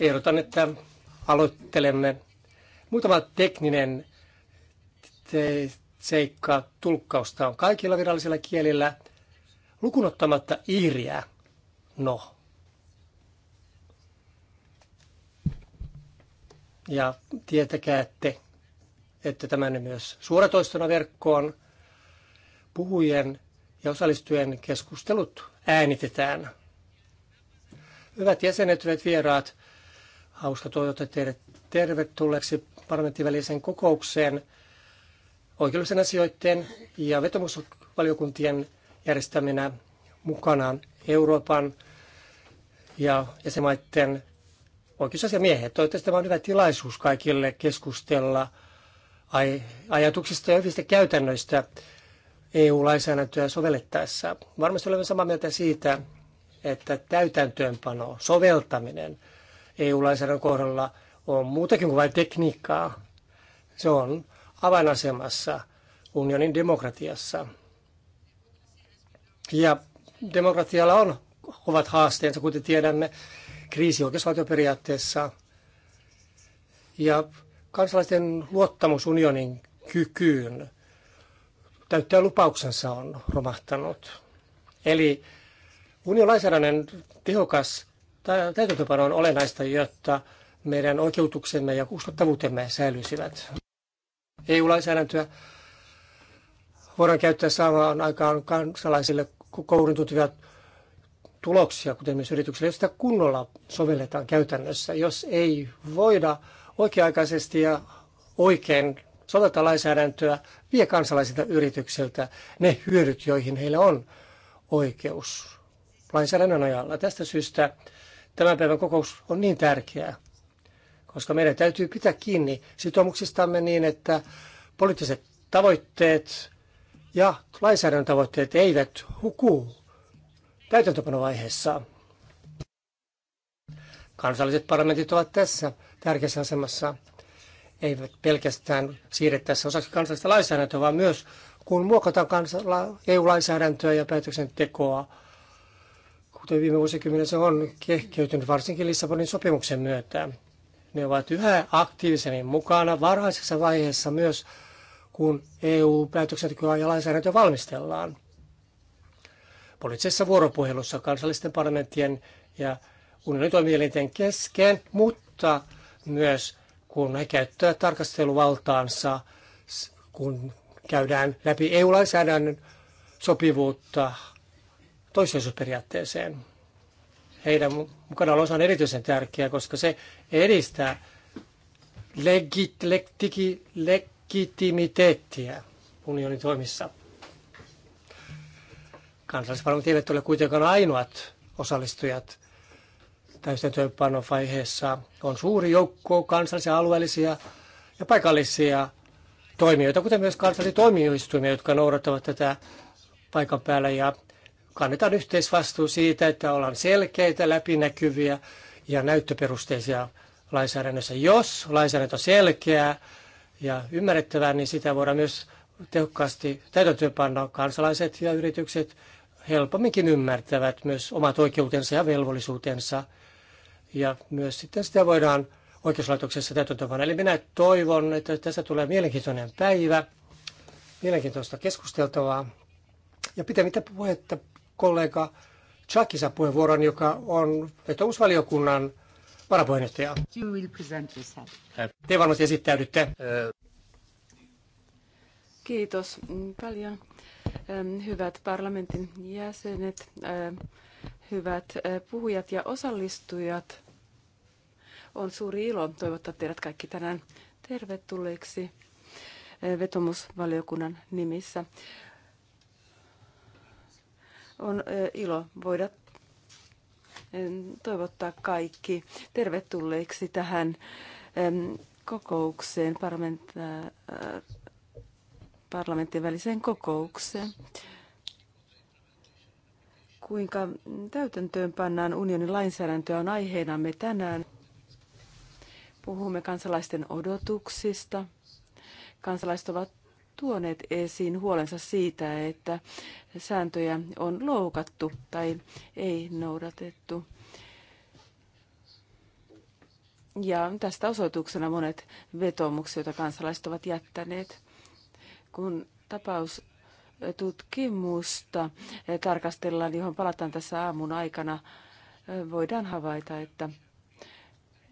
Ehdotan, että aloittelemme. Muutama tekninen te- seikka tulkkausta on kaikilla virallisilla kielillä, lukunottamatta iiriä. No. Ja tietäkäätte, että tämän myös suoratoistona verkkoon puhujien ja osallistujien keskustelut äänitetään. Hyvät jäsenet, hyvät vieraat, hauska toivottaa teidät tervetulleeksi parlamenttivälisen kokoukseen oikeudellisen asioiden ja vetomusvaliokuntien järjestäminä mukanaan Euroopan ja jäsenmaiden oikeusasiamiehet. Toivottavasti tämä on hyvä tilaisuus kaikille keskustella ajatuksista ja hyvistä käytännöistä EU-lainsäädäntöä sovellettaessa. Varmasti olemme samaa mieltä siitä, että täytäntöönpano, soveltaminen EU-lainsäädännön kohdalla on muutakin kuin vain tekniikkaa. Se on avainasemassa unionin demokratiassa. Ja demokratialla on ovat haasteensa, kuten tiedämme, kriisi oikeusvaltioperiaatteessa. Ja kansalaisten luottamus unionin kykyyn täyttää lupauksensa on romahtanut. Eli unionlainsäädännön tehokas täytäntöpano on olennaista, jotta meidän oikeutuksemme ja uskottavuutemme säilyisivät. EU-lainsäädäntöä voidaan käyttää saamaan aikaan kansalaisille kourin tuntuvia tuloksia, kuten myös yrityksille, jos sitä kunnolla sovelletaan käytännössä. Jos ei voida oikea-aikaisesti ja oikein soveltaa lainsäädäntöä, vie kansalaisilta yrityksiltä ne hyödyt, joihin heillä on oikeus lainsäädännön ajalla. Tästä syystä tämän päivän kokous on niin tärkeää, koska meidän täytyy pitää kiinni sitoumuksistamme niin, että poliittiset tavoitteet ja lainsäädännön tavoitteet eivät huku täytäntöpanovaiheessa. Kansalliset parlamentit ovat tässä tärkeässä asemassa eivät pelkästään siirrettäessä osaksi kansallista lainsäädäntöä, vaan myös kun muokataan kansalla, EU-lainsäädäntöä ja päätöksentekoa, kuten viime vuosikymmenen se on kehkeytynyt varsinkin Lissabonin sopimuksen myötä. Ne ovat yhä aktiivisemmin mukana varhaisessa vaiheessa myös, kun EU-päätöksentekoa ja lainsäädäntöä valmistellaan. Poliittisessa vuoropuhelussa kansallisten parlamenttien ja unionitoimielinten kesken, mutta myös kun he käyttävät tarkasteluvaltaansa, kun käydään läpi EU-lainsäädännön sopivuutta toissijaisuusperiaatteeseen. Heidän mukanaolonsa on erityisen tärkeää, koska se edistää legit, legtiki, legitimiteettiä unionin toimissa. Kansallisparlamentit eivät ole kuitenkaan ainoat osallistujat vaiheessa on suuri joukko kansallisia, alueellisia ja paikallisia toimijoita, kuten myös kansallisia toimijoistumia, jotka noudattavat tätä paikan päällä ja kannetaan yhteisvastuu siitä, että ollaan selkeitä, läpinäkyviä ja näyttöperusteisia lainsäädännössä. Jos lainsäädäntö on selkeää ja ymmärrettävää, niin sitä voidaan myös tehokkaasti täytäntöönpanna kansalaiset ja yritykset helpomminkin ymmärtävät myös omat oikeutensa ja velvollisuutensa – ja myös sitten sitä voidaan oikeuslaitoksessa täytäntöön Eli minä toivon, että tässä tulee mielenkiintoinen päivä, mielenkiintoista keskusteltavaa. Ja pitemmittä puhetta kollega Chakisa puheenvuoron, joka on vetomusvaliokunnan varapuheenjohtaja. You will present Te varmasti esittäydytte. Kiitos paljon. Hyvät parlamentin jäsenet, hyvät puhujat ja osallistujat. On suuri ilo toivottaa teidät kaikki tänään tervetulleeksi eh, vetomusvaliokunnan nimissä. On eh, ilo voida eh, toivottaa kaikki tervetulleeksi tähän kokoukseen, parlamentin väliseen kokoukseen. Kuinka täytäntöön pannaan unionin lainsäädäntöä on aiheenamme tänään puhumme kansalaisten odotuksista. Kansalaiset ovat tuoneet esiin huolensa siitä, että sääntöjä on loukattu tai ei noudatettu. Ja tästä osoituksena monet vetomukset, joita kansalaiset ovat jättäneet. Kun tapaus tutkimusta tarkastellaan, johon palataan tässä aamun aikana, voidaan havaita, että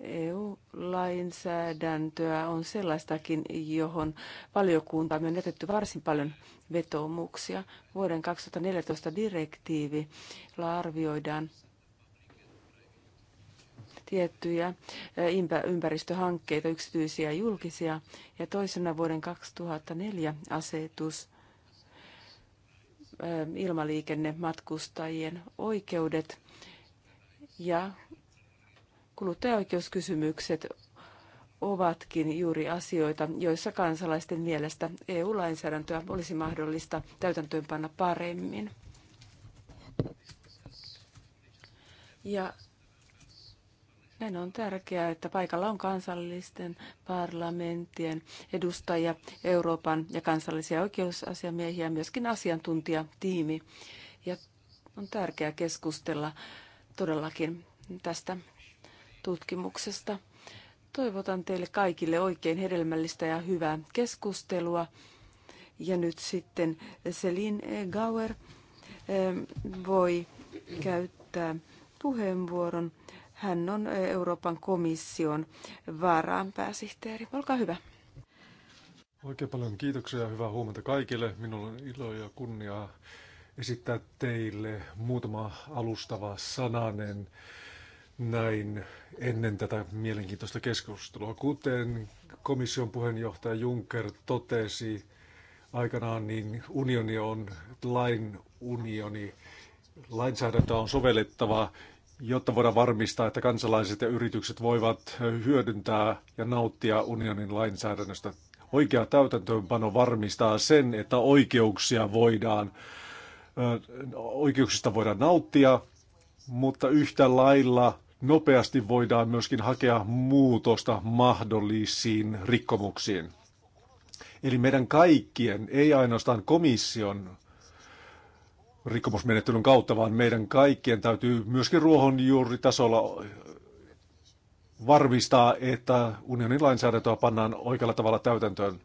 EU-lainsäädäntöä on sellaistakin, johon valiokunta on jätetty varsin paljon vetoomuksia. Vuoden 2014 direktiivillä arvioidaan tiettyjä ympäristöhankkeita, yksityisiä ja julkisia, ja toisena vuoden 2004 asetus ilmaliikennematkustajien oikeudet ja kuluttajaoikeuskysymykset ovatkin juuri asioita, joissa kansalaisten mielestä EU-lainsäädäntöä olisi mahdollista täytäntöönpanna paremmin. Ja näin on tärkeää, että paikalla on kansallisten parlamenttien edustajia, Euroopan ja kansallisia oikeusasiamiehiä ja myöskin asiantuntijatiimi. Ja on tärkeää keskustella todellakin tästä tutkimuksesta. Toivotan teille kaikille oikein hedelmällistä ja hyvää keskustelua. Ja nyt sitten Selin Gauer eh, voi käyttää puheenvuoron. Hän on Euroopan komission varaan pääsihteeri. Olkaa hyvä. Oikein paljon kiitoksia ja hyvää huomenta kaikille. Minulla on ilo ja kunnia esittää teille muutama alustava sananen näin ennen tätä mielenkiintoista keskustelua. Kuten komission puheenjohtaja Juncker totesi aikanaan, niin unioni on lain unioni. Lainsäädäntöä on sovellettava, jotta voidaan varmistaa, että kansalaiset ja yritykset voivat hyödyntää ja nauttia unionin lainsäädännöstä. Oikea täytäntöönpano varmistaa sen, että oikeuksia voidaan, oikeuksista voidaan nauttia, mutta yhtä lailla nopeasti voidaan myöskin hakea muutosta mahdollisiin rikkomuksiin. Eli meidän kaikkien, ei ainoastaan komission rikkomusmenettelyn kautta, vaan meidän kaikkien täytyy myöskin ruohonjuuritasolla varmistaa, että unionin lainsäädäntöä pannaan oikealla tavalla täytäntöön.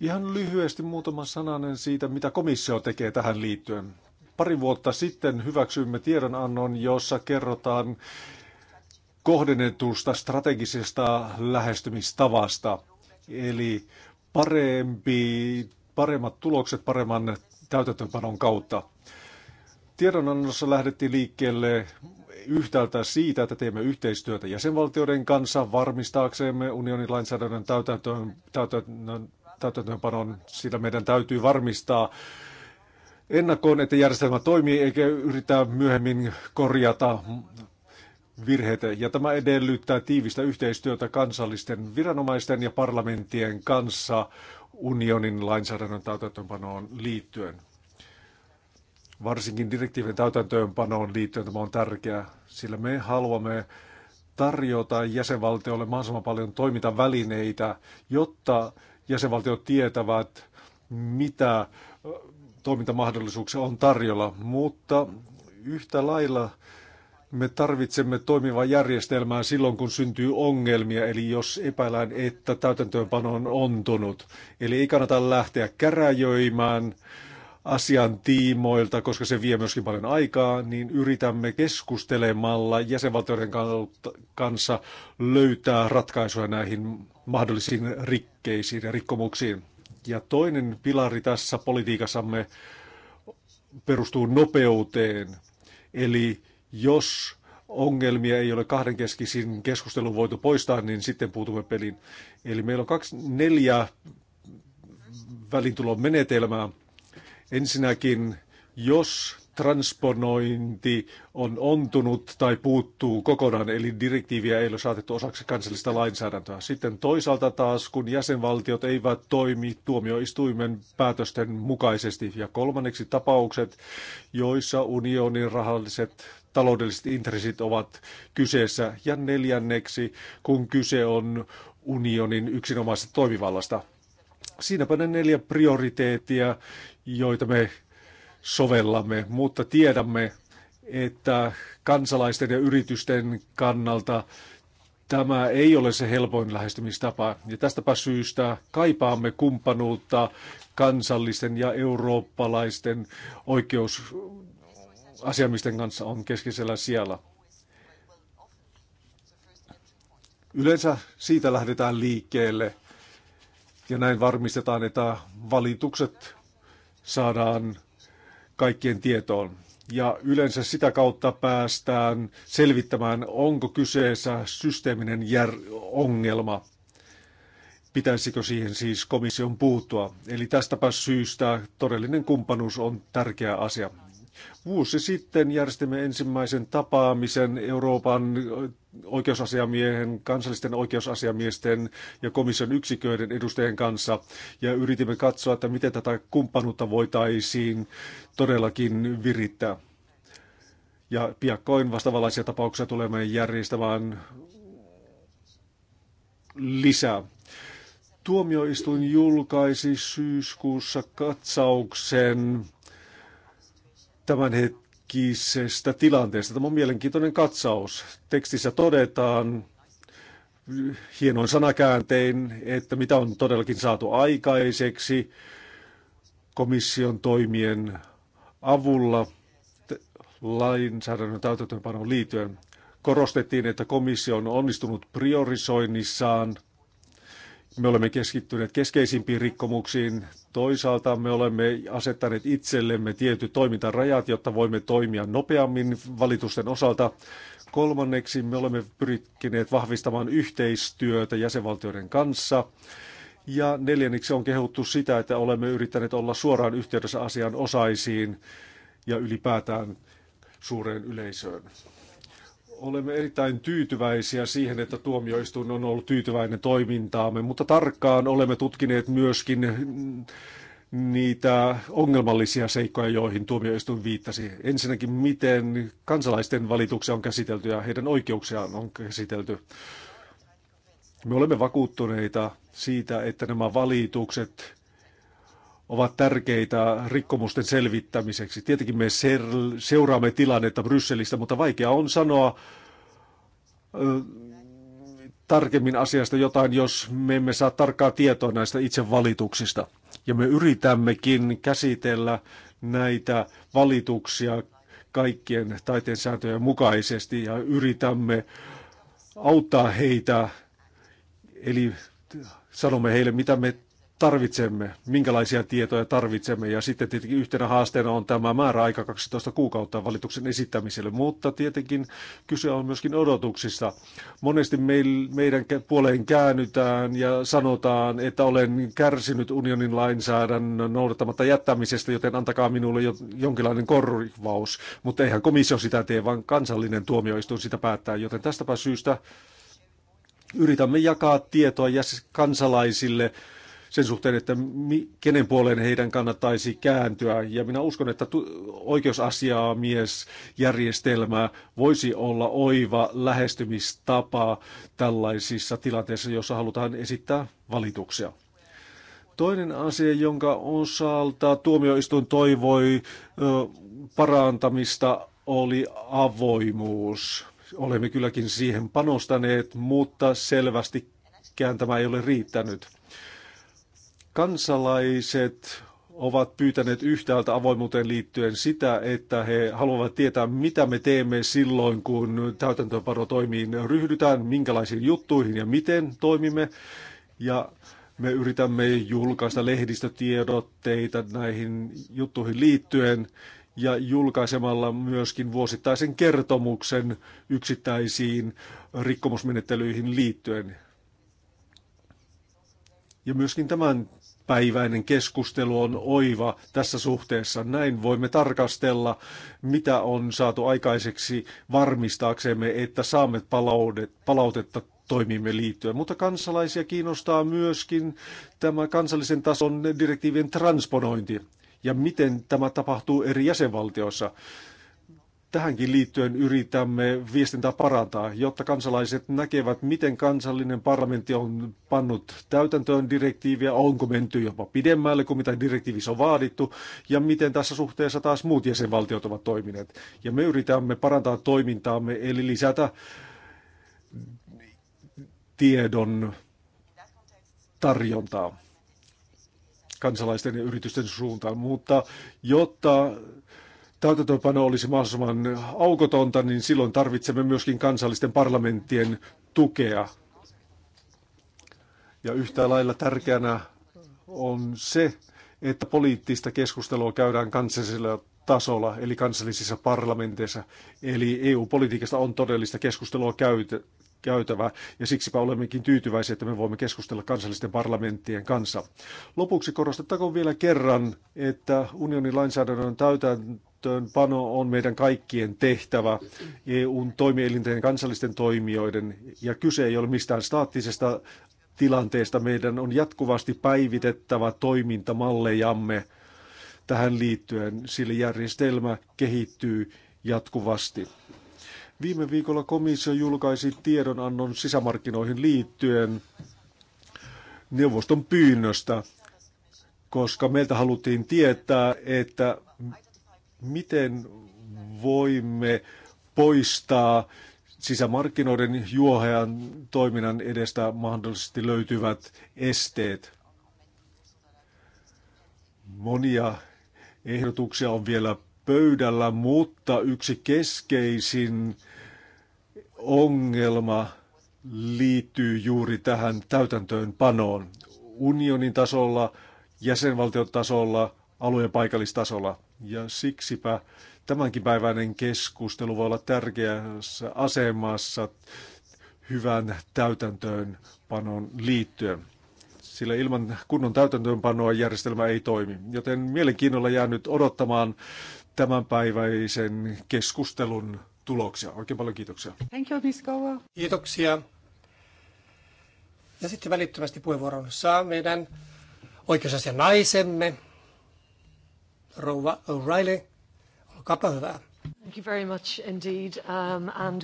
Ihan lyhyesti muutama sananen siitä, mitä komissio tekee tähän liittyen. Pari vuotta sitten hyväksyimme tiedonannon, jossa kerrotaan kohdennetusta strategisesta lähestymistavasta. Eli parempi, paremmat tulokset paremman täytäntöpanon kautta. Tiedonannossa lähdettiin liikkeelle yhtäältä siitä, että teemme yhteistyötä jäsenvaltioiden kanssa varmistaaksemme unionin lainsäädännön täytäntöön, täytäntöön, täytäntöönpanon, sillä meidän täytyy varmistaa ennakkoon, että järjestelmä toimii eikä yritä myöhemmin korjata virheitä, ja tämä edellyttää tiivistä yhteistyötä kansallisten viranomaisten ja parlamenttien kanssa unionin lainsäädännön täytäntöönpanoon liittyen. Varsinkin direktiivin täytäntöönpanoon liittyen tämä on tärkeää, sillä me haluamme tarjota jäsenvaltioille mahdollisimman paljon toimintavälineitä, jotta jäsenvaltiot tietävät, mitä toimintamahdollisuuksia on tarjolla, mutta yhtä lailla me tarvitsemme toimivaa järjestelmää silloin, kun syntyy ongelmia, eli jos epäillään, että täytäntöönpano on ontunut. Eli ei kannata lähteä käräjöimään asian tiimoilta, koska se vie myöskin paljon aikaa, niin yritämme keskustelemalla jäsenvaltioiden kanssa löytää ratkaisuja näihin mahdollisiin rikkeisiin ja rikkomuksiin. Ja toinen pilari tässä politiikassamme perustuu nopeuteen, eli jos ongelmia ei ole kahdenkeskisin keskustelun voitu poistaa, niin sitten puutumme peliin. Eli meillä on kaksi, neljä välintulon menetelmää. Ensinnäkin, jos transponointi on ontunut tai puuttuu kokonaan, eli direktiiviä ei ole saatettu osaksi kansallista lainsäädäntöä. Sitten toisaalta taas, kun jäsenvaltiot eivät toimi tuomioistuimen päätösten mukaisesti. Ja kolmanneksi tapaukset, joissa unionin rahalliset taloudelliset intressit ovat kyseessä. Ja neljänneksi, kun kyse on unionin yksinomaisesta toimivallasta. Siinäpä ne neljä prioriteettia, joita me sovellamme, mutta tiedämme, että kansalaisten ja yritysten kannalta tämä ei ole se helpoin lähestymistapa. Ja tästäpä syystä kaipaamme kumppanuutta kansallisten ja eurooppalaisten oikeus asiamisten kanssa on keskisellä siellä. Yleensä siitä lähdetään liikkeelle ja näin varmistetaan, että valitukset saadaan kaikkien tietoon. Ja yleensä sitä kautta päästään selvittämään, onko kyseessä systeeminen ongelma pitäisikö siihen siis komission puuttua. Eli tästäpä syystä todellinen kumppanuus on tärkeä asia. Vuosi sitten järjestimme ensimmäisen tapaamisen Euroopan oikeusasiamiehen, kansallisten oikeusasiamiesten ja komission yksiköiden edustajien kanssa ja yritimme katsoa, että miten tätä kumppanuutta voitaisiin todellakin virittää. Ja piakkoin vastaavanlaisia tapauksia tulemme järjestämään lisää. Tuomioistuin julkaisi syyskuussa katsauksen tämänhetkisestä tilanteesta. Tämä on mielenkiintoinen katsaus. Tekstissä todetaan hienoin sanakääntein, että mitä on todellakin saatu aikaiseksi komission toimien avulla lainsäädännön täytäntöönpanoon liittyen. Korostettiin, että komissio on onnistunut priorisoinnissaan – me olemme keskittyneet keskeisimpiin rikkomuksiin. Toisaalta me olemme asettaneet itsellemme tietyt toimintarajat, jotta voimme toimia nopeammin valitusten osalta. Kolmanneksi me olemme pyrkineet vahvistamaan yhteistyötä jäsenvaltioiden kanssa. Ja neljänneksi on kehuttu sitä, että olemme yrittäneet olla suoraan yhteydessä asian osaisiin ja ylipäätään suureen yleisöön olemme erittäin tyytyväisiä siihen, että tuomioistuin on ollut tyytyväinen toimintaamme, mutta tarkkaan olemme tutkineet myöskin niitä ongelmallisia seikkoja, joihin tuomioistuin viittasi. Ensinnäkin, miten kansalaisten valituksia on käsitelty ja heidän oikeuksiaan on käsitelty. Me olemme vakuuttuneita siitä, että nämä valitukset ovat tärkeitä rikkomusten selvittämiseksi. Tietenkin me seuraamme tilannetta Brysselistä, mutta vaikea on sanoa tarkemmin asiasta jotain, jos me emme saa tarkkaa tietoa näistä itse valituksista. Ja me yritämmekin käsitellä näitä valituksia kaikkien taiteen sääntöjen mukaisesti ja yritämme auttaa heitä, eli sanomme heille, mitä me tarvitsemme, minkälaisia tietoja tarvitsemme. Ja sitten tietenkin yhtenä haasteena on tämä määräaika 12 kuukautta valituksen esittämiselle, mutta tietenkin kyse on myöskin odotuksista. Monesti meidän puoleen käännytään ja sanotaan, että olen kärsinyt unionin lainsäädännön noudattamatta jättämisestä, joten antakaa minulle jonkinlainen korvaus. Mutta eihän komissio sitä tee, vaan kansallinen tuomioistuin sitä päättää, joten tästäpä syystä yritämme jakaa tietoa kansalaisille sen suhteen, että mi, kenen puoleen heidän kannattaisi kääntyä. Ja minä uskon, että tu, oikeusasiamiesjärjestelmä voisi olla oiva lähestymistapa tällaisissa tilanteissa, joissa halutaan esittää valituksia. Toinen asia, jonka osalta tuomioistuin toivoi ö, parantamista, oli avoimuus. Olemme kylläkin siihen panostaneet, mutta selvästi kääntämä ei ole riittänyt. Kansalaiset ovat pyytäneet yhtäältä avoimuuteen liittyen sitä, että he haluavat tietää, mitä me teemme silloin, kun täytäntöönpanotoimiin ryhdytään, minkälaisiin juttuihin ja miten toimimme. Ja me yritämme julkaista lehdistötiedotteita näihin juttuihin liittyen ja julkaisemalla myöskin vuosittaisen kertomuksen yksittäisiin rikkomusmenettelyihin liittyen. Ja myöskin tämän päiväinen keskustelu on oiva tässä suhteessa. Näin voimme tarkastella, mitä on saatu aikaiseksi varmistaaksemme, että saamme palautetta toimimme liittyen. Mutta kansalaisia kiinnostaa myöskin tämä kansallisen tason direktiivien transponointi ja miten tämä tapahtuu eri jäsenvaltioissa. Tähänkin liittyen yritämme viestintää parantaa, jotta kansalaiset näkevät, miten kansallinen parlamentti on pannut täytäntöön direktiiviä, onko menty jopa pidemmälle kuin mitä direktiivissä on vaadittu, ja miten tässä suhteessa taas muut jäsenvaltiot ovat toimineet. Ja me yritämme parantaa toimintaamme, eli lisätä tiedon tarjontaa kansalaisten ja yritysten suuntaan, mutta jotta täytäntöönpano olisi mahdollisimman aukotonta, niin silloin tarvitsemme myöskin kansallisten parlamenttien tukea. Ja yhtä lailla tärkeänä on se, että poliittista keskustelua käydään kansallisella tasolla, eli kansallisissa parlamenteissa. Eli EU-politiikasta on todellista keskustelua käytä, käytävä, ja siksipä olemmekin tyytyväisiä, että me voimme keskustella kansallisten parlamenttien kanssa. Lopuksi korostettakoon vielä kerran, että unionin lainsäädännön täytäntöön täytäntöönpano on meidän kaikkien tehtävä EUn toimielinten kansallisten toimijoiden. Ja kyse ei ole mistään staattisesta tilanteesta. Meidän on jatkuvasti päivitettävä toimintamallejamme tähän liittyen, sillä järjestelmä kehittyy jatkuvasti. Viime viikolla komissio julkaisi tiedonannon sisämarkkinoihin liittyen neuvoston pyynnöstä, koska meiltä haluttiin tietää, että miten voimme poistaa sisämarkkinoiden juohean toiminnan edestä mahdollisesti löytyvät esteet. Monia ehdotuksia on vielä pöydällä, mutta yksi keskeisin ongelma liittyy juuri tähän täytäntöönpanoon unionin tasolla, jäsenvaltiotasolla, tasolla, ja paikallistasolla. Ja siksipä tämänkin päiväinen keskustelu voi olla tärkeässä asemassa hyvän täytäntöönpanon liittyen. Sillä ilman kunnon täytäntöönpanoa järjestelmä ei toimi. Joten mielenkiinnolla jään nyt odottamaan tämänpäiväisen keskustelun tuloksia. Oikein paljon kiitoksia. Thank you, Miss Kova. Kiitoksia. Ja sitten välittömästi puheenvuoron saa meidän oikeusasian naisemme, Rouva O'Reilly, olkaapa hyvä. Thank you very much indeed. Um, and...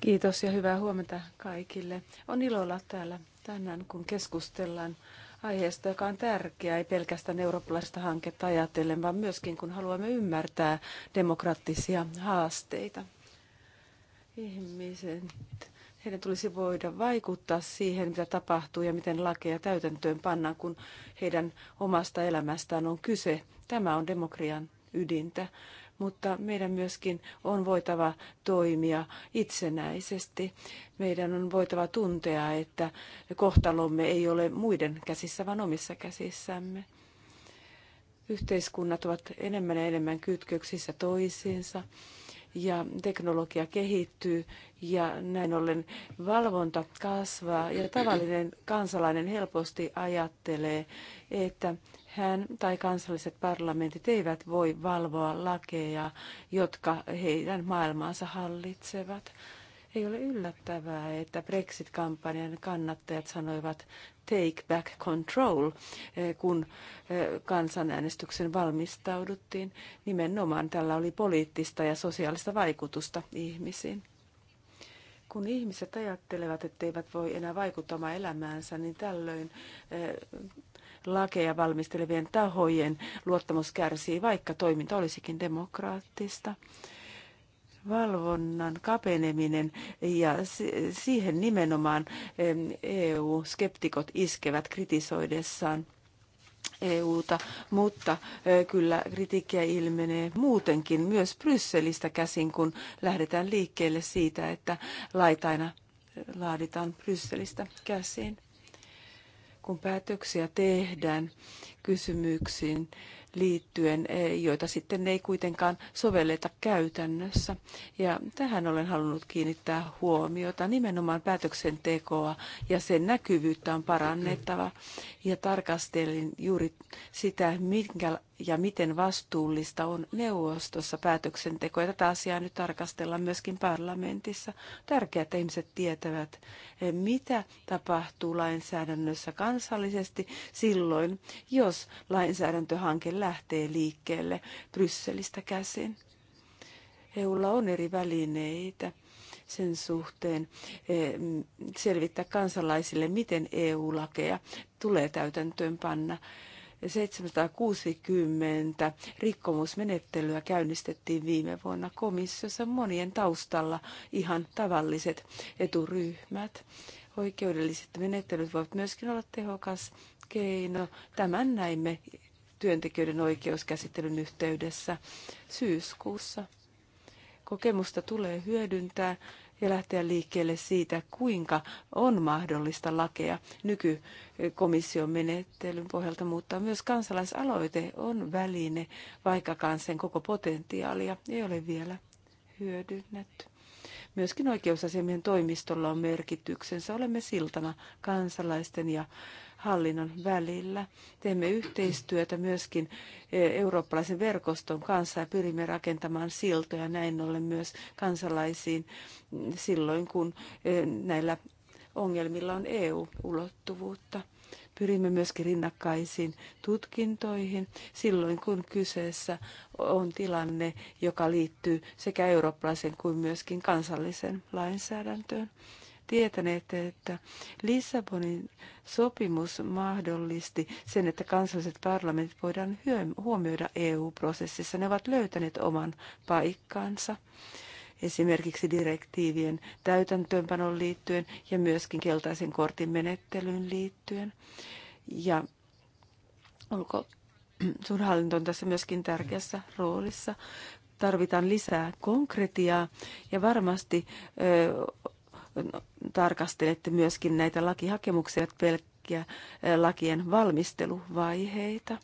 Kiitos ja hyvää huomenta kaikille. On ilo olla täällä tänään, kun keskustellaan aiheesta, joka on tärkeä, ei pelkästään eurooppalaista hanketta ajatellen, vaan myöskin kun haluamme ymmärtää demokraattisia haasteita. Ihmiset heidän tulisi voida vaikuttaa siihen, mitä tapahtuu ja miten lakeja täytäntöön pannaan, kun heidän omasta elämästään on kyse. Tämä on demokrian ydintä. Mutta meidän myöskin on voitava toimia itsenäisesti. Meidän on voitava tuntea, että kohtalomme ei ole muiden käsissä, vaan omissa käsissämme yhteiskunnat ovat enemmän ja enemmän kytköksissä toisiinsa ja teknologia kehittyy ja näin ollen valvonta kasvaa ja tavallinen kansalainen helposti ajattelee, että hän tai kansalliset parlamentit eivät voi valvoa lakeja, jotka heidän maailmaansa hallitsevat. Ei ole yllättävää, että Brexit-kampanjan kannattajat sanoivat take back control, eh, kun eh, kansanäänestyksen valmistauduttiin. Nimenomaan tällä oli poliittista ja sosiaalista vaikutusta ihmisiin. Kun ihmiset ajattelevat, etteivät voi enää vaikuttaa elämäänsä, niin tällöin eh, lakeja valmistelevien tahojen luottamus kärsii, vaikka toiminta olisikin demokraattista valvonnan kapeneminen ja siihen nimenomaan EU-skeptikot e iskevät kritisoidessaan EUta, mutta kyllä kritiikkiä ilmenee muutenkin myös Brysselistä käsin, kun lähdetään liikkeelle siitä, että laitaina laaditaan Brysselistä käsin. Kun päätöksiä tehdään kysymyksiin, liittyen, e, joita sitten ei kuitenkaan sovelleta käytännössä. Ja tähän olen halunnut kiinnittää huomiota. Nimenomaan päätöksentekoa ja sen näkyvyyttä on parannettava. Ja tarkastelin juuri sitä, minkä ja miten vastuullista on neuvostossa päätöksenteko. Ja tätä asiaa nyt tarkastellaan myöskin parlamentissa. Tärkeää, että ihmiset tietävät, eh, mitä tapahtuu lainsäädännössä kansallisesti silloin, jos lainsäädäntöhanke lähtee liikkeelle Brysselistä käsin. EUlla on eri välineitä sen suhteen eh, selvittää kansalaisille, miten EU-lakeja tulee täytäntöön panna 760 rikkomusmenettelyä käynnistettiin viime vuonna komissiossa monien taustalla ihan tavalliset eturyhmät. Oikeudelliset menettelyt voivat myöskin olla tehokas keino. Tämän näimme työntekijöiden oikeuskäsittelyn yhteydessä syyskuussa. Kokemusta tulee hyödyntää ja lähteä liikkeelle siitä, kuinka on mahdollista lakeja nykykomission menettelyn pohjalta, mutta myös kansalaisaloite on väline, vaikkakaan sen koko potentiaalia ei ole vielä hyödynnetty. Myöskin oikeusasiamien toimistolla on merkityksensä. Olemme siltana kansalaisten ja hallinnon välillä. Teemme yhteistyötä myöskin e, eurooppalaisen verkoston kanssa ja pyrimme rakentamaan siltoja näin ollen myös kansalaisiin silloin, kun e, näillä ongelmilla on EU-ulottuvuutta. Pyrimme myöskin rinnakkaisiin tutkintoihin silloin, kun kyseessä on tilanne, joka liittyy sekä eurooppalaisen kuin myöskin kansallisen lainsäädäntöön tietäneet, että Lissabonin sopimus mahdollisti sen, että kansalliset parlamentit voidaan huomioida EU-prosessissa. Ne ovat löytäneet oman paikkaansa esimerkiksi direktiivien täytäntöönpanon liittyen ja myöskin keltaisen kortin menettelyyn liittyen. Ja olko sun hallinto on tässä myöskin tärkeässä roolissa. Tarvitaan lisää konkretiaa ja varmasti ö, No, tarkastelette myöskin näitä lakihakemuksia, pelkkiä lakien valmisteluvaiheita.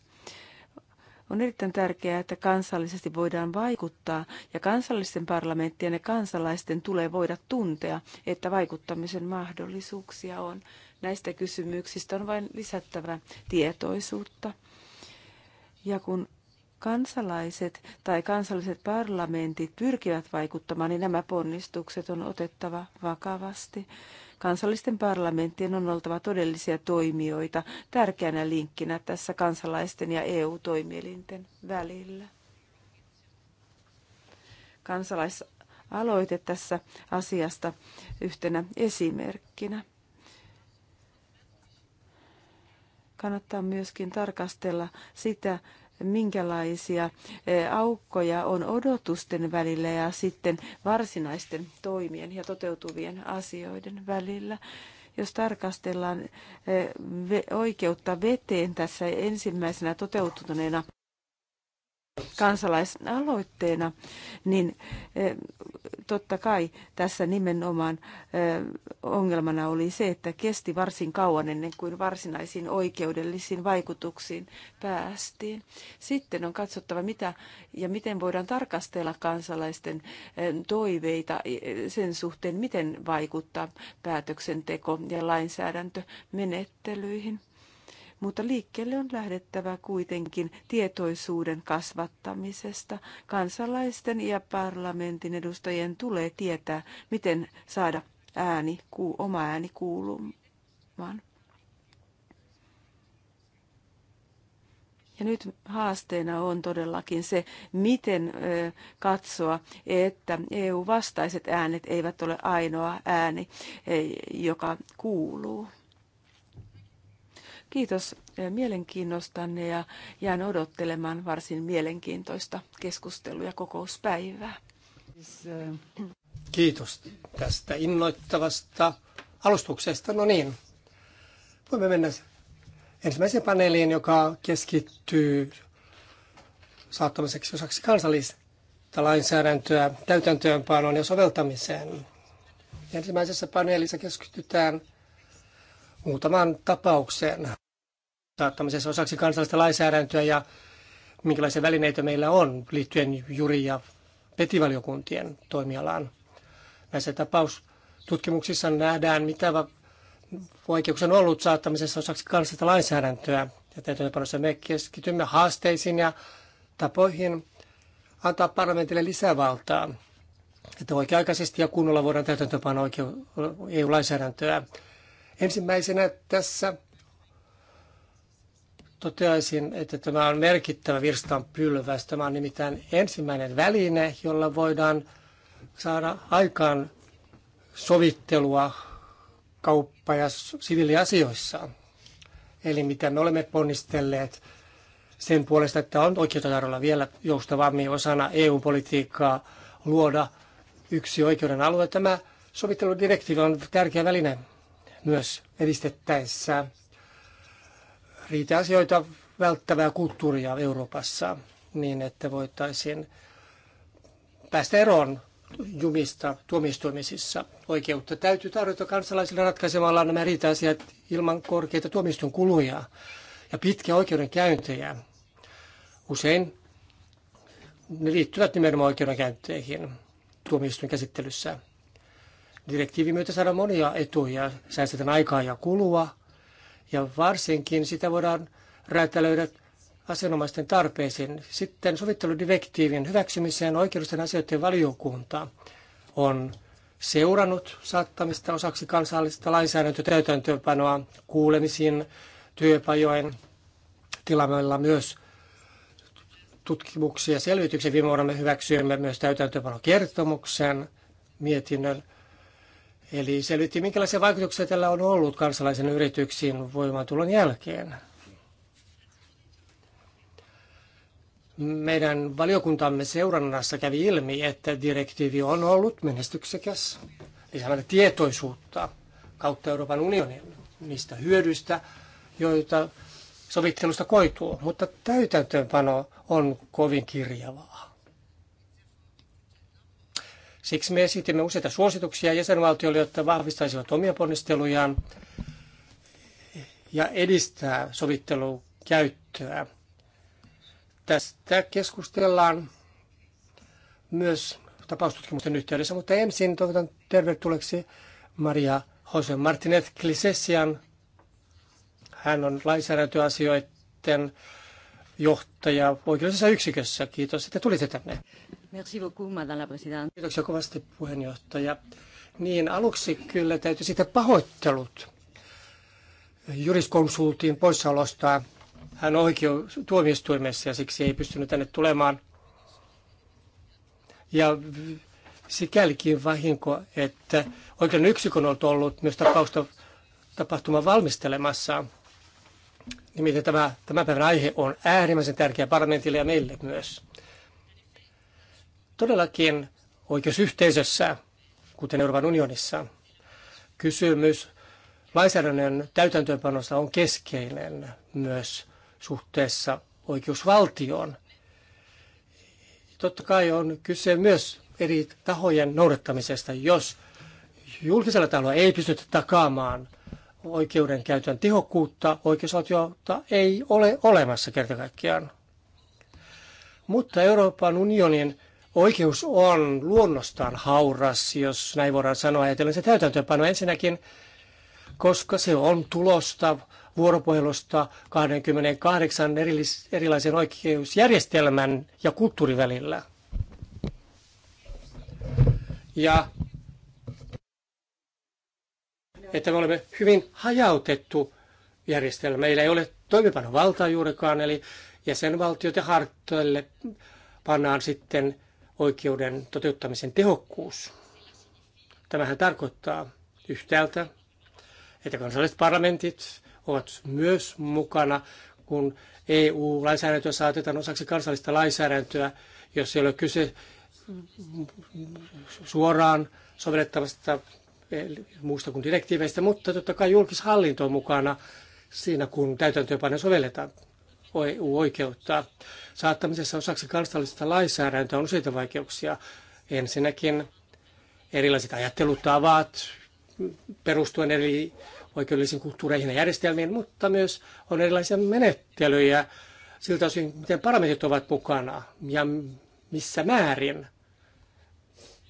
On erittäin tärkeää, että kansallisesti voidaan vaikuttaa ja kansallisten parlamenttien ja kansalaisten tulee voida tuntea, että vaikuttamisen mahdollisuuksia on. Näistä kysymyksistä on vain lisättävä tietoisuutta. Ja kun kansalaiset tai kansalliset parlamentit pyrkivät vaikuttamaan, niin nämä ponnistukset on otettava vakavasti. Kansallisten parlamenttien on oltava todellisia toimijoita tärkeänä linkkinä tässä kansalaisten ja EU-toimielinten välillä. Kansalaisaloite tässä asiasta yhtenä esimerkkinä. Kannattaa myöskin tarkastella sitä, minkälaisia eh, aukkoja on odotusten välillä ja sitten varsinaisten toimien ja toteutuvien asioiden välillä jos tarkastellaan eh, oikeutta veteen tässä ensimmäisenä toteutuneena kansalaisaloitteena, niin eh, totta kai tässä nimenomaan eh, ongelmana oli se, että kesti varsin kauan ennen kuin varsinaisiin oikeudellisiin vaikutuksiin päästiin. Sitten on katsottava, mitä ja miten voidaan tarkastella kansalaisten eh, toiveita sen suhteen, miten vaikuttaa päätöksenteko- ja lainsäädäntömenettelyihin mutta liikkeelle on lähdettävä kuitenkin tietoisuuden kasvattamisesta. Kansalaisten ja parlamentin edustajien tulee tietää, miten saada ääni, oma ääni kuulumaan. Ja nyt haasteena on todellakin se, miten katsoa, että EU-vastaiset äänet eivät ole ainoa ääni, e, joka kuuluu. Kiitos eh, mielenkiinnostanne ja jään odottelemaan varsin mielenkiintoista keskustelua ja kokouspäivää. Siis, eh, Kiitos tästä innoittavasta alustuksesta. No niin, voimme mennä ensimmäiseen paneeliin, joka keskittyy saattamiseksi osaksi kansallista lainsäädäntöä täytäntöönpanoon ja soveltamiseen. Ensimmäisessä paneelissa keskitytään muutamaan tapaukseen saattamisessa osaksi kansallista lainsäädäntöä ja minkälaisia välineitä meillä on liittyen juri- ja petivaliokuntien toimialaan. Näissä tapaustutkimuksissa nähdään, mitä vaikeuksia on ollut saattamisessa osaksi kansallista lainsäädäntöä. Ja täytäntöönpanossa me keskitymme haasteisiin ja tapoihin antaa parlamentille lisävaltaa, että oikea-aikaisesti ja kunnolla voidaan täytäntöönpanoa EU-lainsäädäntöä. Ensimmäisenä tässä toteaisin, että tämä on merkittävä virstan pylväs. Tämä on nimittäin ensimmäinen väline, jolla voidaan saada aikaan sovittelua kauppa- ja siviiliasioissa. Eli mitä me olemme ponnistelleet sen puolesta, että on oikeutetarolla vielä joustavammin osana EU-politiikkaa luoda yksi oikeuden alue. Tämä sovitteludirektiivi on tärkeä väline myös edistettäessä riita-asioita välttävää kulttuuria Euroopassa niin, että voitaisiin päästä eroon jumista tuomioistuimisissa. Oikeutta täytyy tarjota kansalaisille ratkaisemalla nämä riita-asiat ilman korkeita tuomistun kuluja ja pitkiä oikeudenkäyntejä. Usein ne liittyvät nimenomaan oikeudenkäynteihin tuomioistuin käsittelyssä. Direktiivi myötä saadaan monia etuja, säästetään aikaa ja kulua ja varsinkin sitä voidaan räätälöidä asianomaisten tarpeisiin. Sitten sovitteludirektiivin hyväksymiseen oikeudellisten asioiden valiokunta on seurannut saattamista osaksi kansallista lainsäädäntötäytäntöönpanoa kuulemisiin, työpajojen tilamoilla myös tutkimuksia ja selvityksiä. Viime vuonna me hyväksyimme myös täytäntöönpanokertomuksen mietinnön Eli selvitti, minkälaisia vaikutuksia tällä on ollut kansalaisen yrityksiin voimaantulon jälkeen. Meidän valiokuntamme seurannassa kävi ilmi, että direktiivi on ollut menestyksekäs lisäämällä tietoisuutta kautta Euroopan unionin niistä hyödyistä, joita sovittelusta koituu. Mutta täytäntöönpano on kovin kirjavaa. Siksi me esitimme useita suosituksia jäsenvaltioille, jotta vahvistaisivat omia ponnistelujaan ja edistää sovittelukäyttöä. Tästä keskustellaan myös tapaustutkimusten yhteydessä, mutta ensin toivotan tervetulleeksi Maria Jose Martinet Klisessian. Hän on lainsäädäntöasioiden johtaja oikeudellisessa yksikössä. Kiitos, että tulitte tänne. Merci beaucoup, madame la présidente. Kiitoksia kovasti puheenjohtaja. Niin, aluksi kyllä täytyy sitä pahoittelut juriskonsultin poissaolosta. Hän on oikeus tuomioistuimessa ja siksi ei pystynyt tänne tulemaan. Ja sikälikin vahinko, että oikein yksikön on ollut myös tapausta tapahtuma valmistelemassa. Nimittäin tämä, tämän päivän aihe on äärimmäisen tärkeä parlamentille ja meille myös todellakin oikeusyhteisössä, kuten Euroopan unionissa, kysymys lainsäädännön täytäntöönpanosta on keskeinen myös suhteessa oikeusvaltioon. Totta kai on kyse myös eri tahojen noudattamisesta, jos julkisella taholla ei pystytä takaamaan oikeudenkäytön tehokkuutta, oikeusvaltiota ei ole olemassa kerta kaikkiaan. Mutta Euroopan unionin oikeus on luonnostaan hauras, jos näin voidaan sanoa, ajatellen se täytäntöönpano ensinnäkin, koska se on tulosta vuoropuhelusta 28 erilaisen oikeusjärjestelmän ja kulttuurin välillä. Ja että me olemme hyvin hajautettu järjestelmä. Meillä ei ole toimipanovaltaa juurikaan, eli jäsenvaltiot ja harttoille pannaan sitten oikeuden toteuttamisen tehokkuus. Tämähän tarkoittaa yhtäältä, että kansalliset parlamentit ovat myös mukana, kun EU-lainsäädäntöä saatetaan osaksi kansallista lainsäädäntöä, jos ei ole kyse suoraan sovellettavasta muusta kuin direktiiveistä, mutta totta kai julkishallinto on mukana siinä, kun täytäntöönpano sovelletaan EU-oikeutta. Saattamisessa osaksi kansallista lainsäädäntöä on useita vaikeuksia. Ensinnäkin erilaiset ajattelutavat perustuen eri oikeudellisiin kulttuureihin ja järjestelmiin, mutta myös on erilaisia menettelyjä siltä osin, miten parlamentit ovat mukana ja missä määrin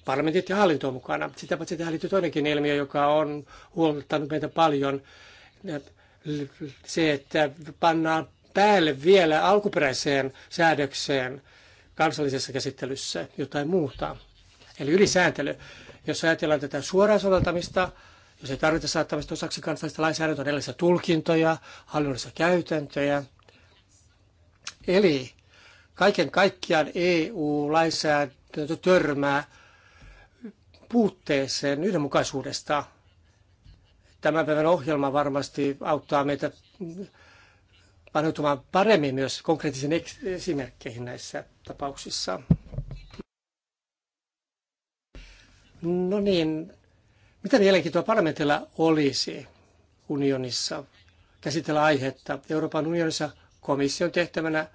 parlamentit ja hallinto on mukana. Sitä paitsi tähän liittyy toinenkin ilmiö, joka on huolettanut meitä paljon. Se, että pannaan päälle vielä alkuperäiseen säädökseen kansallisessa käsittelyssä jotain muuta. Eli ylisääntely. Jos ajatellaan tätä suoraa soveltamista, jos ei tarvita saattamista osaksi kansallista lainsäädäntöä, on erilaisia tulkintoja, hallinnollisia käytäntöjä. Eli kaiken kaikkiaan EU-lainsäädäntö törmää puutteeseen yhdenmukaisuudesta. Tämän päivän ohjelma varmasti auttaa meitä paneutumaan paremmin myös konkreettisiin esimerkkeihin näissä tapauksissa. No niin, mitä mielenkiintoa parlamentilla olisi unionissa käsitellä aihetta? Euroopan unionissa komission tehtävänä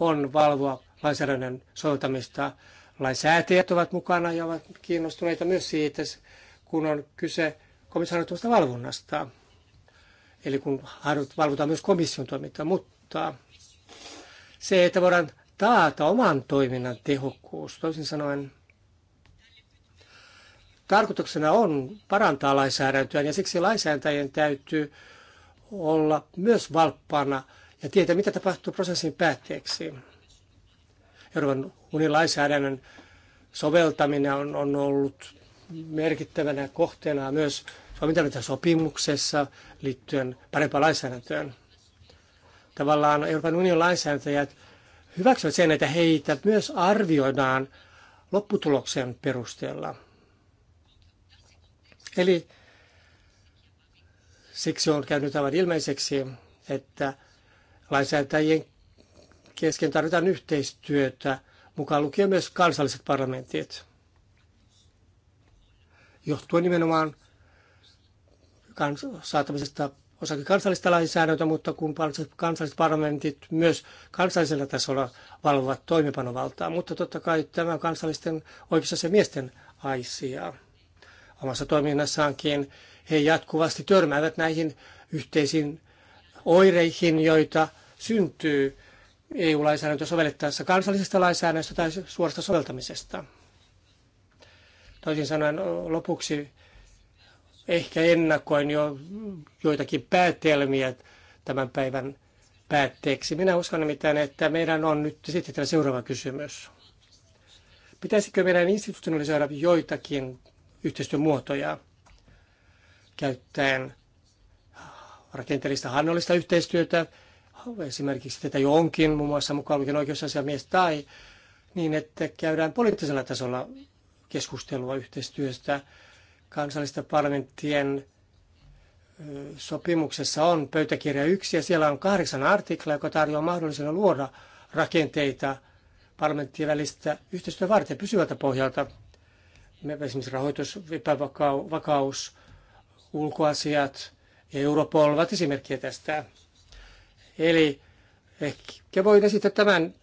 on valvoa lainsäädännön soveltamista. Lainsäätäjät ovat mukana ja ovat kiinnostuneita myös siitä, kun on kyse komissaaritusta valvonnasta eli kun valvotaan myös komission toimintaa, mutta se, että voidaan taata oman toiminnan tehokkuus, toisin sanoen tarkoituksena on parantaa lainsäädäntöä ja siksi lainsäätäjien täytyy olla myös valppaana ja tietää, mitä tapahtuu prosessin päätteeksi. Euroopan unionin lainsäädännön soveltaminen on, on ollut merkittävänä kohteena myös toimintaryhmän sopimuksessa liittyen parempaan lainsäädäntöön. Tavallaan Euroopan unionin lainsäätäjät hyväksyvät sen, että heitä myös arvioidaan lopputuloksen perusteella. Eli siksi on käynyt aivan ilmeiseksi, että lainsäätäjien kesken tarvitaan yhteistyötä, mukaan lukien myös kansalliset parlamentit. Johtuen nimenomaan kans- saattamisesta osakin kansallista lainsäädäntöä, mutta kun kansalliset parlamentit myös kansallisella tasolla valvovat toimipanovaltaa. Mutta totta kai tämä on kansallisten oikeusasemiesten miesten aisia. Omassa toiminnassaankin he jatkuvasti törmäävät näihin yhteisiin oireihin, joita syntyy EU-lainsäädäntö sovellettaessa kansallisesta lainsäädännöstä tai suorasta soveltamisesta. Toisin sanoen lopuksi ehkä ennakoin jo joitakin päätelmiä tämän päivän päätteeksi. Minä uskon nimittäin, että meidän on nyt sitten tämä seuraava kysymys. Pitäisikö meidän institutionalisoida joitakin yhteistyömuotoja käyttäen rakenteellista hannollista yhteistyötä, esimerkiksi tätä jo onkin, muun muassa mukaan lukien oikeusasiamies tai niin, että käydään poliittisella tasolla keskustelua yhteistyöstä kansallisten parlamenttien sopimuksessa on pöytäkirja yksi ja siellä on kahdeksan artiklaa, joka tarjoaa mahdollisuuden luoda rakenteita parlamenttien välistä yhteistyötä varten pysyvältä pohjalta. Esimerkiksi rahoitus, vakaus, ulkoasiat ja Europol ovat esimerkkejä tästä. Eli ehkä voin esittää tämän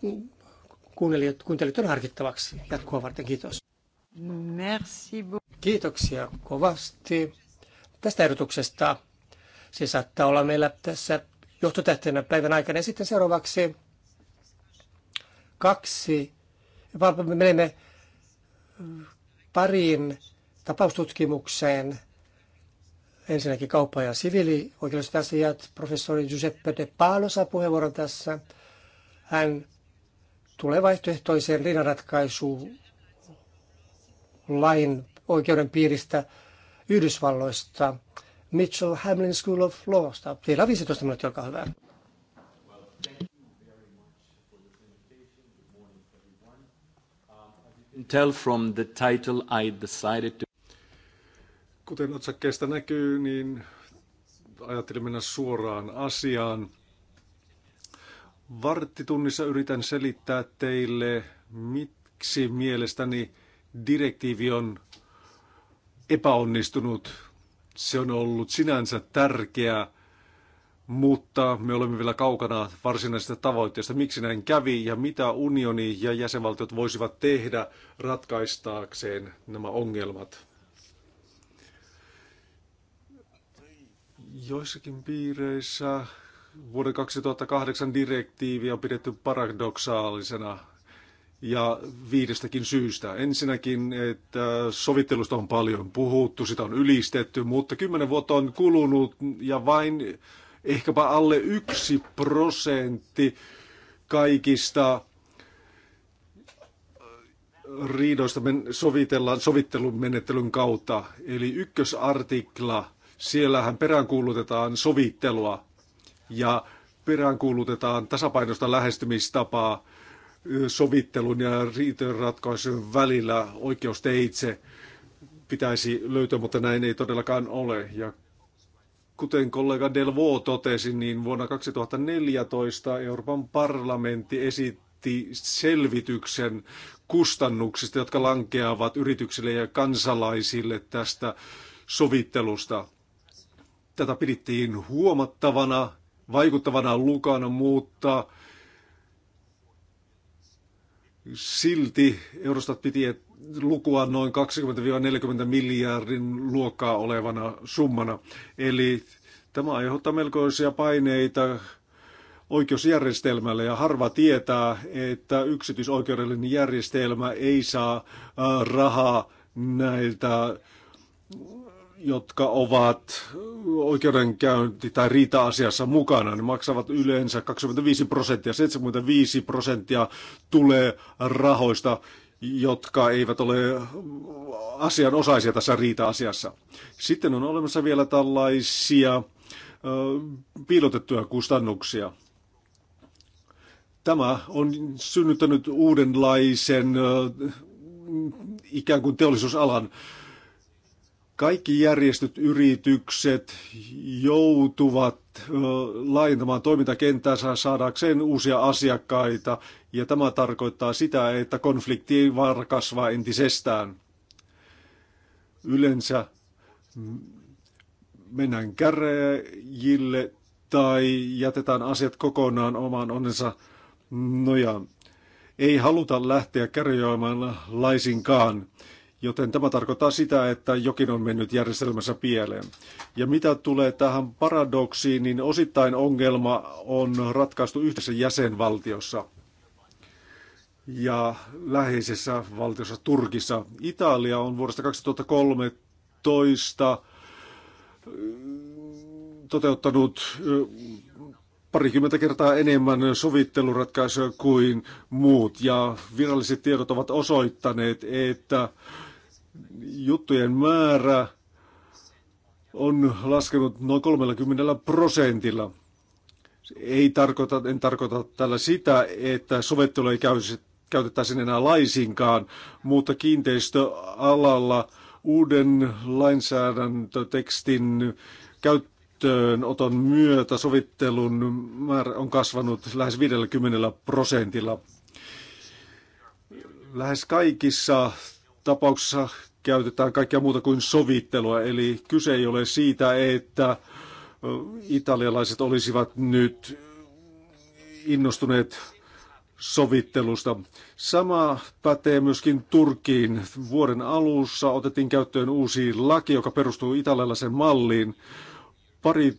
kuuntelijoiden harkittavaksi jatkoa varten. Kiitos. Merci Kiitoksia kovasti tästä ehdotuksesta. Se saattaa olla meillä tässä johtotähtenä päivän aikana. Ja sitten seuraavaksi kaksi, me menemme äh, pariin tapaustutkimukseen. Ensinnäkin kauppa- ja siviilioikeudelliset asiat. Professori Giuseppe De Palo saa puheenvuoron tässä. Hän tulee vaihtoehtoiseen rinnanratkaisuun lain oikeuden piiristä Yhdysvalloista, Mitchell Hamlin School of Lawsta. Teillä on 15 minuuttia, olkaa hyvä. Tell from the title I decided to... Kuten otsakkeesta näkyy, niin ajattelin mennä suoraan asiaan. Varttitunnissa yritän selittää teille, miksi mielestäni direktiivi on epäonnistunut. Se on ollut sinänsä tärkeää, mutta me olemme vielä kaukana varsinaisesta tavoitteesta. Miksi näin kävi ja mitä unioni ja jäsenvaltiot voisivat tehdä ratkaistaakseen nämä ongelmat? Joissakin piireissä vuoden 2008 direktiiviä on pidetty paradoksaalisena ja viidestäkin syystä. Ensinnäkin, että sovittelusta on paljon puhuttu, sitä on ylistetty, mutta kymmenen vuotta on kulunut ja vain ehkäpä alle yksi prosentti kaikista äh, riidoista sovitellaan sovittelun menettelyn kautta. Eli ykkösartikla, siellähän peräänkuulutetaan sovittelua ja peräänkuulutetaan tasapainosta lähestymistapaa sovittelun ja riitojen ratkaisun välillä oikeusteitse pitäisi löytyä, mutta näin ei todellakaan ole. Ja kuten kollega Delvo totesi, niin vuonna 2014 Euroopan parlamentti esitti selvityksen kustannuksista, jotka lankeavat yrityksille ja kansalaisille tästä sovittelusta. Tätä pidettiin huomattavana, vaikuttavana lukana, mutta Silti Eurostat piti lukua noin 20-40 miljardin luokkaa olevana summana. Eli tämä aiheuttaa melkoisia paineita oikeusjärjestelmälle ja harva tietää, että yksityisoikeudellinen järjestelmä ei saa rahaa näiltä jotka ovat oikeudenkäynti- tai riita-asiassa mukana, ne maksavat yleensä 25 prosenttia, 75 prosenttia tulee rahoista, jotka eivät ole asianosaisia tässä riita-asiassa. Sitten on olemassa vielä tällaisia piilotettuja kustannuksia. Tämä on synnyttänyt uudenlaisen ikään kuin teollisuusalan kaikki järjestöt, yritykset joutuvat laajentamaan toimintakenttäänsä saadakseen uusia asiakkaita, ja tämä tarkoittaa sitä, että konflikti ei vaan kasvaa entisestään. Yleensä mennään käräjille tai jätetään asiat kokonaan omaan onnensa nojaan. Ei haluta lähteä kärjoimaan laisinkaan. Joten tämä tarkoittaa sitä, että jokin on mennyt järjestelmässä pieleen. Ja mitä tulee tähän paradoksiin, niin osittain ongelma on ratkaistu yhdessä jäsenvaltiossa ja läheisessä valtiossa Turkissa. Italia on vuodesta 2013 mm, toteuttanut parikymmentä kertaa enemmän sovitteluratkaisuja kuin muut. Ja viralliset tiedot ovat osoittaneet, että juttujen määrä on laskenut noin 30 prosentilla. Ei tarkoita, en tarkoita tällä sitä, että sovittelu ei käytettäisiin enää laisinkaan, mutta kiinteistöalalla uuden lainsäädäntötekstin käyttöönoton myötä sovittelun määrä on kasvanut lähes 50 prosentilla. Lähes kaikissa tapauksessa käytetään kaikkea muuta kuin sovittelua, eli kyse ei ole siitä, että italialaiset olisivat nyt innostuneet sovittelusta. Sama pätee myöskin Turkiin. Vuoden alussa otettiin käyttöön uusi laki, joka perustuu italialaisen malliin. Pari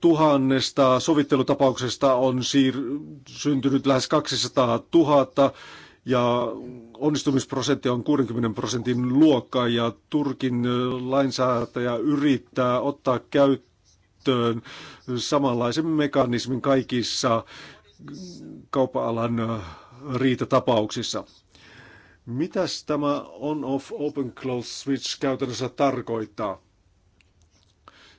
tuhannesta sovittelutapauksesta on siir- syntynyt lähes 200 000 ja onnistumisprosentti on 60 prosentin luokka ja Turkin lainsäätäjä yrittää ottaa käyttöön samanlaisen mekanismin kaikissa kauppa-alan riitatapauksissa. Mitäs tämä on-off open close switch käytännössä tarkoittaa?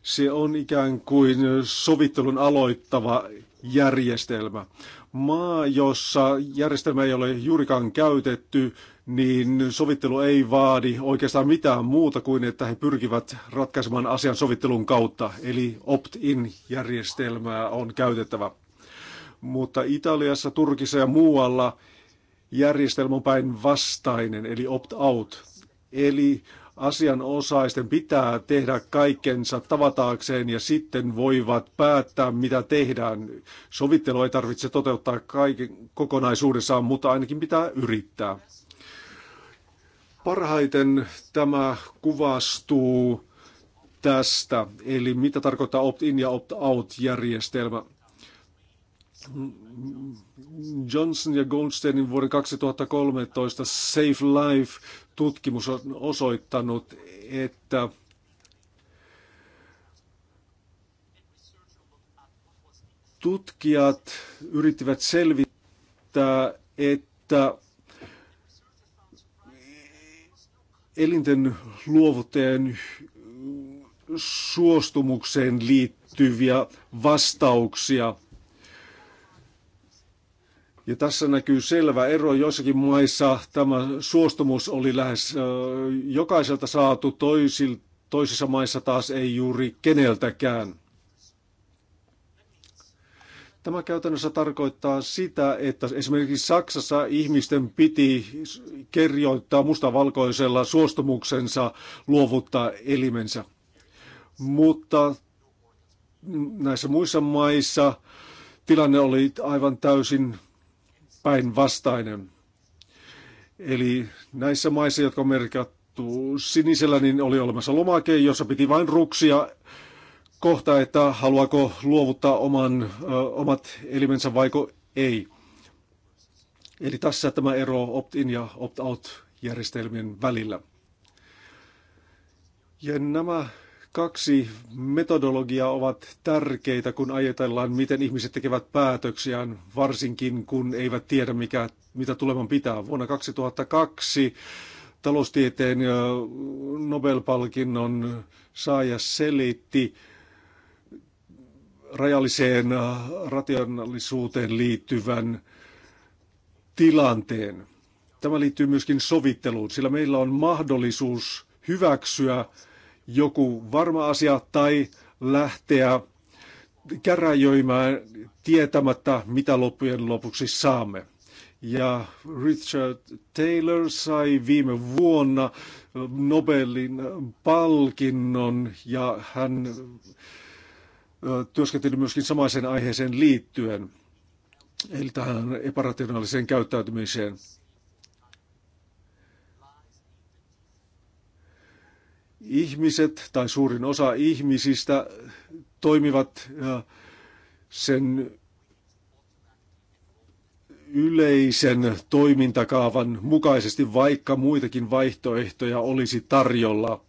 Se on ikään kuin sovittelun aloittava järjestelmä maa, jossa järjestelmä ei ole juurikaan käytetty, niin sovittelu ei vaadi oikeastaan mitään muuta kuin, että he pyrkivät ratkaisemaan asian sovittelun kautta. Eli opt-in-järjestelmää on käytettävä. Mutta Italiassa, Turkissa ja muualla järjestelmä on päin vastainen, eli opt-out. Eli asianosaisten pitää tehdä kaikkensa tavataakseen ja sitten voivat päättää, mitä tehdään. Sovittelu ei tarvitse toteuttaa kaiken kokonaisuudessaan, mutta ainakin pitää yrittää. Parhaiten tämä kuvastuu tästä, eli mitä tarkoittaa opt-in ja opt-out järjestelmä. Johnson ja Goldsteinin vuoden 2013 Safe Life-tutkimus on osoittanut, että tutkijat yrittivät selvittää, että elinten luovuteen suostumukseen liittyviä vastauksia – ja tässä näkyy selvä ero. Joissakin maissa tämä suostumus oli lähes jokaiselta saatu, toisil, toisissa maissa taas ei juuri keneltäkään. Tämä käytännössä tarkoittaa sitä, että esimerkiksi Saksassa ihmisten piti kerjoittaa mustavalkoisella suostumuksensa luovuttaa elimensä. Mutta näissä muissa maissa tilanne oli aivan täysin päinvastainen. Eli näissä maissa, jotka on merkattu sinisellä, niin oli olemassa lomake, jossa piti vain ruksia kohta, että haluaako luovuttaa oman, ö, omat elimensä vaiko ei. Eli tässä tämä ero opt-in ja opt-out järjestelmien välillä. Ja nämä Kaksi metodologiaa ovat tärkeitä, kun ajatellaan, miten ihmiset tekevät päätöksiään, varsinkin kun eivät tiedä, mikä, mitä tuleman pitää. Vuonna 2002 taloustieteen Nobel-palkinnon saaja selitti rajalliseen rationaalisuuteen liittyvän tilanteen. Tämä liittyy myöskin sovitteluun, sillä meillä on mahdollisuus hyväksyä joku varma asia tai lähteä käräjöimään tietämättä, mitä loppujen lopuksi saamme. Ja Richard Taylor sai viime vuonna Nobelin palkinnon ja hän työskenteli myöskin samaiseen aiheeseen liittyen, eli tähän epärationaaliseen käyttäytymiseen. Ihmiset tai suurin osa ihmisistä toimivat sen yleisen toimintakaavan mukaisesti, vaikka muitakin vaihtoehtoja olisi tarjolla.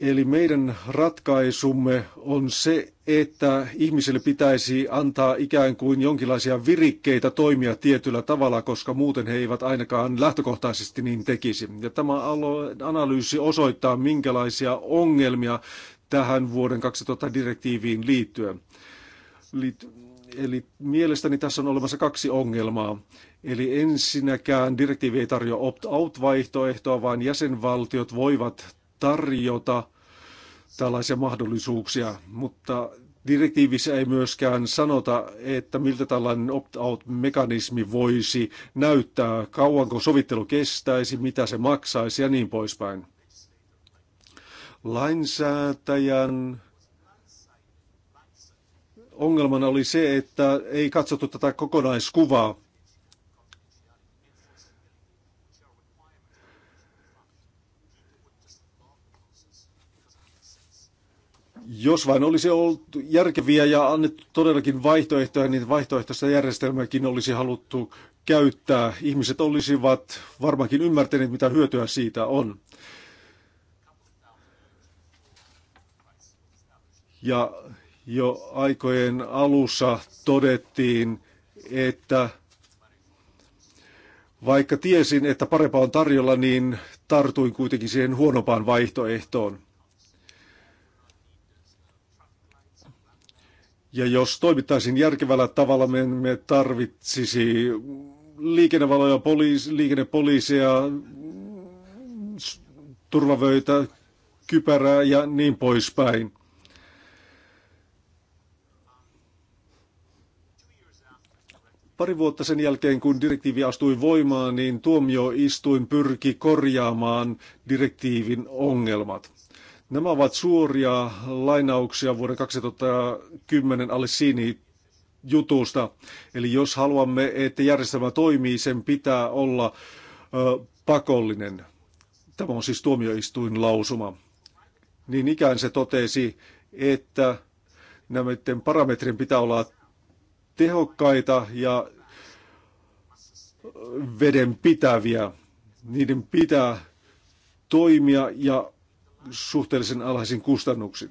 Eli meidän ratkaisumme on se, että ihmisille pitäisi antaa ikään kuin jonkinlaisia virikkeitä toimia tietyllä tavalla, koska muuten he eivät ainakaan lähtökohtaisesti niin tekisi. Ja tämä analyysi osoittaa, minkälaisia ongelmia tähän vuoden 2000 direktiiviin liittyen. Eli mielestäni tässä on olemassa kaksi ongelmaa. Eli ensinnäkään direktiivi ei tarjoa opt-out-vaihtoehtoa, vaan jäsenvaltiot voivat tarjota tällaisia mahdollisuuksia, mutta direktiivissä ei myöskään sanota, että miltä tällainen opt-out-mekanismi voisi näyttää, kauanko sovittelu kestäisi, mitä se maksaisi ja niin poispäin. Lainsäätäjän ongelmana oli se, että ei katsottu tätä kokonaiskuvaa Jos vain olisi ollut järkeviä ja annettu todellakin vaihtoehtoja, niin vaihtoehtoista järjestelmääkin olisi haluttu käyttää. Ihmiset olisivat varmaankin ymmärtäneet, mitä hyötyä siitä on. Ja jo aikojen alussa todettiin, että vaikka tiesin, että parempaa on tarjolla, niin tartuin kuitenkin siihen huonompaan vaihtoehtoon. Ja jos toimittaisiin järkevällä tavalla, me emme tarvitsisi liikennevaloja, poliis, liikennepoliisia, turvavöitä, kypärää ja niin poispäin. Pari vuotta sen jälkeen, kun direktiivi astui voimaan, niin tuomioistuin pyrki korjaamaan direktiivin ongelmat. Nämä ovat suoria lainauksia vuoden 2010 Alessini jutusta. Eli jos haluamme, että järjestelmä toimii, sen pitää olla ö, pakollinen. Tämä on siis tuomioistuin lausuma. Niin ikään se totesi, että näiden parametrien pitää olla tehokkaita ja veden pitäviä. Niiden pitää toimia ja suhteellisen alhaisin kustannuksin.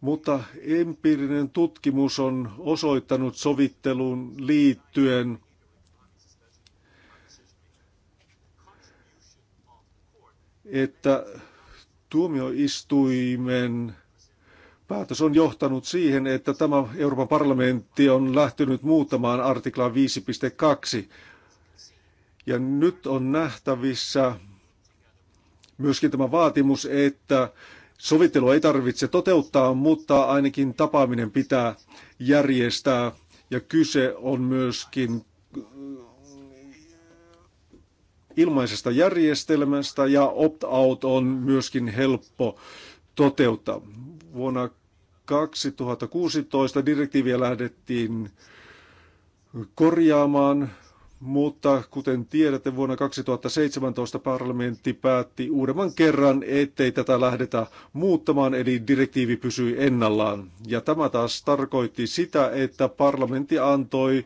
Mutta empiirinen tutkimus on osoittanut sovitteluun liittyen että tuomioistuimen päätös on johtanut siihen, että tämä Euroopan parlamentti on lähtenyt muuttamaan artiklaa 5.2. Ja nyt on nähtävissä myöskin tämä vaatimus, että sovittelu ei tarvitse toteuttaa, mutta ainakin tapaaminen pitää järjestää. Ja kyse on myöskin äh, ilmaisesta järjestelmästä ja opt-out on myöskin helppo toteuttaa. Vuonna 2016 direktiiviä lähdettiin korjaamaan mutta kuten tiedätte, vuonna 2017 parlamentti päätti uudemman kerran, ettei tätä lähdetä muuttamaan, eli direktiivi pysyi ennallaan. Ja tämä taas tarkoitti sitä, että parlamentti antoi,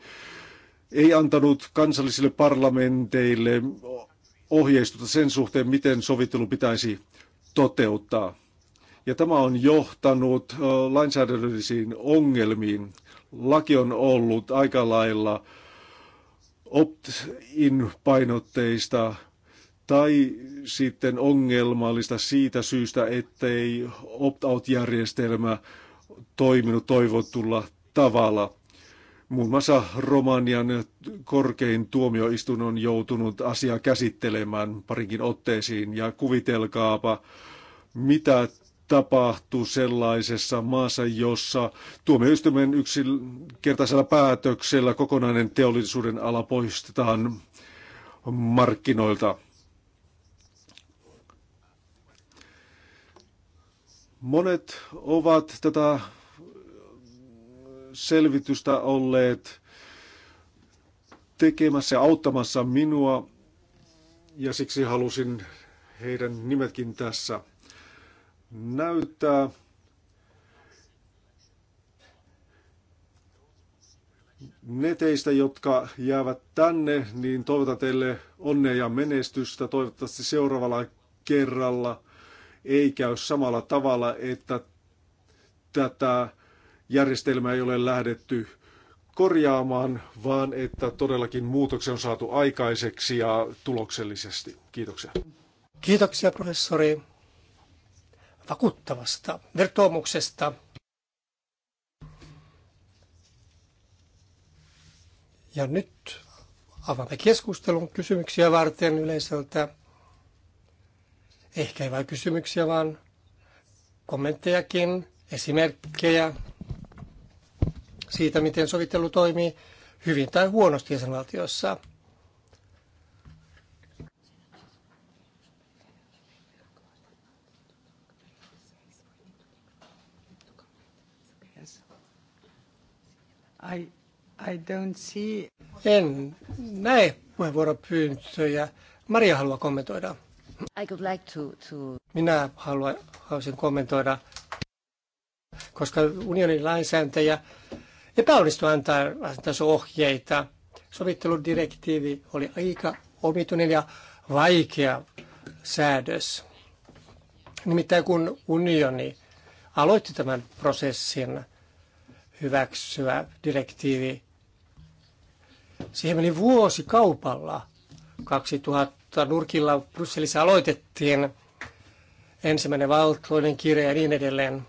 ei antanut kansallisille parlamenteille ohjeistusta sen suhteen, miten sovittelu pitäisi toteuttaa. Ja tämä on johtanut lainsäädännöllisiin ongelmiin. Laki on ollut aika lailla opt-in painotteista tai sitten ongelmallista siitä syystä, ettei opt-out-järjestelmä toiminut toivottulla tavalla. Muun muassa Romanian korkein tuomioistuin on joutunut asiaa käsittelemään parinkin otteisiin ja kuvitelkaapa, mitä tapahtuu sellaisessa maassa, jossa tuomioistuimen yksinkertaisella päätöksellä kokonainen teollisuuden ala poistetaan markkinoilta. Monet ovat tätä selvitystä olleet tekemässä ja auttamassa minua, ja siksi halusin heidän nimetkin tässä näyttää. Ne teistä, jotka jäävät tänne, niin toivotan teille onnea ja menestystä. Toivottavasti seuraavalla kerralla ei käy samalla tavalla, että tätä järjestelmää ei ole lähdetty korjaamaan, vaan että todellakin muutoksen on saatu aikaiseksi ja tuloksellisesti. Kiitoksia. Kiitoksia professori vakuuttavasta vertoomuksesta. Ja nyt avaamme keskustelun kysymyksiä varten yleisöltä. Ehkä ei vain kysymyksiä, vaan kommenttejakin, esimerkkejä siitä, miten sovittelu toimii hyvin tai huonosti jäsenvaltiossa. I, I don't see... En näe puheenvuoropyyntöjä. Maria haluaa kommentoida. I would like to, to... Minä haluan, haluaisin kommentoida, koska unionin lainsääntäjä epäonnistui antaa, antaa ohjeita. Sovitteludirektiivi oli aika omituinen ja vaikea säädös. Nimittäin kun unioni aloitti tämän prosessin, hyväksyä direktiivi. Siihen meni vuosi kaupalla. 2000 nurkilla Brysselissä aloitettiin ensimmäinen valtoinen kirja ja niin edelleen.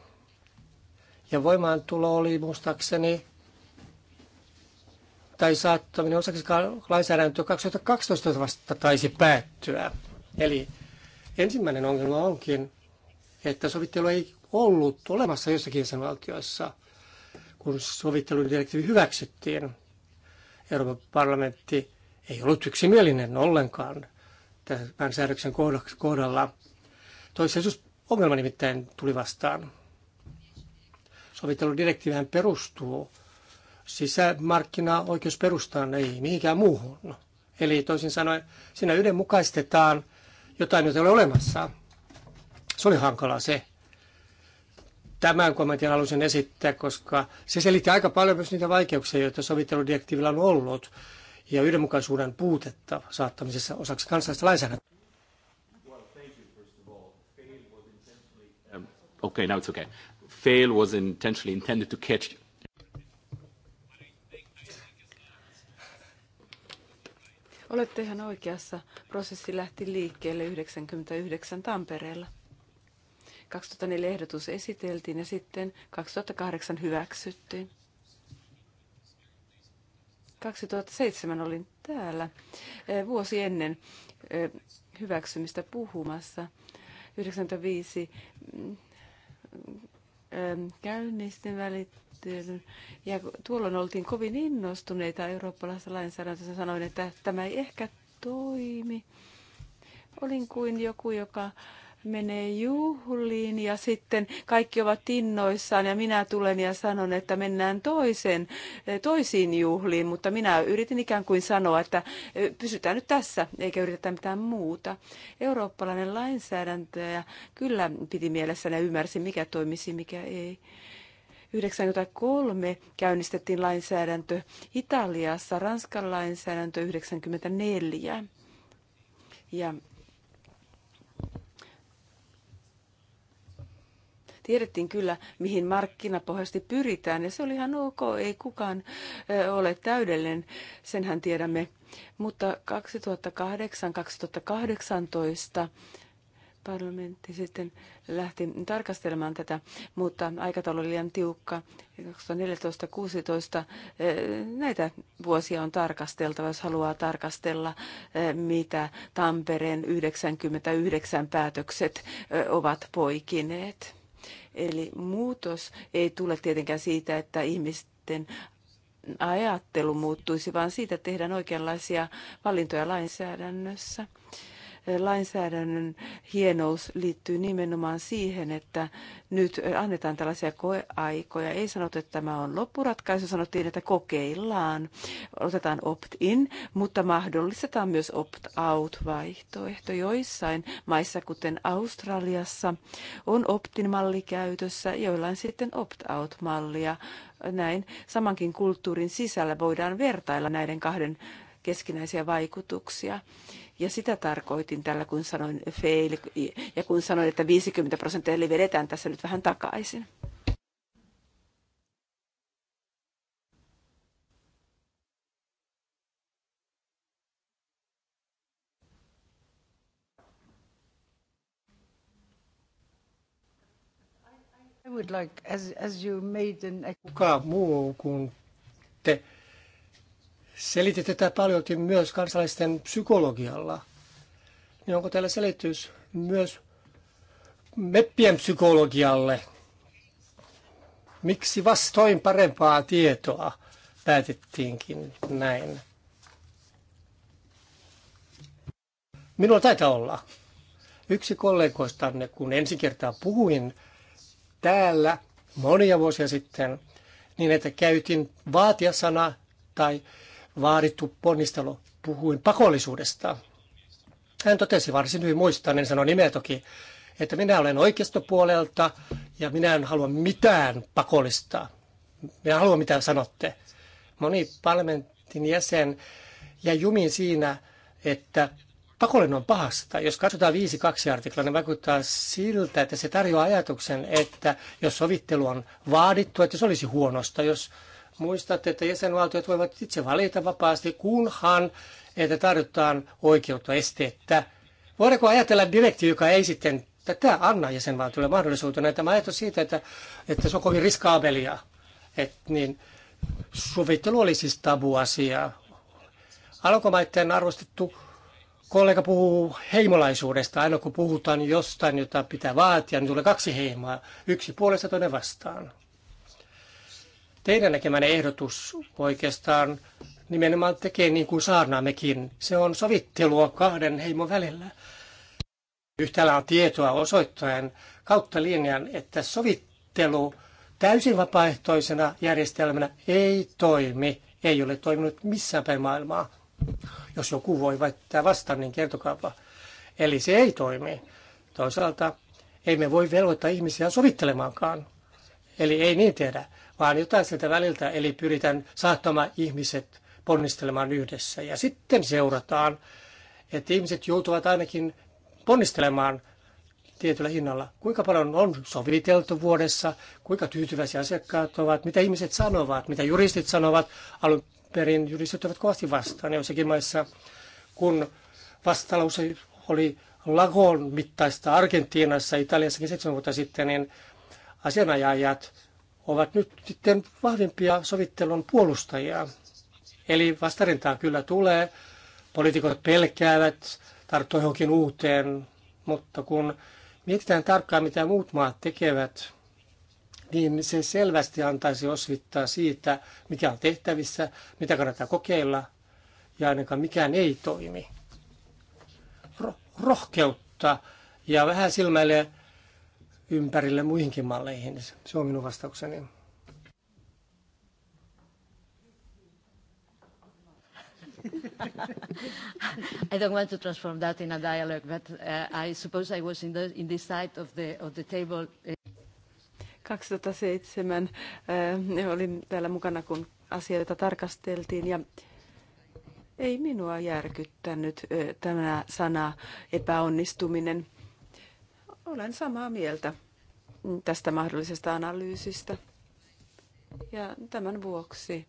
Ja voimaantulo oli muistaakseni tai saattaminen osaksi lainsäädäntöä 2012 vasta taisi päättyä. Eli ensimmäinen ongelma onkin, että sovittelu ei ollut olemassa jossakin sen valtioissa – kun sovitteludirektiivi hyväksyttiin. Euroopan parlamentti ei ollut yksimielinen ollenkaan tämän säädöksen kohdalla. ongelma nimittäin tuli vastaan. Sovitteludirektiivihän perustuu sisämarkkinaoikeusperustaan, ei mihinkään muuhun. Eli toisin sanoen siinä yhdenmukaistetaan jotain, jota ei ole olemassa. Se oli hankalaa se tämän kommentin halusin esittää, koska se selitti aika paljon myös niitä vaikeuksia, joita sovitteludirektiivillä on ollut ja yhdenmukaisuuden puutetta saattamisessa osaksi kansallista lainsäädäntöä. Um, okay, now it's okay. Fail was intentionally intended to catch you. Olette ihan oikeassa. Prosessi lähti liikkeelle 99 Tampereella. 2004 ehdotus esiteltiin ja sitten 2008 hyväksyttiin. 2007 olin täällä e, vuosi ennen e, hyväksymistä puhumassa. 1995 mm, e, käynnistin välittelyn. Ja tuolloin oltiin kovin innostuneita eurooppalaisessa lainsäädännöstä. Sanoin, että tämä ei ehkä toimi. Olin kuin joku, joka menee juhliin ja sitten kaikki ovat innoissaan ja minä tulen ja sanon, että mennään toisen, toisiin juhliin, mutta minä yritin ikään kuin sanoa, että pysytään nyt tässä eikä yritetä mitään muuta. Eurooppalainen lainsäädäntö ja kyllä piti mielessäni ja ymmärsin, mikä toimisi, mikä ei. 1993 käynnistettiin lainsäädäntö Italiassa, Ranskan lainsäädäntö 1994. Ja tiedettiin kyllä, mihin markkinapohjasti pyritään, ja se oli ihan ok, ei kukaan ole täydellinen, senhän tiedämme. Mutta 2008-2018 parlamentti sitten lähti tarkastelemaan tätä, mutta aikataulu oli liian tiukka. 2014-2016 näitä vuosia on tarkasteltava, jos haluaa tarkastella, mitä Tampereen 99 päätökset ovat poikineet. Eli muutos ei tule tietenkään siitä, että ihmisten ajattelu muuttuisi, vaan siitä tehdään oikeanlaisia valintoja lainsäädännössä lainsäädännön hienous liittyy nimenomaan siihen, että nyt annetaan tällaisia koeaikoja. Ei sanota, että tämä on loppuratkaisu, sanottiin, että kokeillaan, otetaan opt-in, mutta mahdollistetaan myös opt-out-vaihtoehto. Joissain maissa, kuten Australiassa, on opt-in-malli käytössä, joillain sitten opt-out-mallia. Näin samankin kulttuurin sisällä voidaan vertailla näiden kahden keskinäisiä vaikutuksia. Ja sitä tarkoitin tällä, kun sanoin fail, ja kun sanoin, että 50 prosenttia, eli vedetään tässä nyt vähän takaisin. Kuka muu kuin te Selitit tätä paljolti myös kansalaisten psykologialla. Niin onko täällä selitys myös meppien psykologialle? Miksi vastoin parempaa tietoa päätettiinkin näin? Minulla taitaa olla. Yksi kollegoistanne, kun ensi kertaa puhuin täällä monia vuosia sitten, niin että käytin vaatia sana tai vaadittu ponnistelu. Puhuin pakollisuudesta. Hän totesi varsin hyvin muistaa, en sano nimeä toki, että minä olen oikeistopuolelta ja minä en halua mitään pakollista. Minä en halua mitä sanotte. Moni parlamentin jäsen ja jumin siinä, että pakollinen on pahasta. Jos katsotaan 5.2 artiklaa, niin vaikuttaa siltä, että se tarjoaa ajatuksen, että jos sovittelu on vaadittu, että se olisi huonosta. Jos Muistatte, että jäsenvaltiot voivat itse valita vapaasti, kunhan että tarjotaan oikeutta esteettä. Voidaanko ajatella direktiivi, joka ei sitten tätä anna jäsenvaltiolle mahdollisuutena? Tämä ajatus siitä, että, että se on kovin riskaabelia, että niin, sovittelu oli siis tabuasia. Alankomaitteen arvostettu kollega puhuu heimolaisuudesta. Aina kun puhutaan jostain, jota pitää vaatia, niin tulee kaksi heimoa. Yksi puolesta, toinen vastaan. Teidän näkemänne ehdotus oikeastaan nimenomaan tekee niin kuin saarnaammekin. Se on sovittelua kahden heimon välillä. Yhtäällä on tietoa osoittajan kautta linjan, että sovittelu täysin vapaaehtoisena järjestelmänä ei toimi, ei ole toiminut missään päin maailmaa. Jos joku voi väittää vastaan, niin kertokaapa. Eli se ei toimi. Toisaalta ei me voi velvoittaa ihmisiä sovittelemaankaan. Eli ei niin tehdä vaan jotain sieltä väliltä, eli pyritään saattamaan ihmiset ponnistelemaan yhdessä. Ja sitten seurataan, että ihmiset joutuvat ainakin ponnistelemaan tietyllä hinnalla. Kuinka paljon on soviteltu vuodessa, kuinka tyytyväisiä asiakkaat ovat, mitä ihmiset sanovat, mitä juristit sanovat. Alun perin juristit ovat kovasti vastaan joissakin maissa, kun vastalause oli lagon mittaista Argentiinassa, Italiassakin seitsemän vuotta sitten, niin asianajajat ovat nyt sitten vahvimpia sovittelun puolustajia. Eli vastarintaa kyllä tulee, poliitikot pelkäävät, tarttuu johonkin uuteen, mutta kun mietitään tarkkaan, mitä muut maat tekevät, niin se selvästi antaisi osvittaa siitä, mikä on tehtävissä, mitä kannattaa kokeilla ja ainakaan mikään ei toimi. Ro- rohkeutta ja vähän silmäilee ympärille muihinkin malleihin? Se on minun vastaukseni. I don't want to transform that in a dialogue, but uh, I suppose I was in, the, in this side of the, of the table. 2007 äh, uh, olin täällä mukana, kun asioita tarkasteltiin ja ei minua järkyttänyt äh, tämä sana epäonnistuminen – olen samaa mieltä tästä mahdollisesta analyysistä. Ja tämän vuoksi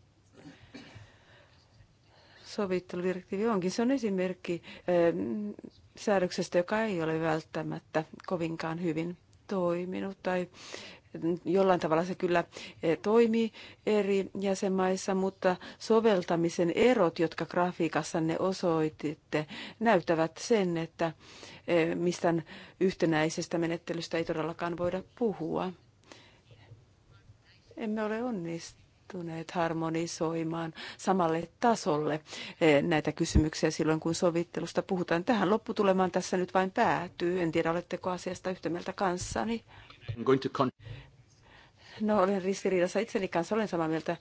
sovitteludirektiivi onkin. Se on esimerkki eh, säädöksestä, joka ei ole välttämättä kovinkaan hyvin toiminut tai jollain tavalla se kyllä eh, toimii eri jäsenmaissa, mutta soveltamisen erot, jotka grafiikassanne osoititte, näyttävät sen, että eh, mistään yhtenäisestä menettelystä ei todellakaan voida puhua. Emme ole onnistuneet harmonisoimaan samalle tasolle eh, näitä kysymyksiä silloin, kun sovittelusta puhutaan. Tähän lopputulemaan tässä nyt vain päätyy. En tiedä, oletteko asiasta yhtä mieltä kanssani. No olen ristiriidassa itseni kanssa, olen samaa mieltä.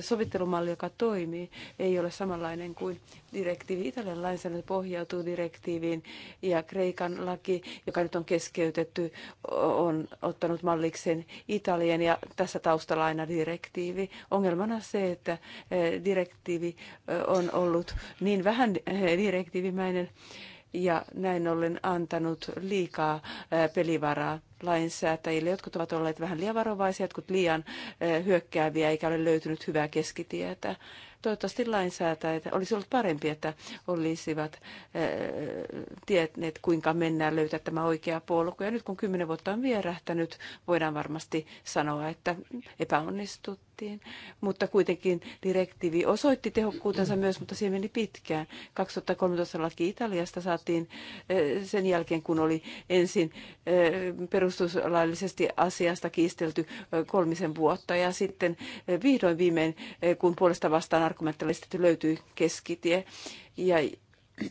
Sovittelumalli, joka toimii, ei ole samanlainen kuin direktiivi. Italian lainsäädäntö pohjautuu direktiiviin ja Kreikan laki, joka nyt on keskeytetty, on ottanut mallikseen Italian ja tässä taustalla aina direktiivi. Ongelmana se, että direktiivi on ollut niin vähän direktiivimäinen, ja näin ollen antanut liikaa pelivaraa lainsäätäjille. Jotkut ovat olleet vähän liian varovaisia, jotkut liian eh, hyökkääviä, eikä ole löytynyt hyvää keskitietä. Toivottavasti lainsäätäjät olisi ollut parempi, että olisivat eh, tienneet, kuinka mennään löytää tämä oikea polku. Ja nyt kun kymmenen vuotta on vierähtänyt, voidaan varmasti sanoa, että epäonnistuttiin. Mutta kuitenkin direktiivi osoitti tehokkuutensa myös, mutta siihen meni pitkään. 2013 laki Italiasta saatiin eh, sen jälkeen, kun oli ensin eh, perustuslaillisesti asiasta kiistelty kolmisen vuotta ja sitten vihdoin viimein, kun puolesta vastaan argumentti oli, että löytyy keskitie. Ja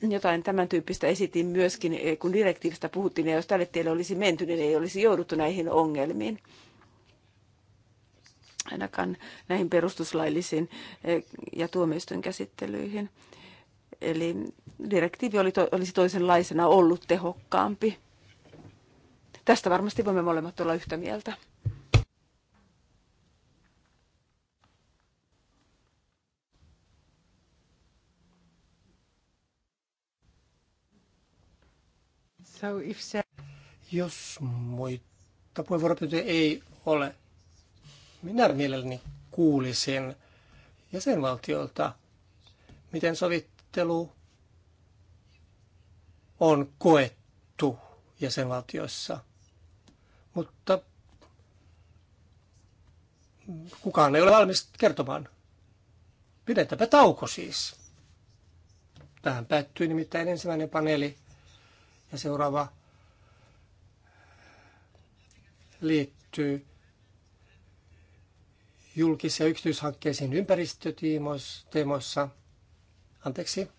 jotain tämän tyyppistä esitin myöskin, eh, kun direktiivistä puhuttiin, ja jos tälle tielle olisi menty, niin ei olisi jouduttu näihin ongelmiin ainakaan näihin perustuslaillisiin eh, ja tuomioistuin käsittelyihin. Eli direktiivi oli to, olisi toisenlaisena ollut tehokkaampi. Tästä varmasti voimme molemmat olla yhtä mieltä. So if se... Jos muita puheenvuoropyyntöjä ei ole, minä mielelläni kuulisin jäsenvaltiolta, miten sovittelu on koettu jäsenvaltioissa. Mutta kukaan ei ole valmis kertomaan. Pidetäänpä tauko siis. Tähän päättyy nimittäin ensimmäinen paneeli. Ja seuraava liittyy julkis- ja yksityishankkeisiin ympäristötiimoissa. Anteeksi.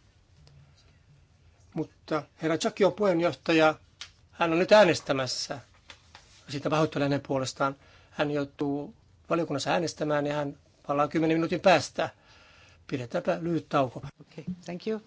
Mutta herra Chucky on puheenjohtaja. Hän on nyt äänestämässä. sitten pahoittelen hänen puolestaan. Hän joutuu valiokunnassa äänestämään ja hän palaa 10 minuutin päästä. Pidetäänpä lyhyt tauko. Okay, thank you.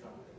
something.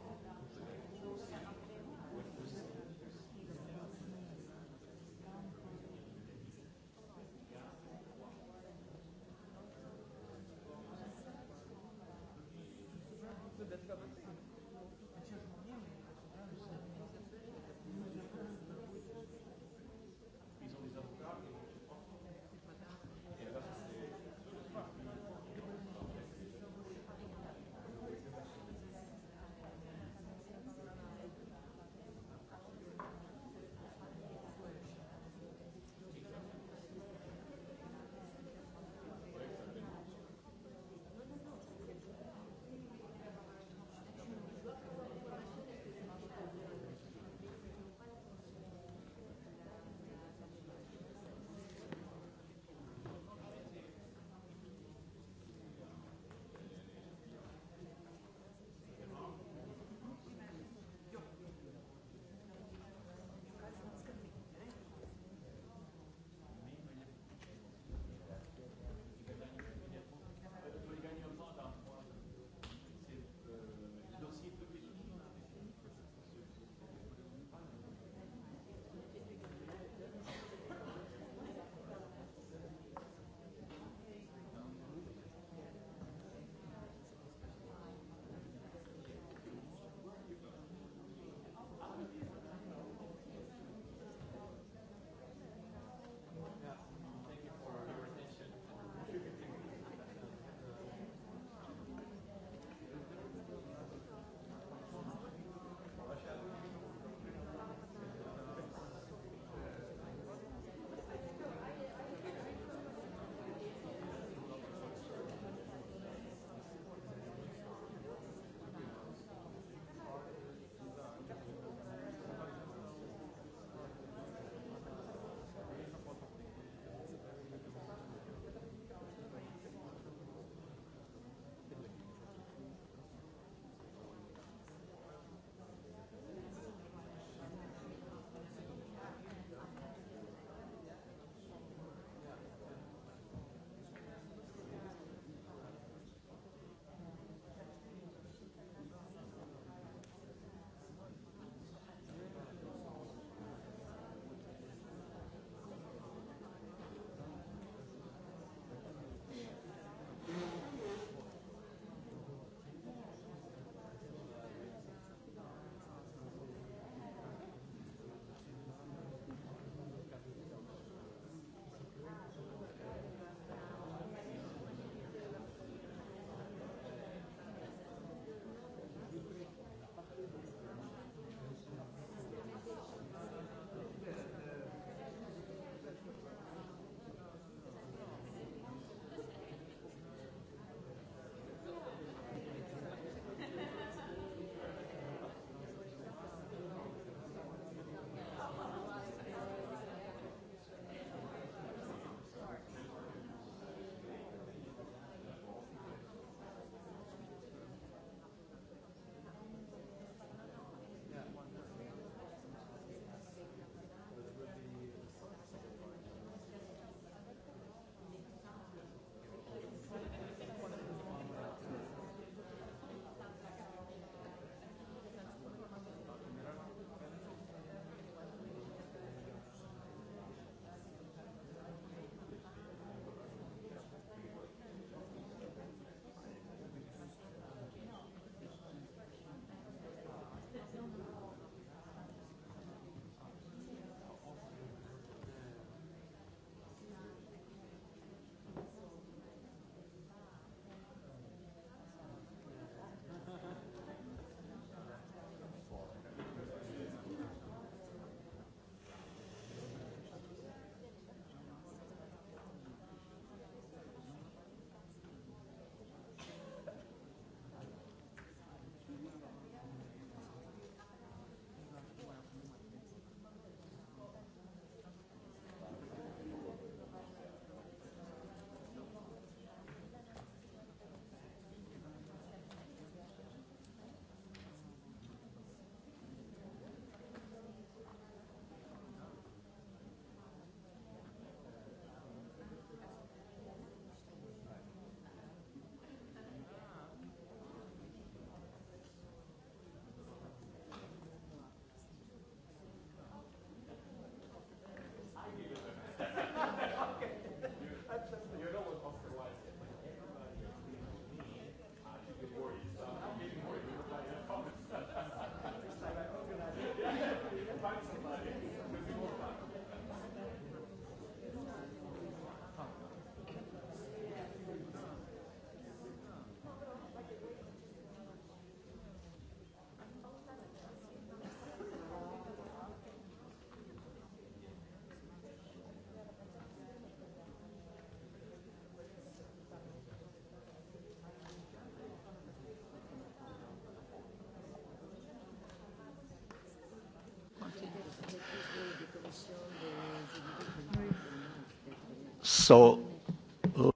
So...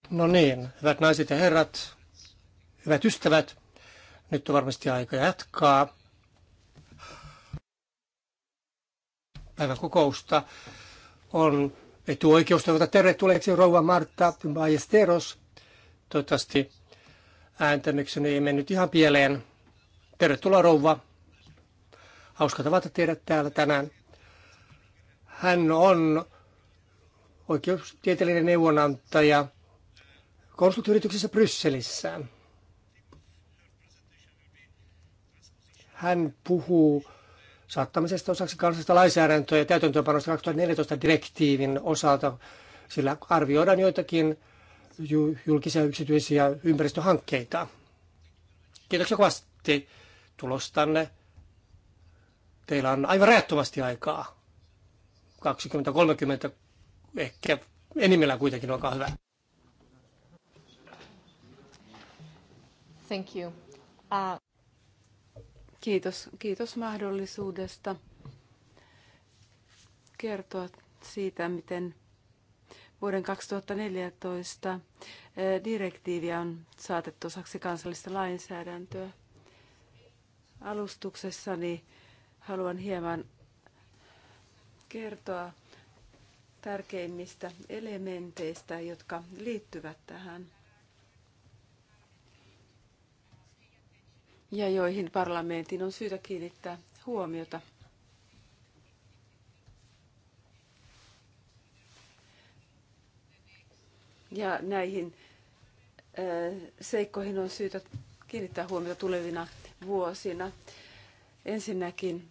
No niin, hyvät naiset ja herrat, hyvät ystävät, nyt on varmasti aika jatkaa päivän kokousta. On etuoikeus toivota tervetulleeksi rouva Martta Majesteros. Toivottavasti ääntämykseni ei mennyt ihan pieleen. Tervetuloa rouva. Hauska tavata teidät täällä tänään. Hän on oikeustieteellinen neuvonantaja konsulttiyrityksessä Brysselissä. Hän puhuu saattamisesta osaksi kansallista lainsäädäntöä ja täytäntöönpanosta 2014 direktiivin osalta, sillä arvioidaan joitakin julkisia yksityisiä ympäristöhankkeita. Kiitoksia kovasti tulostanne. Teillä on aivan rajattomasti aikaa. 20-30 ehkä enimmillään kuitenkin, olkaa hyvä. Thank you. Uh... Kiitos, kiitos mahdollisuudesta kertoa siitä, miten vuoden 2014 eh, direktiiviä on saatettu osaksi kansallista lainsäädäntöä. Alustuksessani haluan hieman kertoa tärkeimmistä elementeistä, jotka liittyvät tähän ja joihin parlamentin on syytä kiinnittää huomiota. Ja näihin seikkoihin on syytä kiinnittää huomiota tulevina vuosina. Ensinnäkin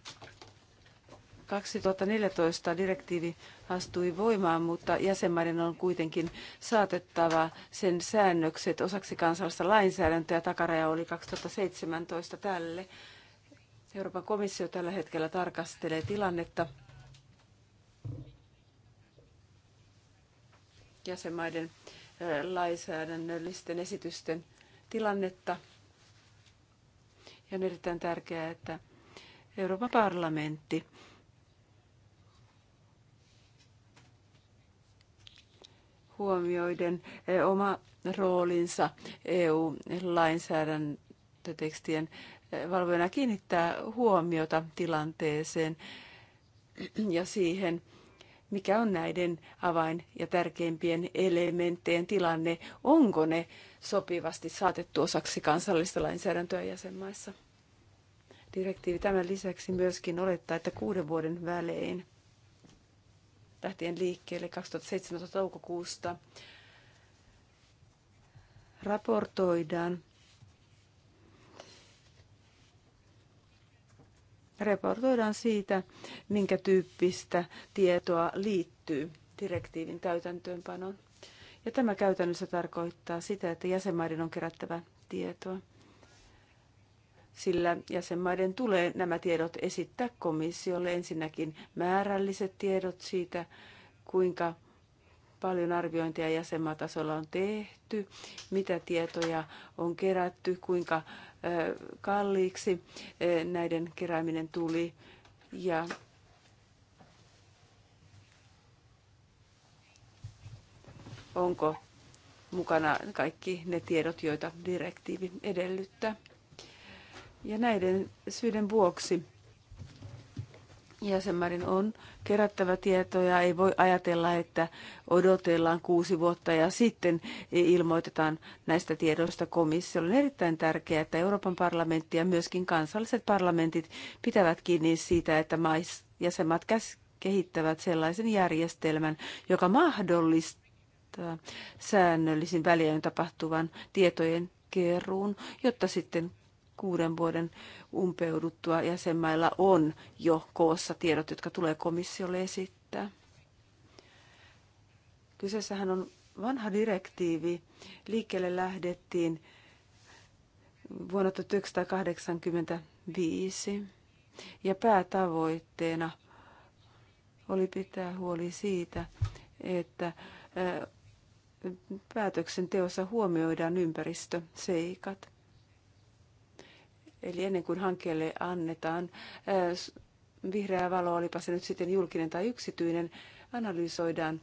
2014 direktiivi astui voimaan, mutta jäsenmaiden on kuitenkin saatettava sen säännökset osaksi kansallista lainsäädäntöä. Takaraja oli 2017 tälle. Euroopan komissio tällä hetkellä tarkastelee tilannetta jäsenmaiden lainsäädännöllisten esitysten tilannetta. Ja on erittäin tärkeää, että Euroopan parlamentti huomioiden eh, oma roolinsa EU-lainsäädäntötekstien eh, valvojana kiinnittää huomiota tilanteeseen ja siihen, mikä on näiden avain- ja tärkeimpien elementtien tilanne, onko ne sopivasti saatettu osaksi kansallista lainsäädäntöä jäsenmaissa. Direktiivi tämän lisäksi myöskin olettaa, että kuuden vuoden välein lähtien liikkeelle 2017 toukokuusta raportoidaan raportoidaan siitä, minkä tyyppistä tietoa liittyy direktiivin täytäntöönpanoon. Ja tämä käytännössä tarkoittaa sitä, että jäsenmaiden on kerättävä tietoa sillä jäsenmaiden tulee nämä tiedot esittää komissiolle. Ensinnäkin määrälliset tiedot siitä, kuinka paljon arviointia jäsenmaatasolla on tehty, mitä tietoja on kerätty, kuinka kalliiksi näiden kerääminen tuli ja onko mukana kaikki ne tiedot, joita direktiivi edellyttää. Ja näiden syiden vuoksi jäsenmaiden on kerättävä tietoja. Ei voi ajatella, että odotellaan kuusi vuotta ja sitten ilmoitetaan näistä tiedoista komissiolle. On erittäin tärkeää, että Euroopan parlamentti ja myöskin kansalliset parlamentit pitävät kiinni siitä, että mais, jäsenmaat käs, kehittävät sellaisen järjestelmän, joka mahdollistaa säännöllisin väliajoin tapahtuvan tietojen keruun, jotta sitten kuuden vuoden umpeuduttua jäsenmailla on jo koossa tiedot, jotka tulee komissiolle esittää. Kyseessähän on vanha direktiivi. Liikkeelle lähdettiin vuonna 1985 ja päätavoitteena oli pitää huoli siitä, että päätöksenteossa huomioidaan ympäristöseikat. Eli ennen kuin hankkeelle annetaan vihreä valo, olipa se nyt sitten julkinen tai yksityinen, analysoidaan,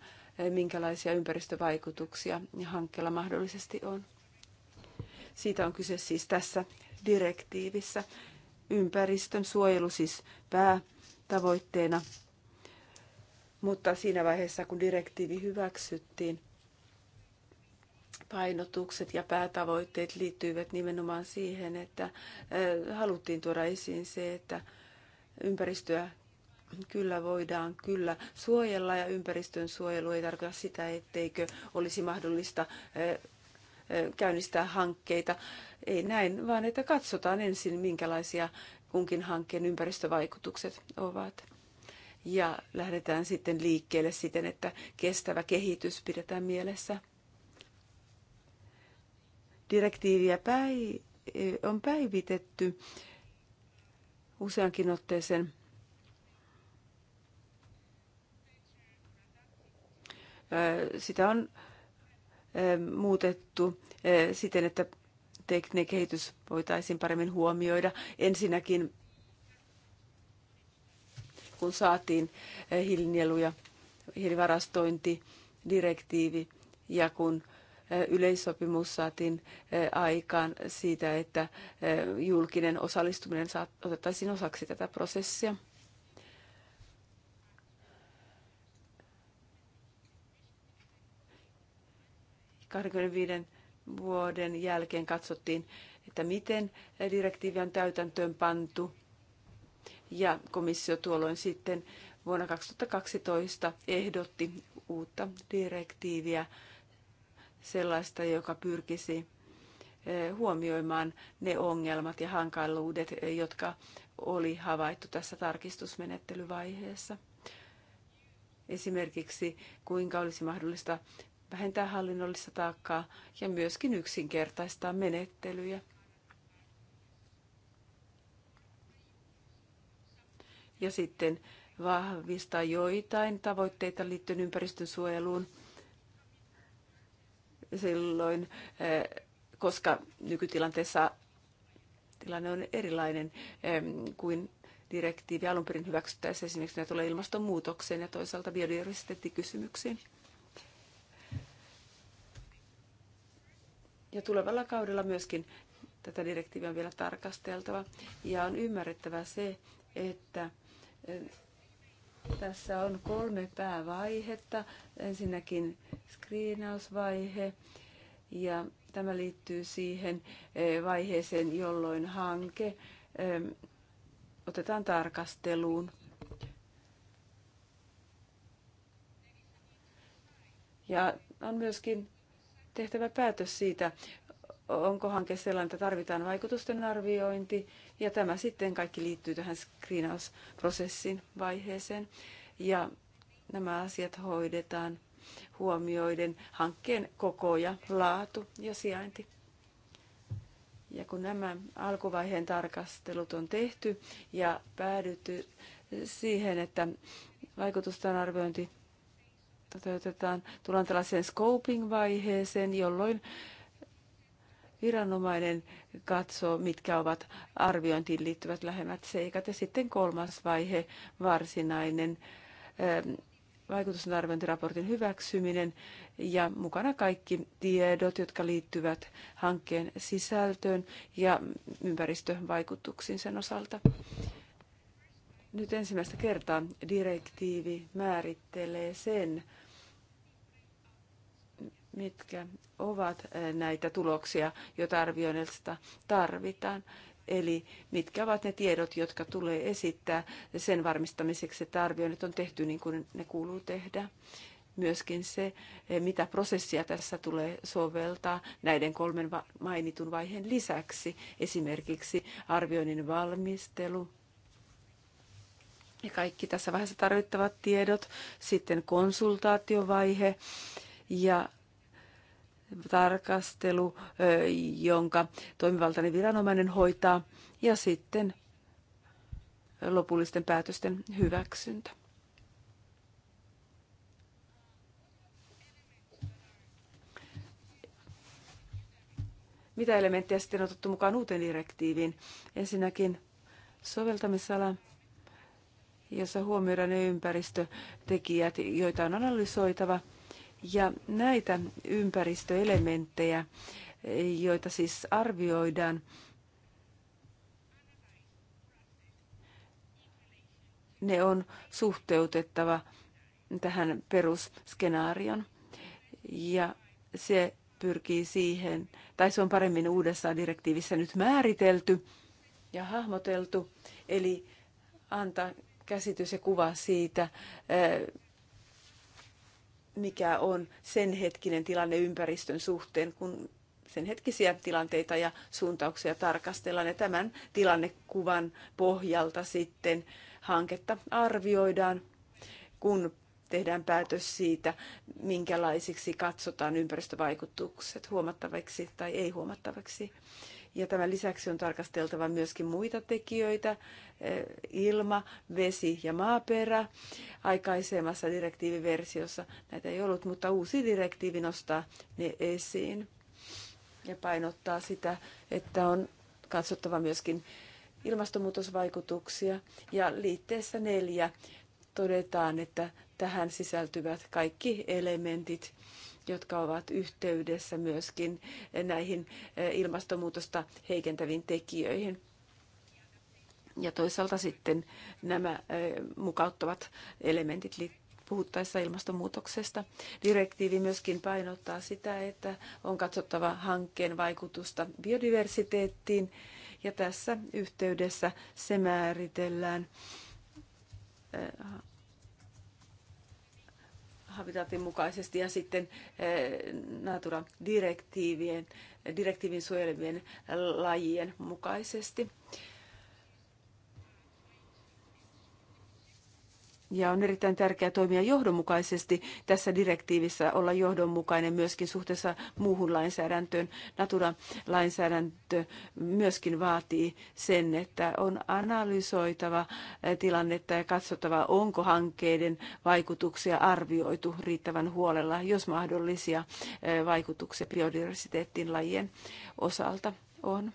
minkälaisia ympäristövaikutuksia hankkeella mahdollisesti on. Siitä on kyse siis tässä direktiivissä. Ympäristön suojelu siis päätavoitteena, mutta siinä vaiheessa kun direktiivi hyväksyttiin, painotukset ja päätavoitteet liittyivät nimenomaan siihen, että haluttiin tuoda esiin se, että ympäristöä kyllä voidaan kyllä suojella ja ympäristön suojelu ei tarkoita sitä, etteikö olisi mahdollista käynnistää hankkeita. Ei näin, vaan että katsotaan ensin, minkälaisia kunkin hankkeen ympäristövaikutukset ovat. Ja lähdetään sitten liikkeelle siten, että kestävä kehitys pidetään mielessä Direktiiviä päi, on päivitetty useankin otteeseen. Sitä on muutettu siten, että tekninen kehitys voitaisiin paremmin huomioida. Ensinnäkin kun saatiin hiilinieluja hiilivarastointidirektiivi ja kun yleissopimus saatiin aikaan siitä, että julkinen osallistuminen otettaisiin osaksi tätä prosessia. vuoden jälkeen katsottiin, että miten direktiivi on täytäntöön pantu. Ja komissio tuolloin sitten vuonna 2012 ehdotti uutta direktiiviä sellaista, joka pyrkisi eh, huomioimaan ne ongelmat ja hankaluudet, eh, jotka oli havaittu tässä tarkistusmenettelyvaiheessa. Esimerkiksi kuinka olisi mahdollista vähentää hallinnollista taakkaa ja myöskin yksinkertaistaa menettelyjä. Ja sitten vahvistaa joitain tavoitteita liittyen ympäristönsuojeluun silloin, eh, koska nykytilanteessa tilanne on erilainen eh, kuin direktiivi alun perin hyväksyttäessä esimerkiksi näitä tulee ilmastonmuutokseen ja toisaalta biodiversiteettikysymyksiin. Ja tulevalla kaudella myöskin tätä direktiiviä on vielä tarkasteltava. Ja on ymmärrettävä se, että eh, tässä on kolme päävaihetta. Ensinnäkin skriinausvaihe ja tämä liittyy siihen eh, vaiheeseen, jolloin hanke eh, otetaan tarkasteluun. Ja on myöskin tehtävä päätös siitä, onko hanke sellainen, että tarvitaan vaikutusten arviointi ja tämä sitten kaikki liittyy tähän screenausprosessin vaiheeseen. Ja nämä asiat hoidetaan huomioiden hankkeen koko ja laatu ja sijainti. Ja kun nämä alkuvaiheen tarkastelut on tehty ja päädytty siihen, että vaikutusten arviointi toteutetaan, tullaan tällaiseen scoping-vaiheeseen, jolloin viranomainen katsoo, mitkä ovat arviointiin liittyvät lähemmät seikat. Ja sitten kolmas vaihe, varsinainen ähm, vaikutusarviointiraportin hyväksyminen ja mukana kaikki tiedot, jotka liittyvät hankkeen sisältöön ja ympäristövaikutuksiin sen osalta. Nyt ensimmäistä kertaa direktiivi määrittelee sen, mitkä ovat näitä tuloksia, joita arvioinnista tarvitaan. Eli mitkä ovat ne tiedot, jotka tulee esittää sen varmistamiseksi, että arvioinnit on tehty niin kuin ne kuuluu tehdä. Myöskin se, mitä prosessia tässä tulee soveltaa näiden kolmen mainitun vaiheen lisäksi, esimerkiksi arvioinnin valmistelu, ja kaikki tässä vaiheessa tarvittavat tiedot, sitten konsultaatiovaihe ja tarkastelu, jonka toimivaltainen viranomainen hoitaa, ja sitten lopullisten päätösten hyväksyntä. Mitä elementtejä sitten on otettu mukaan uuteen direktiiviin? Ensinnäkin soveltamisala, jossa huomioidaan ne ympäristötekijät, joita on analysoitava – ja näitä ympäristöelementtejä, joita siis arvioidaan, ne on suhteutettava tähän perusskenaarion. Ja se pyrkii siihen, tai se on paremmin uudessa direktiivissä nyt määritelty ja hahmoteltu, eli antaa käsitys ja kuva siitä, mikä on sen hetkinen tilanne ympäristön suhteen, kun sen hetkisiä tilanteita ja suuntauksia tarkastellaan. Ja tämän tilannekuvan pohjalta sitten hanketta arvioidaan, kun tehdään päätös siitä, minkälaisiksi katsotaan ympäristövaikutukset huomattaviksi tai ei huomattaviksi. Ja tämän lisäksi on tarkasteltava myöskin muita tekijöitä, eh, ilma, vesi ja maaperä. Aikaisemmassa direktiiviversiossa näitä ei ollut, mutta uusi direktiivi nostaa ne esiin ja painottaa sitä, että on katsottava myöskin ilmastonmuutosvaikutuksia. Ja liitteessä neljä todetaan, että tähän sisältyvät kaikki elementit, jotka ovat yhteydessä myöskin näihin eh, ilmastonmuutosta heikentäviin tekijöihin. Ja toisaalta sitten nämä eh, mukauttavat elementit puhuttaessa ilmastonmuutoksesta. Direktiivi myöskin painottaa sitä, että on katsottava hankkeen vaikutusta biodiversiteettiin ja tässä yhteydessä se määritellään eh, habitatin mukaisesti ja sitten eh, Natura-direktiivien direktiivin suojelevien lajien mukaisesti. Ja on erittäin tärkeää toimia johdonmukaisesti tässä direktiivissä, olla johdonmukainen myöskin suhteessa muuhun lainsäädäntöön. Natura-lainsäädäntö myöskin vaatii sen, että on analysoitava eh, tilannetta ja katsottava, onko hankkeiden vaikutuksia arvioitu riittävän huolella, jos mahdollisia eh, vaikutuksia biodiversiteettiin lajien osalta on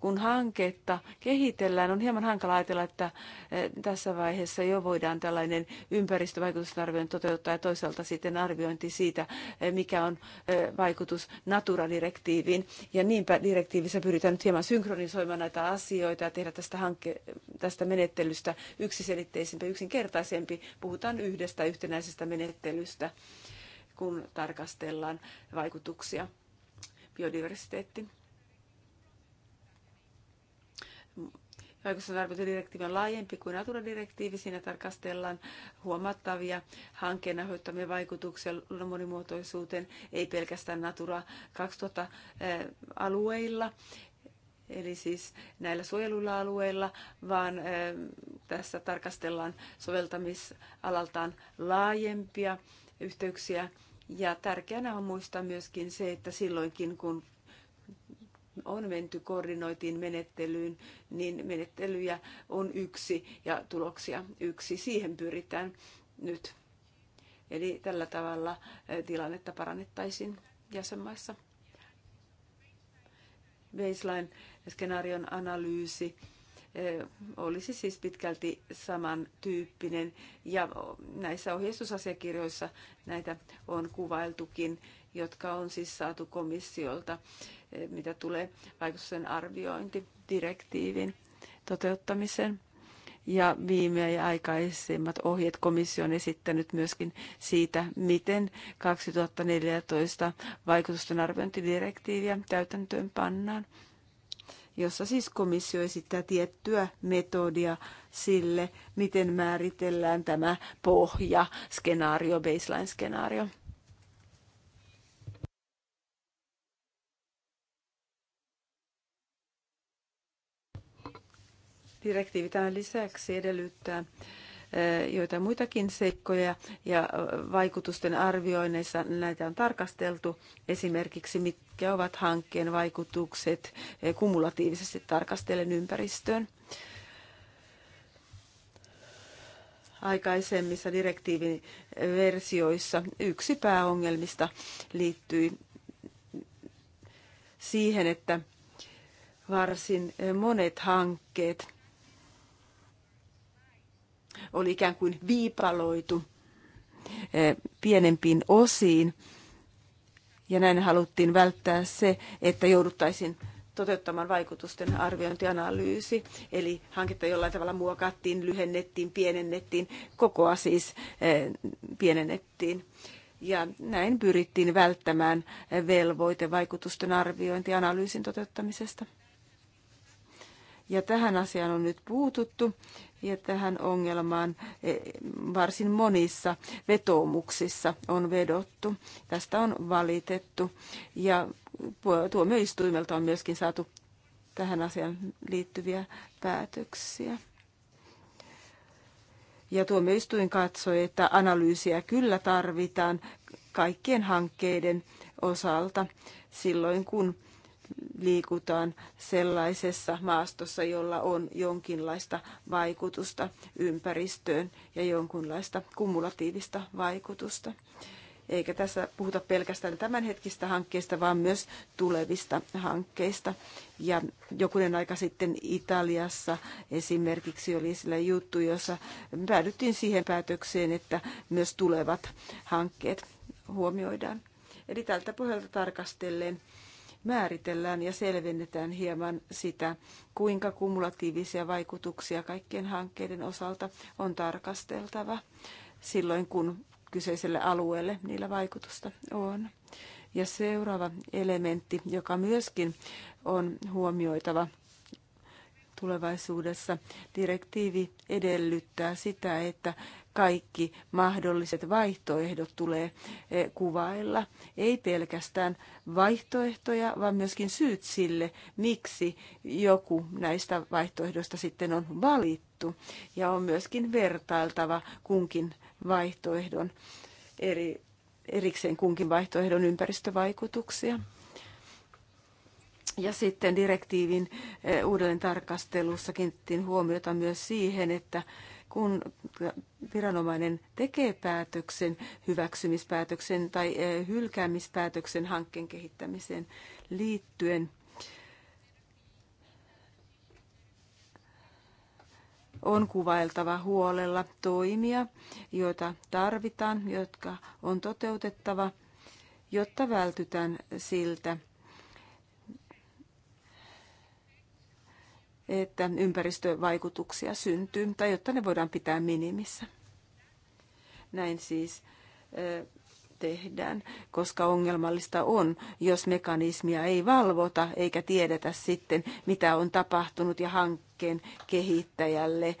kun hanketta kehitellään, on hieman hankala ajatella, että eh, tässä vaiheessa jo voidaan tällainen ympäristövaikutusarviointi toteuttaa ja toisaalta sitten arviointi siitä, eh, mikä on eh, vaikutus Natura-direktiiviin. Ja niinpä direktiivissä pyritään nyt hieman synkronisoimaan näitä asioita ja tehdä tästä, hanke- tästä menettelystä yksiselitteisempi, yksinkertaisempi. Puhutaan yhdestä yhtenäisestä menettelystä kun tarkastellaan vaikutuksia biodiversiteettiin. vaikutusarviointidirektiivi on laajempi kuin Natura-direktiivi. Siinä tarkastellaan huomattavia hankkeen aiheuttamia vaikutuksia luonnon monimuotoisuuteen, ei pelkästään Natura 2000-alueilla eli siis näillä suojeluilla alueilla, vaan eh, tässä tarkastellaan soveltamisalaltaan laajempia yhteyksiä. Ja tärkeänä on muistaa myöskin se, että silloinkin kun on menty koordinoitiin menettelyyn, niin menettelyjä on yksi ja tuloksia yksi. Siihen pyritään nyt. Eli tällä tavalla tilannetta parannettaisiin jäsenmaissa. Baseline-skenaarion analyysi olisi siis pitkälti samantyyppinen ja näissä ohjeistusasiakirjoissa näitä on kuvailtukin jotka on siis saatu komissiolta, eh, mitä tulee vaikutusten arviointidirektiivin toteuttamiseen. Ja viime ja aikaisemmat ohjeet komissio on esittänyt myöskin siitä, miten 2014 vaikutusten arviointidirektiiviä täytäntöön pannaan jossa siis komissio esittää tiettyä metodia sille, miten määritellään tämä pohja, skenaario, baseline-skenaario. Direktiivi tämän lisäksi edellyttää eh, joita muitakin seikkoja ja eh, vaikutusten arvioinneissa näitä on tarkasteltu. Esimerkiksi mitkä ovat hankkeen vaikutukset eh, kumulatiivisesti tarkastellen ympäristöön. Aikaisemmissa direktiivin versioissa yksi pääongelmista liittyi siihen, että varsin monet hankkeet – oli ikään kuin viipaloitu eh, pienempiin osiin. Ja näin haluttiin välttää se, että jouduttaisiin toteuttamaan vaikutusten arviointianalyysi. Eli hanketta jollain tavalla muokattiin, lyhennettiin, pienennettiin, kokoa siis eh, pienennettiin. Ja näin pyrittiin välttämään velvoite vaikutusten arviointianalyysin toteuttamisesta. Ja tähän asiaan on nyt puututtu ja tähän ongelmaan eh, varsin monissa vetoomuksissa on vedottu. Tästä on valitettu ja tuomioistuimelta on myöskin saatu tähän asiaan liittyviä päätöksiä. Ja tuomioistuin katsoi, että analyysiä kyllä tarvitaan kaikkien hankkeiden osalta silloin, kun liikutaan sellaisessa maastossa, jolla on jonkinlaista vaikutusta ympäristöön ja jonkinlaista kumulatiivista vaikutusta. Eikä tässä puhuta pelkästään tämänhetkistä hankkeista, vaan myös tulevista hankkeista. Ja jokunen aika sitten Italiassa esimerkiksi oli sillä juttu, jossa päädyttiin siihen päätökseen, että myös tulevat hankkeet huomioidaan. Eli tältä pohjalta tarkastellen määritellään ja selvennetään hieman sitä, kuinka kumulatiivisia vaikutuksia kaikkien hankkeiden osalta on tarkasteltava silloin, kun kyseiselle alueelle niillä vaikutusta on. Ja seuraava elementti, joka myöskin on huomioitava tulevaisuudessa, direktiivi edellyttää sitä, että kaikki mahdolliset vaihtoehdot tulee eh, kuvailla. Ei pelkästään vaihtoehtoja, vaan myöskin syyt sille, miksi joku näistä vaihtoehdoista sitten on valittu. Ja on myöskin vertailtava kunkin vaihtoehdon eri, erikseen kunkin vaihtoehdon ympäristövaikutuksia. Ja sitten direktiivin eh, uudelleen tarkastelussa kiinnitettiin huomiota myös siihen, että kun viranomainen tekee päätöksen, hyväksymispäätöksen tai eh, hylkäämispäätöksen hankkeen kehittämiseen liittyen. On kuvailtava huolella toimia, joita tarvitaan, jotka on toteutettava, jotta vältytään siltä, että ympäristövaikutuksia syntyy, tai jotta ne voidaan pitää minimissä. Näin siis tehdään, koska ongelmallista on, jos mekanismia ei valvota eikä tiedetä sitten, mitä on tapahtunut ja hankkeen kehittäjälle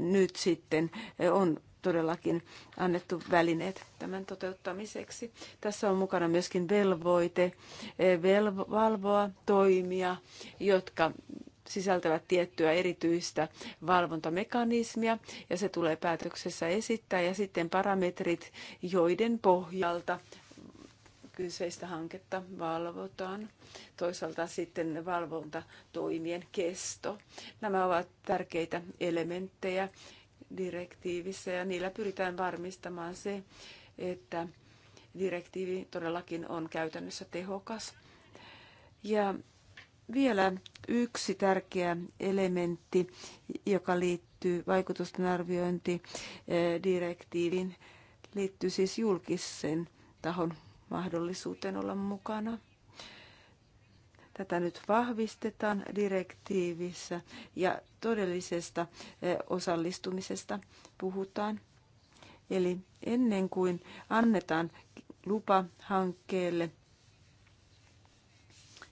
nyt sitten on todellakin annettu välineet tämän toteuttamiseksi. Tässä on mukana myöskin velvoite velvo, valvoa toimia, jotka sisältävät tiettyä erityistä valvontamekanismia ja se tulee päätöksessä esittää ja sitten parametrit, joiden pohjalta kyseistä hanketta valvotaan. Toisaalta sitten valvontatoimien kesto. Nämä ovat tärkeitä elementtejä direktiivissä ja niillä pyritään varmistamaan se, että direktiivi todellakin on käytännössä tehokas. Ja vielä yksi tärkeä elementti, joka liittyy vaikutusten arviointidirektiiviin, eh, liittyy siis julkisen tahon mahdollisuuteen olla mukana. Tätä nyt vahvistetaan direktiivissä ja todellisesta eh, osallistumisesta puhutaan. Eli ennen kuin annetaan lupa hankkeelle,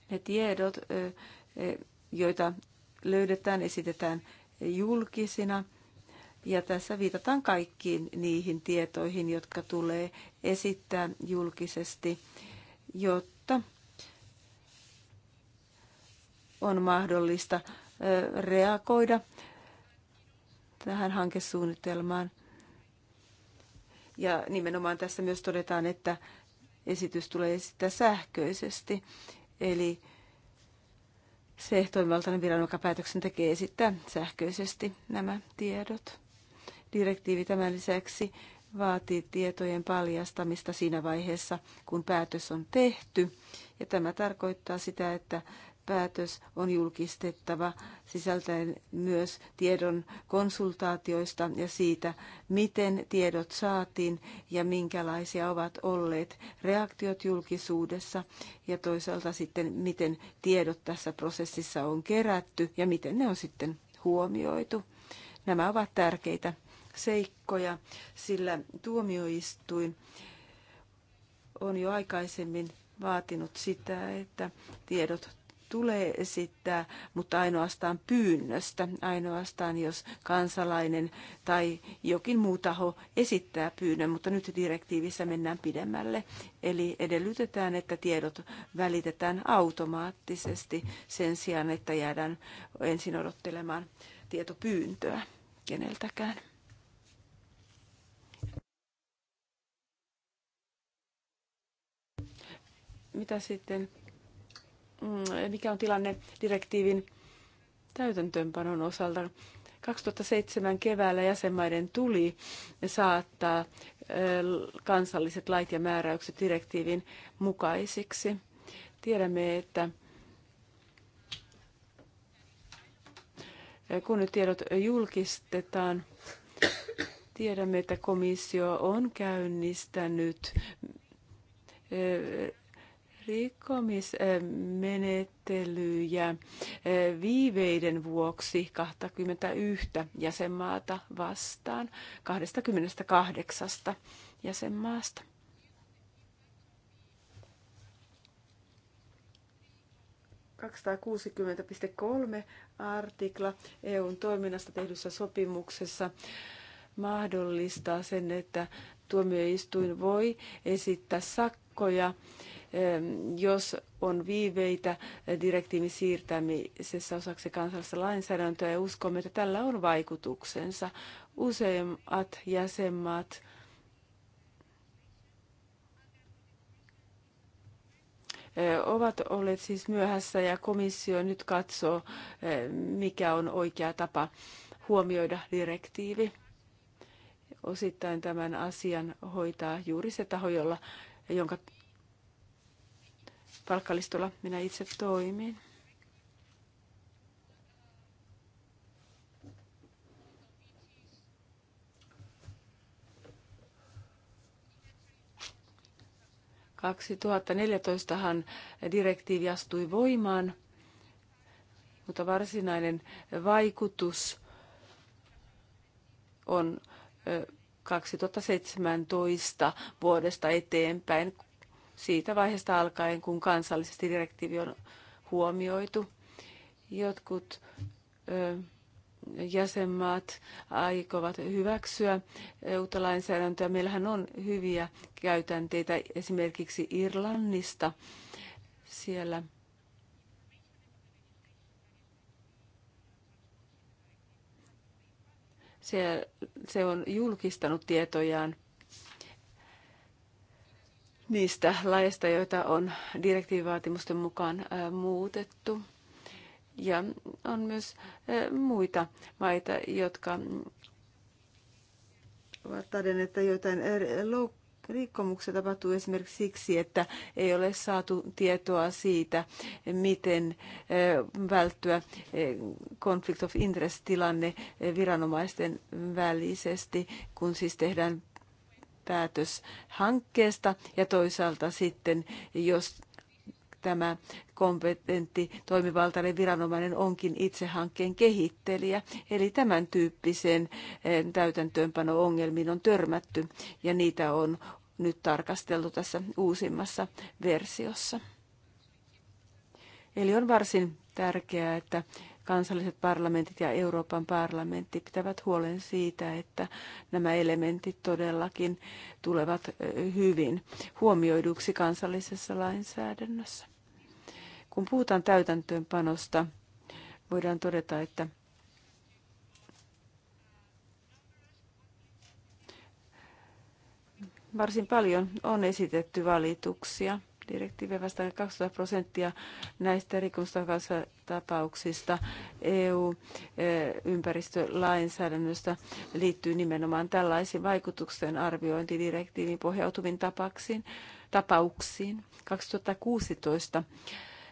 ne tiedot, joita löydetään, esitetään julkisina. Ja tässä viitataan kaikkiin niihin tietoihin, jotka tulee esittää julkisesti, jotta on mahdollista reagoida tähän hankesuunnitelmaan. Ja nimenomaan tässä myös todetaan, että esitys tulee esittää sähköisesti. Eli se toimivaltainen viranomainen, joka päätöksen tekee, esittää sähköisesti nämä tiedot. Direktiivi tämän lisäksi vaatii tietojen paljastamista siinä vaiheessa, kun päätös on tehty. Ja tämä tarkoittaa sitä, että päätös on julkistettava sisältäen myös tiedon konsultaatioista ja siitä, miten tiedot saatiin ja minkälaisia ovat olleet reaktiot julkisuudessa ja toisaalta sitten, miten tiedot tässä prosessissa on kerätty ja miten ne on sitten huomioitu. Nämä ovat tärkeitä seikkoja, sillä tuomioistuin on jo aikaisemmin vaatinut sitä, että tiedot tule esittää, mutta ainoastaan pyynnöstä, ainoastaan jos kansalainen tai jokin muu taho esittää pyynnön, mutta nyt direktiivissä mennään pidemmälle. Eli edellytetään, että tiedot välitetään automaattisesti sen sijaan, että jäädään ensin odottelemaan tietopyyntöä keneltäkään. Mitä sitten Mm, mikä on tilanne direktiivin täytäntöönpanon osalta. 2007 keväällä jäsenmaiden tuli saattaa kansalliset lait ja määräykset direktiivin mukaisiksi. Tiedämme, että kun nyt tiedot julkistetaan, tiedämme, että komissio on käynnistänyt rikkomismenettelyjä eh, viiveiden vuoksi 21 jäsenmaata vastaan 28 jäsenmaasta. kolme artikla EUn toiminnasta tehdyssä sopimuksessa mahdollistaa sen, että tuomioistuin voi esittää sakkoja jos on viiveitä direktiivin siirtämisessä osaksi kansallista lainsäädäntöä ja uskomme, että tällä on vaikutuksensa. Useimmat jäsenmaat ovat olleet siis myöhässä ja komissio nyt katsoo, mikä on oikea tapa huomioida direktiivi. Osittain tämän asian hoitaa juuri se taho, jolla, jonka palkkalistolla minä itse toimin. hän direktiivi astui voimaan, mutta varsinainen vaikutus on 2017 vuodesta eteenpäin, siitä vaiheesta alkaen, kun kansallisesti direktiivi on huomioitu. Jotkut ö, jäsenmaat aikovat hyväksyä uutta lainsäädäntöä. Meillähän on hyviä käytänteitä esimerkiksi Irlannista. Siellä se, se on julkistanut tietojaan niistä laista joita on direktiivivaatimusten mukaan muutettu. Ja on myös muita maita, jotka ovat todenneet, että joitain rikkomuksia tapahtuu esimerkiksi siksi, että ei ole saatu tietoa siitä, miten välttyä conflict of interest-tilanne viranomaisten välisesti, kun siis tehdään päätös hankkeesta ja toisaalta sitten, jos tämä kompetentti toimivaltainen viranomainen onkin itse hankkeen kehittelijä. Eli tämän tyyppiseen eh, täytäntöönpano-ongelmiin on törmätty ja niitä on nyt tarkasteltu tässä uusimmassa versiossa. Eli on varsin tärkeää, että kansalliset parlamentit ja Euroopan parlamentti pitävät huolen siitä, että nämä elementit todellakin tulevat hyvin huomioiduksi kansallisessa lainsäädännössä. Kun puhutaan täytäntöönpanosta, voidaan todeta, että varsin paljon on esitetty valituksia – direktiiviä vastaan 20 prosenttia näistä rikostapauksista EU-ympäristölainsäädännöstä e, liittyy nimenomaan tällaisiin vaikutusten arviointidirektiiviin pohjautuviin tapauksiin. 2016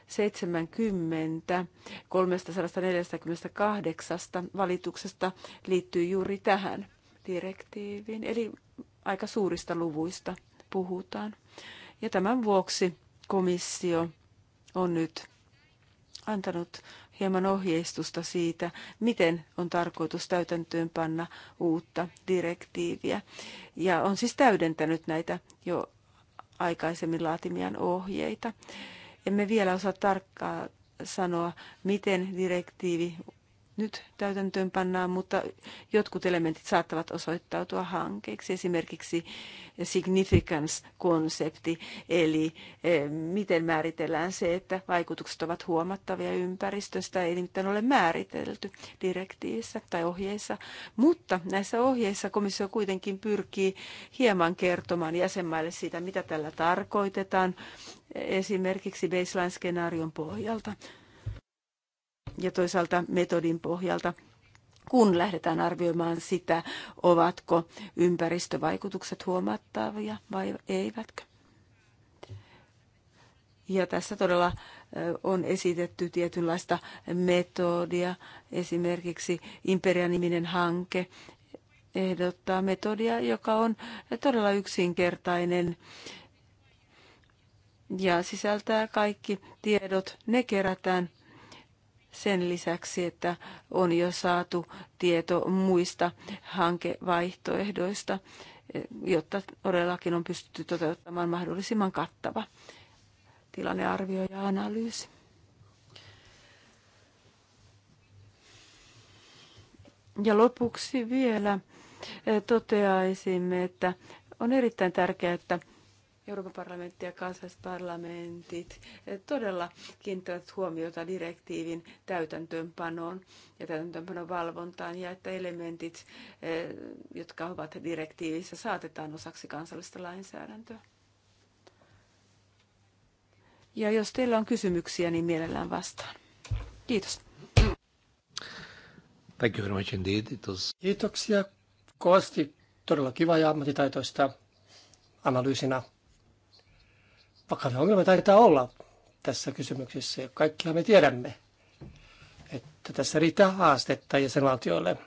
70 348 valituksesta liittyy juuri tähän direktiiviin, eli aika suurista luvuista puhutaan. Ja tämän vuoksi komissio on nyt antanut hieman ohjeistusta siitä, miten on tarkoitus panna uutta direktiiviä. Ja on siis täydentänyt näitä jo aikaisemmin laatimian ohjeita. Emme vielä osaa tarkkaa sanoa, miten direktiivi nyt täytäntöön pannaan, mutta jotkut elementit saattavat osoittautua hankkeiksi. Esimerkiksi significance-konsepti, eli eh, miten määritellään se, että vaikutukset ovat huomattavia ympäristöstä, ei nimittäin ole määritelty direktiivissä tai ohjeissa. Mutta näissä ohjeissa komissio kuitenkin pyrkii hieman kertomaan jäsenmaille siitä, mitä tällä tarkoitetaan, esimerkiksi baseline-skenaarion pohjalta ja toisaalta metodin pohjalta kun lähdetään arvioimaan sitä, ovatko ympäristövaikutukset huomattavia vai eivätkö. Ja tässä todella on esitetty tietynlaista metodia, esimerkiksi Imperia-niminen hanke ehdottaa metodia, joka on todella yksinkertainen ja sisältää kaikki tiedot. Ne kerätään sen lisäksi, että on jo saatu tieto muista hankevaihtoehdoista, jotta todellakin on pystytty toteuttamaan mahdollisimman kattava tilannearvio ja analyysi. Ja lopuksi vielä eh, toteaisimme, että on erittäin tärkeää, että Euroopan parlamentti ja kansallisparlamentit eh, todella kiinnittävät huomiota direktiivin täytäntöönpanoon ja täytäntöönpanon valvontaan ja että elementit, eh, jotka ovat direktiivissä, saatetaan osaksi kansallista lainsäädäntöä. Ja jos teillä on kysymyksiä, niin mielellään vastaan. Kiitos. Thank you very much indeed. It was... Kiitoksia. Kosti todella kiva ja ammattitaitoista analyysinä vakavia ongelmia taitaa olla tässä kysymyksessä. Ja me tiedämme, että tässä riittää haastetta jäsenvaltioille.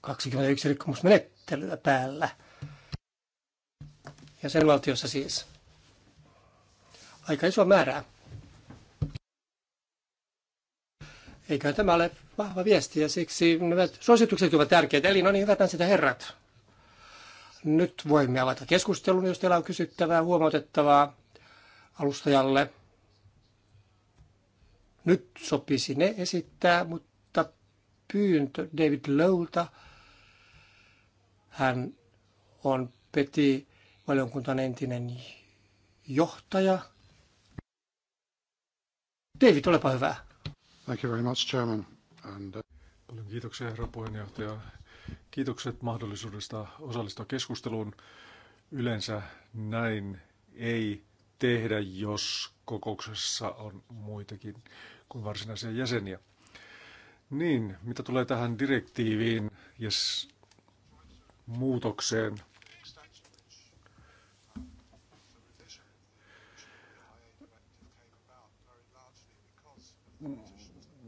21 rikkomusmenettelyä päällä. Ja sen valtiossa siis aika iso määrää. Eiköhän tämä ole vahva viesti ja siksi nämä suositukset ovat tärkeitä. Eli no niin, hyvät sitä herrat. Nyt voimme avata keskustelun, jos teillä on kysyttävää, huomautettavaa alustajalle. Nyt sopisi ne esittää, mutta pyyntö David Lowlta. Hän on Peti valiokuntan entinen johtaja. David, olepa hyvä. Thank you very much, Chairman. And, uh... Paljon kiitoksia, herra puheenjohtaja. Kiitokset mahdollisuudesta osallistua keskusteluun. Yleensä näin ei tehdä, jos kokouksessa on muitakin kuin varsinaisia jäseniä. Niin, mitä tulee tähän direktiiviin ja yes, muutokseen,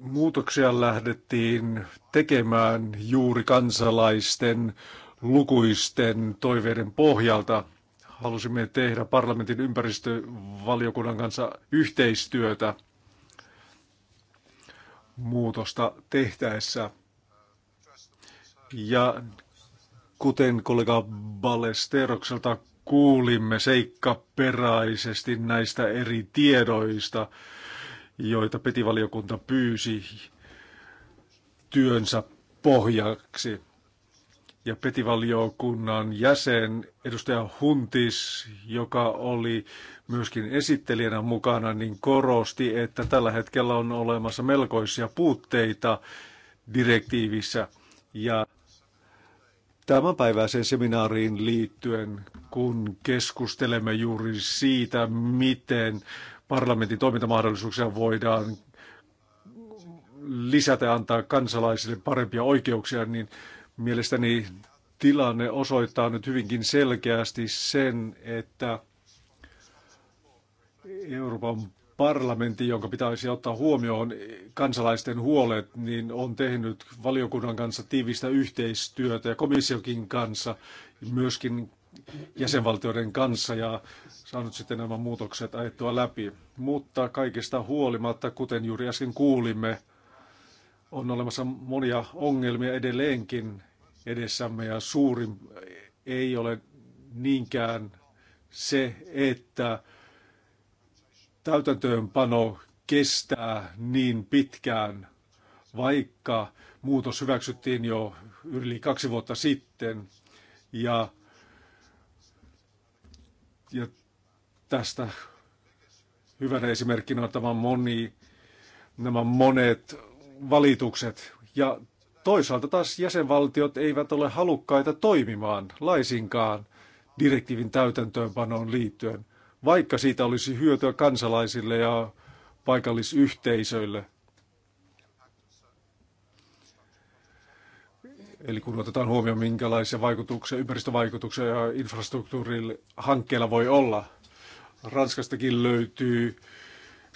muutoksia lähdettiin tekemään juuri kansalaisten lukuisten toiveiden pohjalta. Halusimme tehdä parlamentin ympäristövaliokunnan kanssa yhteistyötä muutosta tehtäessä. Ja kuten kollega Balesterokselta kuulimme seikkaperäisesti näistä eri tiedoista, joita petivaliokunta pyysi työnsä pohjaksi. Ja petivaliokunnan jäsen, edustaja Huntis, joka oli myöskin esittelijänä mukana, niin korosti, että tällä hetkellä on olemassa melkoisia puutteita direktiivissä. Ja tämänpäiväiseen seminaariin liittyen, kun keskustelemme juuri siitä, miten parlamentin toimintamahdollisuuksia voidaan lisätä ja antaa kansalaisille parempia oikeuksia, niin mielestäni tilanne osoittaa nyt hyvinkin selkeästi sen, että Euroopan parlamentti, jonka pitäisi ottaa huomioon kansalaisten huolet, niin on tehnyt valiokunnan kanssa tiivistä yhteistyötä ja komissiokin kanssa, myöskin jäsenvaltioiden kanssa ja saanut sitten nämä muutokset ajettua läpi. Mutta kaikista huolimatta, kuten juuri äsken kuulimme, on olemassa monia ongelmia edelleenkin edessämme ja suurin ei ole niinkään se, että täytäntöönpano kestää niin pitkään, vaikka muutos hyväksyttiin jo yli kaksi vuotta sitten ja ja tästä hyvänä esimerkkinä on tämä moni, nämä monet valitukset. Ja toisaalta taas jäsenvaltiot eivät ole halukkaita toimimaan laisinkaan direktiivin täytäntöönpanoon liittyen, vaikka siitä olisi hyötyä kansalaisille ja paikallisyhteisöille – Eli kun otetaan huomioon, minkälaisia vaikutuksia, ympäristövaikutuksia ja infrastruktuurilla hankkeella voi olla. Ranskastakin löytyy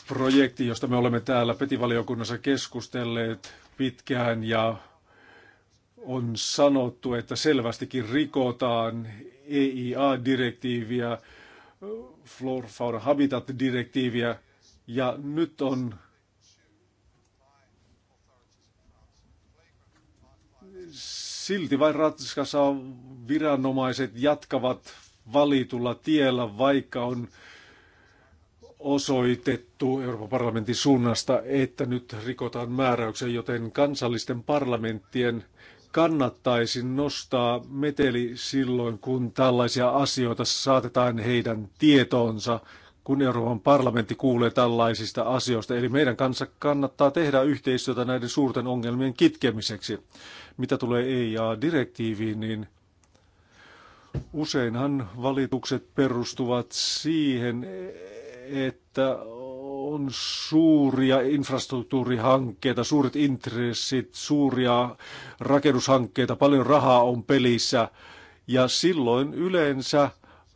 projekti, josta me olemme täällä petivaliokunnassa keskustelleet pitkään ja on sanottu, että selvästikin rikotaan EIA-direktiiviä, Flora Habitat-direktiiviä ja nyt on silti vain Ratskassa viranomaiset jatkavat valitulla tiellä, vaikka on osoitettu Euroopan parlamentin suunnasta, että nyt rikotaan määräyksen, joten kansallisten parlamenttien kannattaisi nostaa meteli silloin, kun tällaisia asioita saatetaan heidän tietoonsa kun Euroopan parlamentti kuulee tällaisista asioista. Eli meidän kanssa kannattaa tehdä yhteistyötä näiden suurten ongelmien kitkemiseksi. Mitä tulee EIA-direktiiviin, niin useinhan valitukset perustuvat siihen, että on suuria infrastruktuurihankkeita, suuret intressit, suuria rakennushankkeita, paljon rahaa on pelissä. Ja silloin yleensä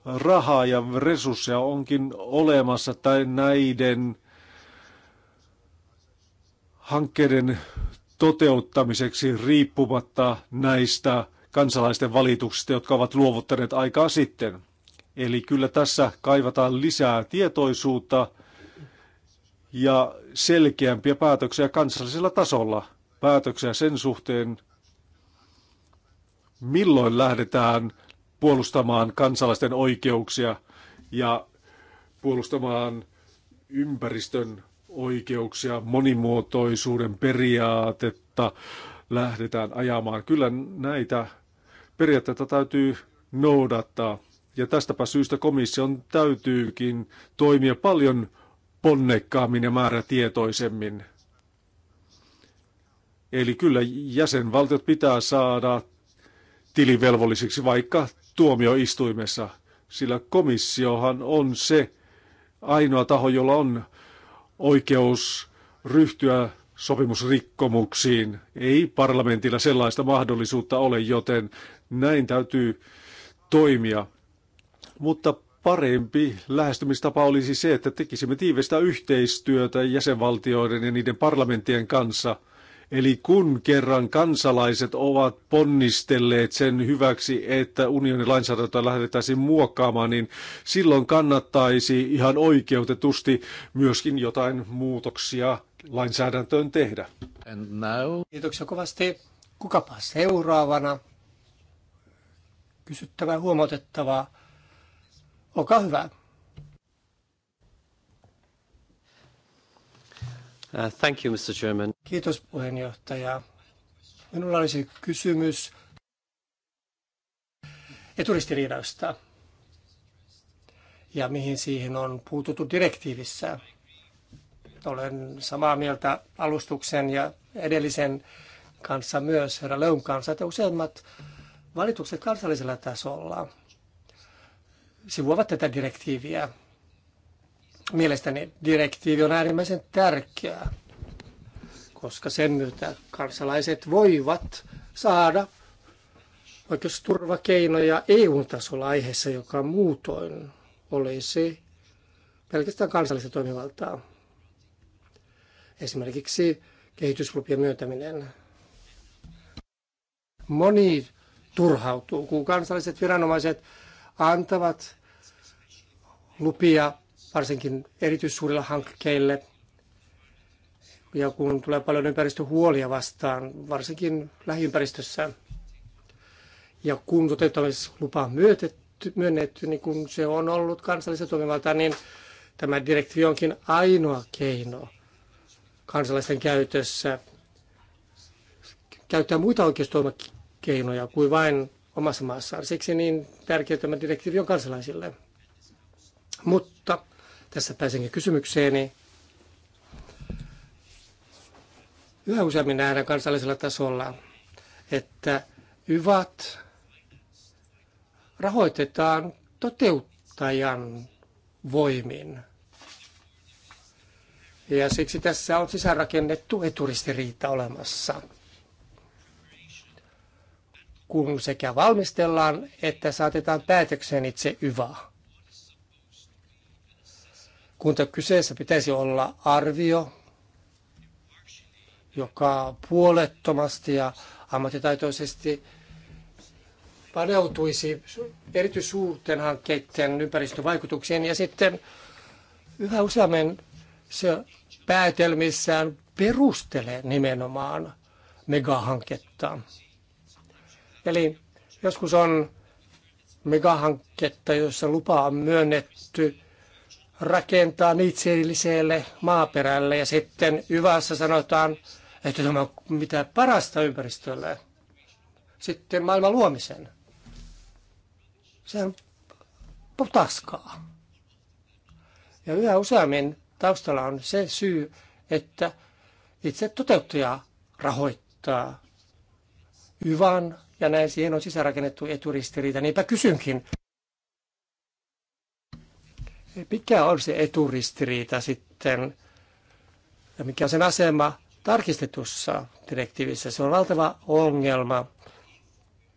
rahaa ja resursseja onkin olemassa tai näiden hankkeiden toteuttamiseksi riippumatta näistä kansalaisten valituksista, jotka ovat luovuttaneet aikaa sitten. Eli kyllä tässä kaivataan lisää tietoisuutta ja selkeämpiä päätöksiä kansallisella tasolla. Päätöksiä sen suhteen, milloin lähdetään puolustamaan kansalaisten oikeuksia ja puolustamaan ympäristön oikeuksia, monimuotoisuuden periaatetta lähdetään ajamaan. Kyllä näitä periaatteita täytyy noudattaa. Ja tästäpä syystä komission täytyykin toimia paljon ponnekkaammin ja määrätietoisemmin. Eli kyllä jäsenvaltiot pitää saada tilivelvollisiksi, vaikka tuomioistuimessa, sillä komissiohan on se ainoa taho, jolla on oikeus ryhtyä sopimusrikkomuksiin. Ei parlamentilla sellaista mahdollisuutta ole, joten näin täytyy toimia. Mutta parempi lähestymistapa olisi se, että tekisimme tiivistä yhteistyötä jäsenvaltioiden ja niiden parlamenttien kanssa. Eli kun kerran kansalaiset ovat ponnistelleet sen hyväksi, että unionin lainsäädäntöä lähdettäisiin muokkaamaan, niin silloin kannattaisi ihan oikeutetusti myöskin jotain muutoksia lainsäädäntöön tehdä. And now... Kiitoksia kovasti. Kukapa seuraavana? Kysyttävää, huomautettavaa. Olkaa hyvä. Uh, thank you, Mr. Chairman. Kiitos puheenjohtaja. Minulla olisi kysymys eturistiriidasta ja mihin siihen on puututtu direktiivissä. Olen samaa mieltä alustuksen ja edellisen kanssa myös, herra Leun kanssa, että useimmat valitukset kansallisella tasolla sivuavat tätä direktiiviä Mielestäni direktiivi on äärimmäisen tärkeää, koska sen myötä kansalaiset voivat saada oikeusturvakeinoja EU-tasolla aiheessa, joka muutoin olisi pelkästään kansallista toimivaltaa. Esimerkiksi kehityslupien myöntäminen. Moni turhautuu, kun kansalliset viranomaiset antavat lupia varsinkin erityissuurilla hankkeille. Ja kun tulee paljon ympäristöhuolia vastaan, varsinkin lähiympäristössä, ja kun toteuttamislupa on myötetty, myönnetty, niin kun se on ollut kansallisen toimivalta, niin tämä direktiivi onkin ainoa keino kansalaisten käytössä käyttää muita oikeustoimakeinoja kuin vain omassa maassaan. Siksi niin tärkeä tämä direktiivi on kansalaisille. Mutta tässä pääsenkin kysymykseeni. Yhä useammin nähdään kansallisella tasolla, että YVAT rahoitetaan toteuttajan voimin. Ja siksi tässä on sisäänrakennettu eturistiriita olemassa. Kun sekä valmistellaan että saatetaan päätökseen itse YVA kun kyseessä pitäisi olla arvio, joka puolettomasti ja ammattitaitoisesti paneutuisi erityisuurten hankkeiden ympäristövaikutuksiin ja sitten yhä useammin se päätelmissään perustelee nimenomaan megahanketta. Eli joskus on megahanketta, jossa lupa on myönnetty rakentaa neitseelliselle maaperälle ja sitten Yvässä sanotaan, että tämä on mitä parasta ympäristölle. Sitten maailman luomisen. Se on taskaa. Ja yhä useammin taustalla on se syy, että itse toteuttaja rahoittaa Yvan ja näin siihen on sisärakennettu eturistiriita. Niinpä kysynkin, mikä on se eturistiriita sitten ja mikä on sen asema tarkistetussa direktiivissä. Se on valtava ongelma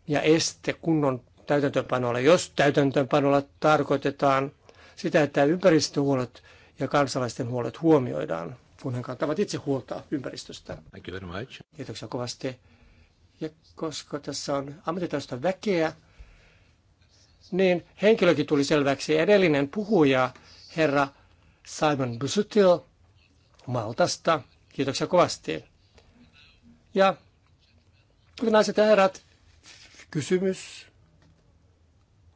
ja este kunnon täytäntöönpanolla, jos täytäntöönpanolla tarkoitetaan sitä, että ympäristöhuolet ja kansalaisten huolet huomioidaan, kun he kantavat itse huolta ympäristöstä. Thank you very much. Kiitoksia kovasti. Ja koska tässä on ammattitaustan väkeä, niin henkilökin tuli selväksi. Edellinen puhuja, herra Simon Busutil Maltasta. Kiitoksia kovasti. Ja naiset ja herrat, kysymys,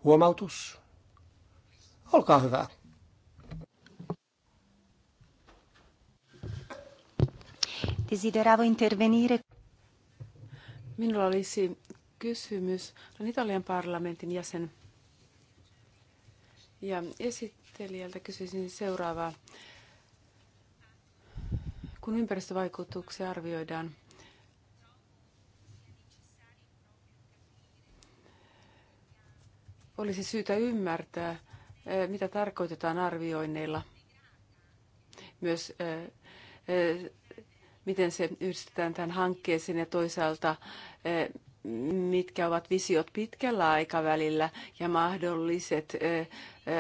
huomautus, olkaa hyvä. Desideravo intervenire. Minulla olisi kysymys. Olen Italian parlamentin jäsen ja esittelijältä kysyisin seuraavaa. Kun ympäristövaikutuksia arvioidaan, olisi syytä ymmärtää, eh, mitä tarkoitetaan arvioinneilla. Myös eh, eh, miten se yhdistetään tämän hankkeeseen ja toisaalta mitkä ovat visiot pitkällä aikavälillä ja mahdolliset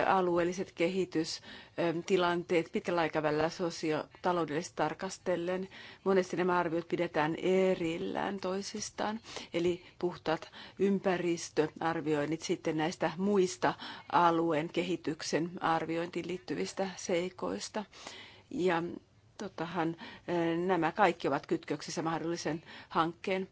alueelliset kehitystilanteet pitkällä aikavälillä sosiotaloudellisesti tarkastellen. Monesti nämä arviot pidetään erillään toisistaan, eli puhtaat ympäristöarvioinnit sitten näistä muista alueen kehityksen arviointiin liittyvistä seikoista. Ja tottahan nämä kaikki ovat kytköksissä mahdollisen hankkeen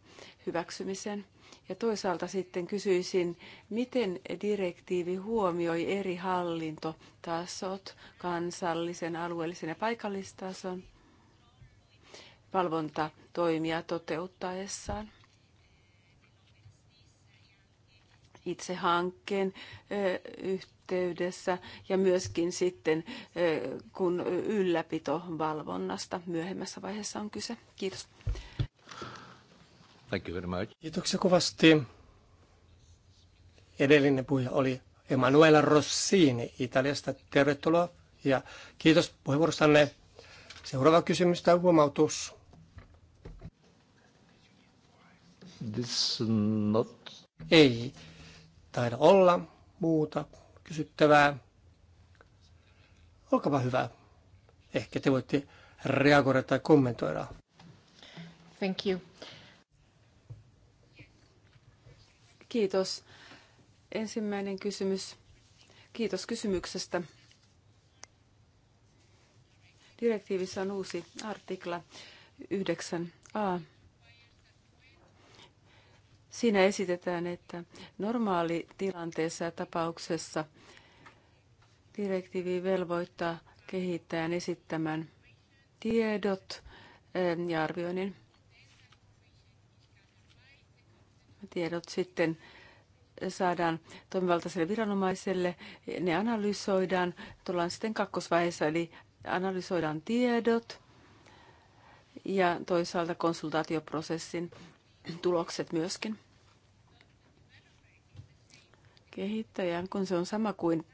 hyväksymiseen. Ja toisaalta sitten kysyisin, miten direktiivi huomioi eri hallintotasot, kansallisen, alueellisen ja paikallistason valvontatoimia toteuttaessaan? itse hankkeen yhteydessä ja myöskin sitten, kun ylläpitovalvonnasta myöhemmässä vaiheessa on kyse. Kiitos. Thank you very much. Kiitoksia kovasti. Edellinen puhuja oli Emanuela Rossini Italiasta. Tervetuloa ja kiitos puheenvuorostanne. Seuraava kysymys tai huomautus. This not... Ei taida olla muuta kysyttävää. Olkapa hyvä. Ehkä te voitte reagoida tai kommentoida. Thank you. Kiitos. Ensimmäinen kysymys. Kiitos kysymyksestä. Direktiivissä on uusi artikla 9a. Siinä esitetään, että normaali tilanteessa ja tapauksessa direktiivi velvoittaa kehittäjän esittämän tiedot eh, ja arvioinnin tiedot sitten saadaan toimivaltaiselle viranomaiselle, ne analysoidaan, tullaan sitten kakkosvaiheessa, eli analysoidaan tiedot ja toisaalta konsultaatioprosessin tulokset myöskin. Kehittäjän, kun se on sama kuin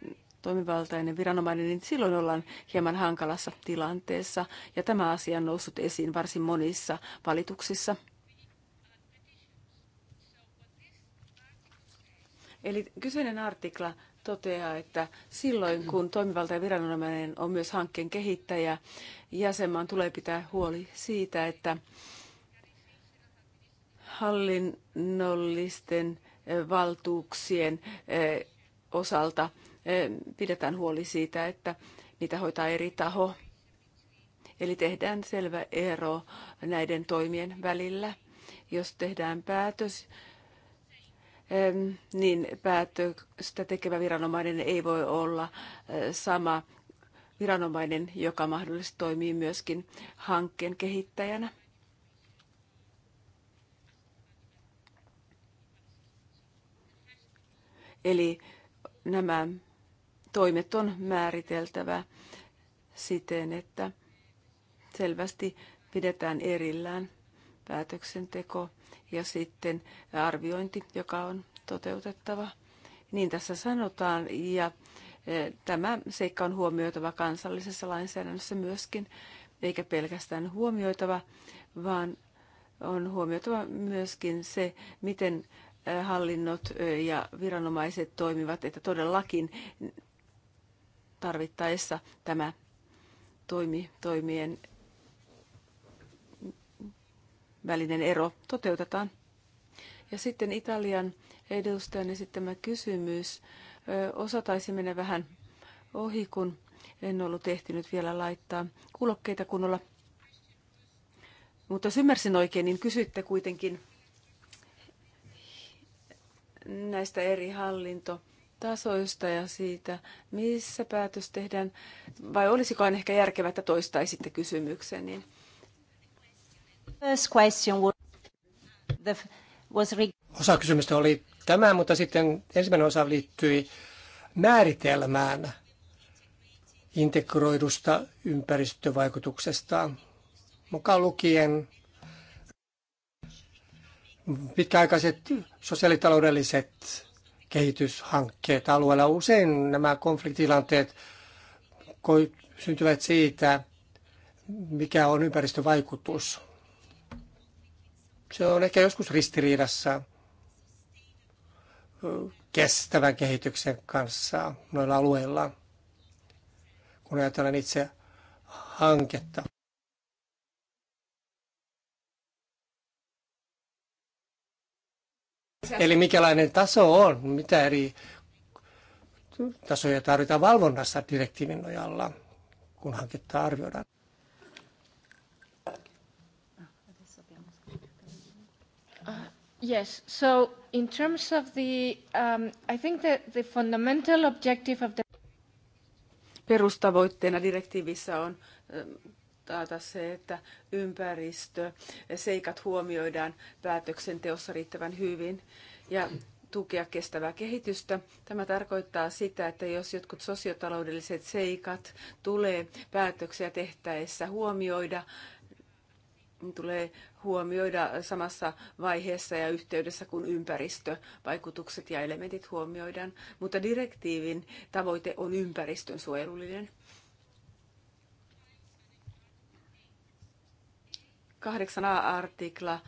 toimivaltainen viranomainen, niin silloin ollaan hieman hankalassa tilanteessa. Ja tämä asia on noussut esiin varsin monissa valituksissa. Eli kyseinen artikla toteaa, että silloin kun toimivalta ja viranomainen on myös hankkeen kehittäjä, jäsenmaan tulee pitää huoli siitä, että hallinnollisten valtuuksien osalta pidetään huoli siitä, että niitä hoitaa eri taho. Eli tehdään selvä ero näiden toimien välillä. Jos tehdään päätös, niin päätöstä tekevä viranomainen ei voi olla eh, sama viranomainen, joka mahdollisesti toimii myöskin hankkeen kehittäjänä. Eli nämä toimet on määriteltävä siten, että selvästi pidetään erillään päätöksenteko ja sitten arviointi, joka on toteutettava. Niin tässä sanotaan, ja e, tämä seikka on huomioitava kansallisessa lainsäädännössä myöskin, eikä pelkästään huomioitava, vaan on huomioitava myöskin se, miten e, hallinnot e, ja viranomaiset toimivat, että todellakin tarvittaessa tämä toimi, toimien välinen ero toteutetaan. Ja sitten Italian edustajan esittämä kysymys. Osa taisi mennä vähän ohi, kun en ollut ehtinyt vielä laittaa kuulokkeita kunnolla. Mutta jos ymmärsin oikein, niin kysytte kuitenkin näistä eri hallintotasoista ja siitä, missä päätös tehdään, vai olisikohan ehkä järkevää, että toistaisitte kysymyksen, niin Osa kysymystä oli tämä, mutta sitten ensimmäinen osa liittyi määritelmään integroidusta ympäristövaikutuksesta, mukaan lukien pitkäaikaiset sosiaalitaloudelliset kehityshankkeet alueella. Usein nämä konfliktilanteet syntyvät siitä, mikä on ympäristövaikutus se on ehkä joskus ristiriidassa kestävän kehityksen kanssa noilla alueilla, kun ajatellaan itse hanketta. Eli mikälainen taso on, mitä eri tasoja tarvitaan valvonnassa direktiivin nojalla, kun hanketta arvioidaan. Yes. So in terms of the, um, I think that the fundamental objective of the Perustavoitteena direktiivissä on um, taata se, että ympäristö seikat huomioidaan päätöksenteossa riittävän hyvin ja tukea kestävää kehitystä. Tämä tarkoittaa sitä, että jos jotkut sosiotaloudelliset seikat tulee päätöksiä tehtäessä huomioida, niin tulee huomioida samassa vaiheessa ja yhteydessä, kun ympäristövaikutukset ja elementit huomioidaan, mutta direktiivin tavoite on ympäristön suojelullinen. Kahdeksan artikla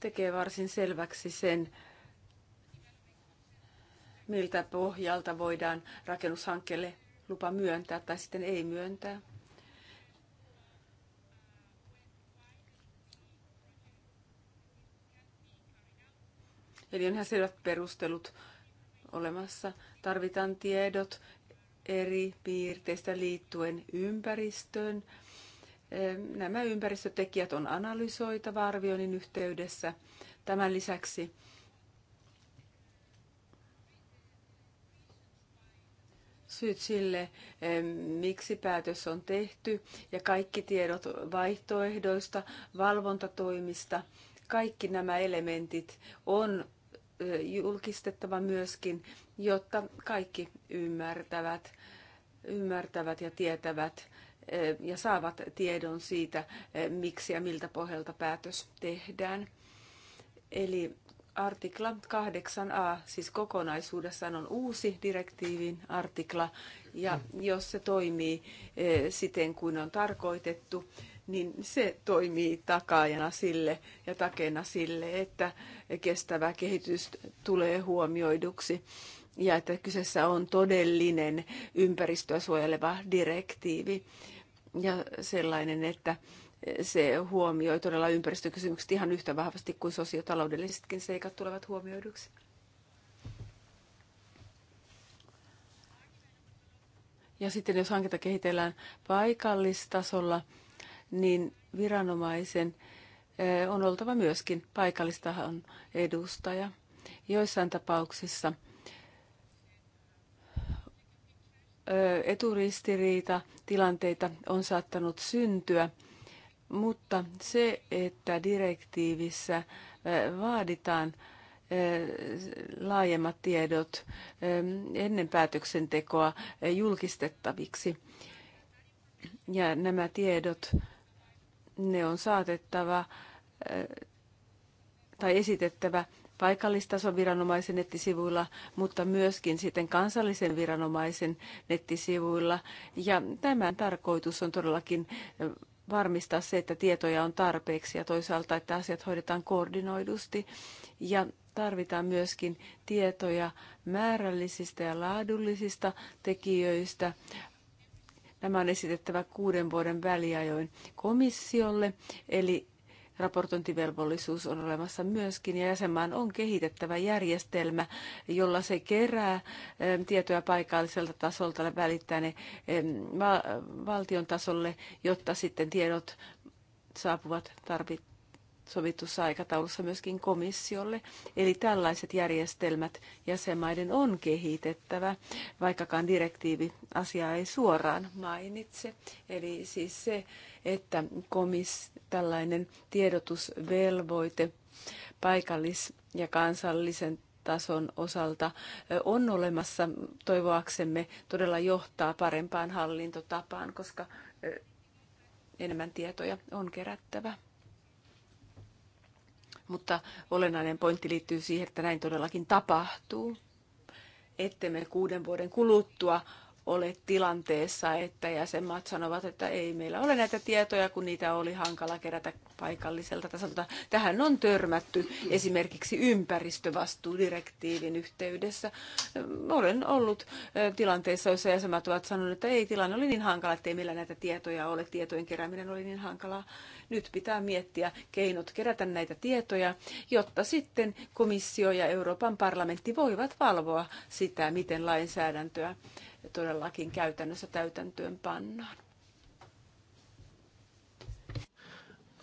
tekee varsin selväksi sen, miltä pohjalta voidaan rakennushankkeelle lupa myöntää tai sitten ei myöntää. Eli ihan selvät perustelut olemassa. Tarvitaan tiedot eri piirteistä liittyen ympäristöön. Nämä ympäristötekijät on analysoitava arvioinnin yhteydessä. Tämän lisäksi syyt sille, miksi päätös on tehty ja kaikki tiedot vaihtoehdoista, valvontatoimista, kaikki nämä elementit on julkistettava myöskin, jotta kaikki ymmärtävät, ymmärtävät ja tietävät ja saavat tiedon siitä, miksi ja miltä pohjalta päätös tehdään. Eli artikla 8a, siis kokonaisuudessaan on uusi direktiivin artikla, ja jos se toimii siten kuin on tarkoitettu, niin se toimii takaajana sille ja takena sille, että kestävä kehitys tulee huomioiduksi ja että kyseessä on todellinen ympäristöä suojeleva direktiivi ja sellainen, että se huomioi todella ympäristökysymykset ihan yhtä vahvasti kuin sosiotaloudellisetkin seikat tulevat huomioiduksi. Ja sitten jos hanketta kehitellään paikallistasolla, niin viranomaisen eh, on oltava myöskin paikallistahan edustaja. Joissain tapauksissa eh, eturistiriita tilanteita on saattanut syntyä, mutta se, että direktiivissä eh, vaaditaan laajemmat tiedot ennen päätöksentekoa julkistettaviksi. Ja nämä tiedot ne on saatettava eh, tai esitettävä paikallistason viranomaisen nettisivuilla, mutta myöskin sitten kansallisen viranomaisen nettisivuilla. Ja tämän tarkoitus on todellakin eh, varmistaa se, että tietoja on tarpeeksi ja toisaalta, että asiat hoidetaan koordinoidusti. Ja tarvitaan myöskin tietoja määrällisistä ja laadullisista tekijöistä, Nämä on esitettävä kuuden vuoden väliajoin komissiolle, eli raportointivelvollisuus on olemassa myöskin, ja jäsenmaan on kehitettävä järjestelmä, jolla se kerää tietoja paikalliselta tasolta, välittää ne valtion tasolle, jotta sitten tiedot saapuvat tarvittaessa sovitussa aikataulussa myöskin komissiolle. Eli tällaiset järjestelmät jäsenmaiden on kehitettävä, vaikkakaan direktiivi asiaa ei suoraan mainitse. Eli siis se, että komis, tällainen tiedotusvelvoite paikallis- ja kansallisen tason osalta on olemassa, toivoaksemme todella johtaa parempaan hallintotapaan, koska enemmän tietoja on kerättävä mutta olennainen pointti liittyy siihen, että näin todellakin tapahtuu. Ettemme kuuden vuoden kuluttua ole tilanteessa, että jäsenmaat sanovat, että ei meillä ole näitä tietoja, kun niitä oli hankala kerätä paikalliselta tasolta. Tähän on törmätty esimerkiksi ympäristövastuudirektiivin yhteydessä. Olen ollut tilanteessa, jossa jäsenmaat ovat sanoneet, että ei tilanne oli niin hankala, että ei meillä näitä tietoja ole. Tietojen kerääminen oli niin hankalaa. Nyt pitää miettiä keinot kerätä näitä tietoja, jotta sitten komissio ja Euroopan parlamentti voivat valvoa sitä, miten lainsäädäntöä todellakin käytännössä täytäntöön pannaan.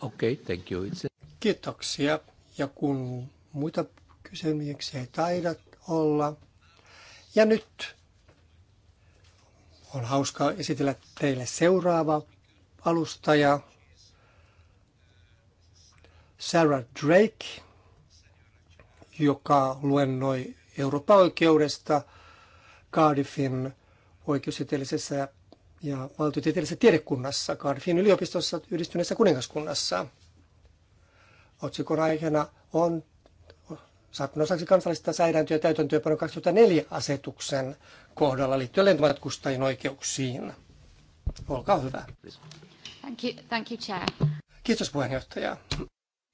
Okei, okay, thank you. It's... Kiitoksia. Ja kun muita kysymyksiä ei taida olla. Ja nyt on hauskaa esitellä teille seuraava alustaja, Sarah Drake, joka luennoi Euroopan oikeudesta Cardiffin oikeustieteellisessä ja valtiotieteellisessä tiedekunnassa Cardiffin yliopistossa yhdistyneessä kuningaskunnassa. Otsikon aiheena on saattanut osaksi kansallista säidäntöä täytäntöönpanon 2004 asetuksen kohdalla liittyen lentomatkustajien oikeuksiin. Olkaa hyvä. Thank you, thank you, chair. Kiitos puheenjohtaja.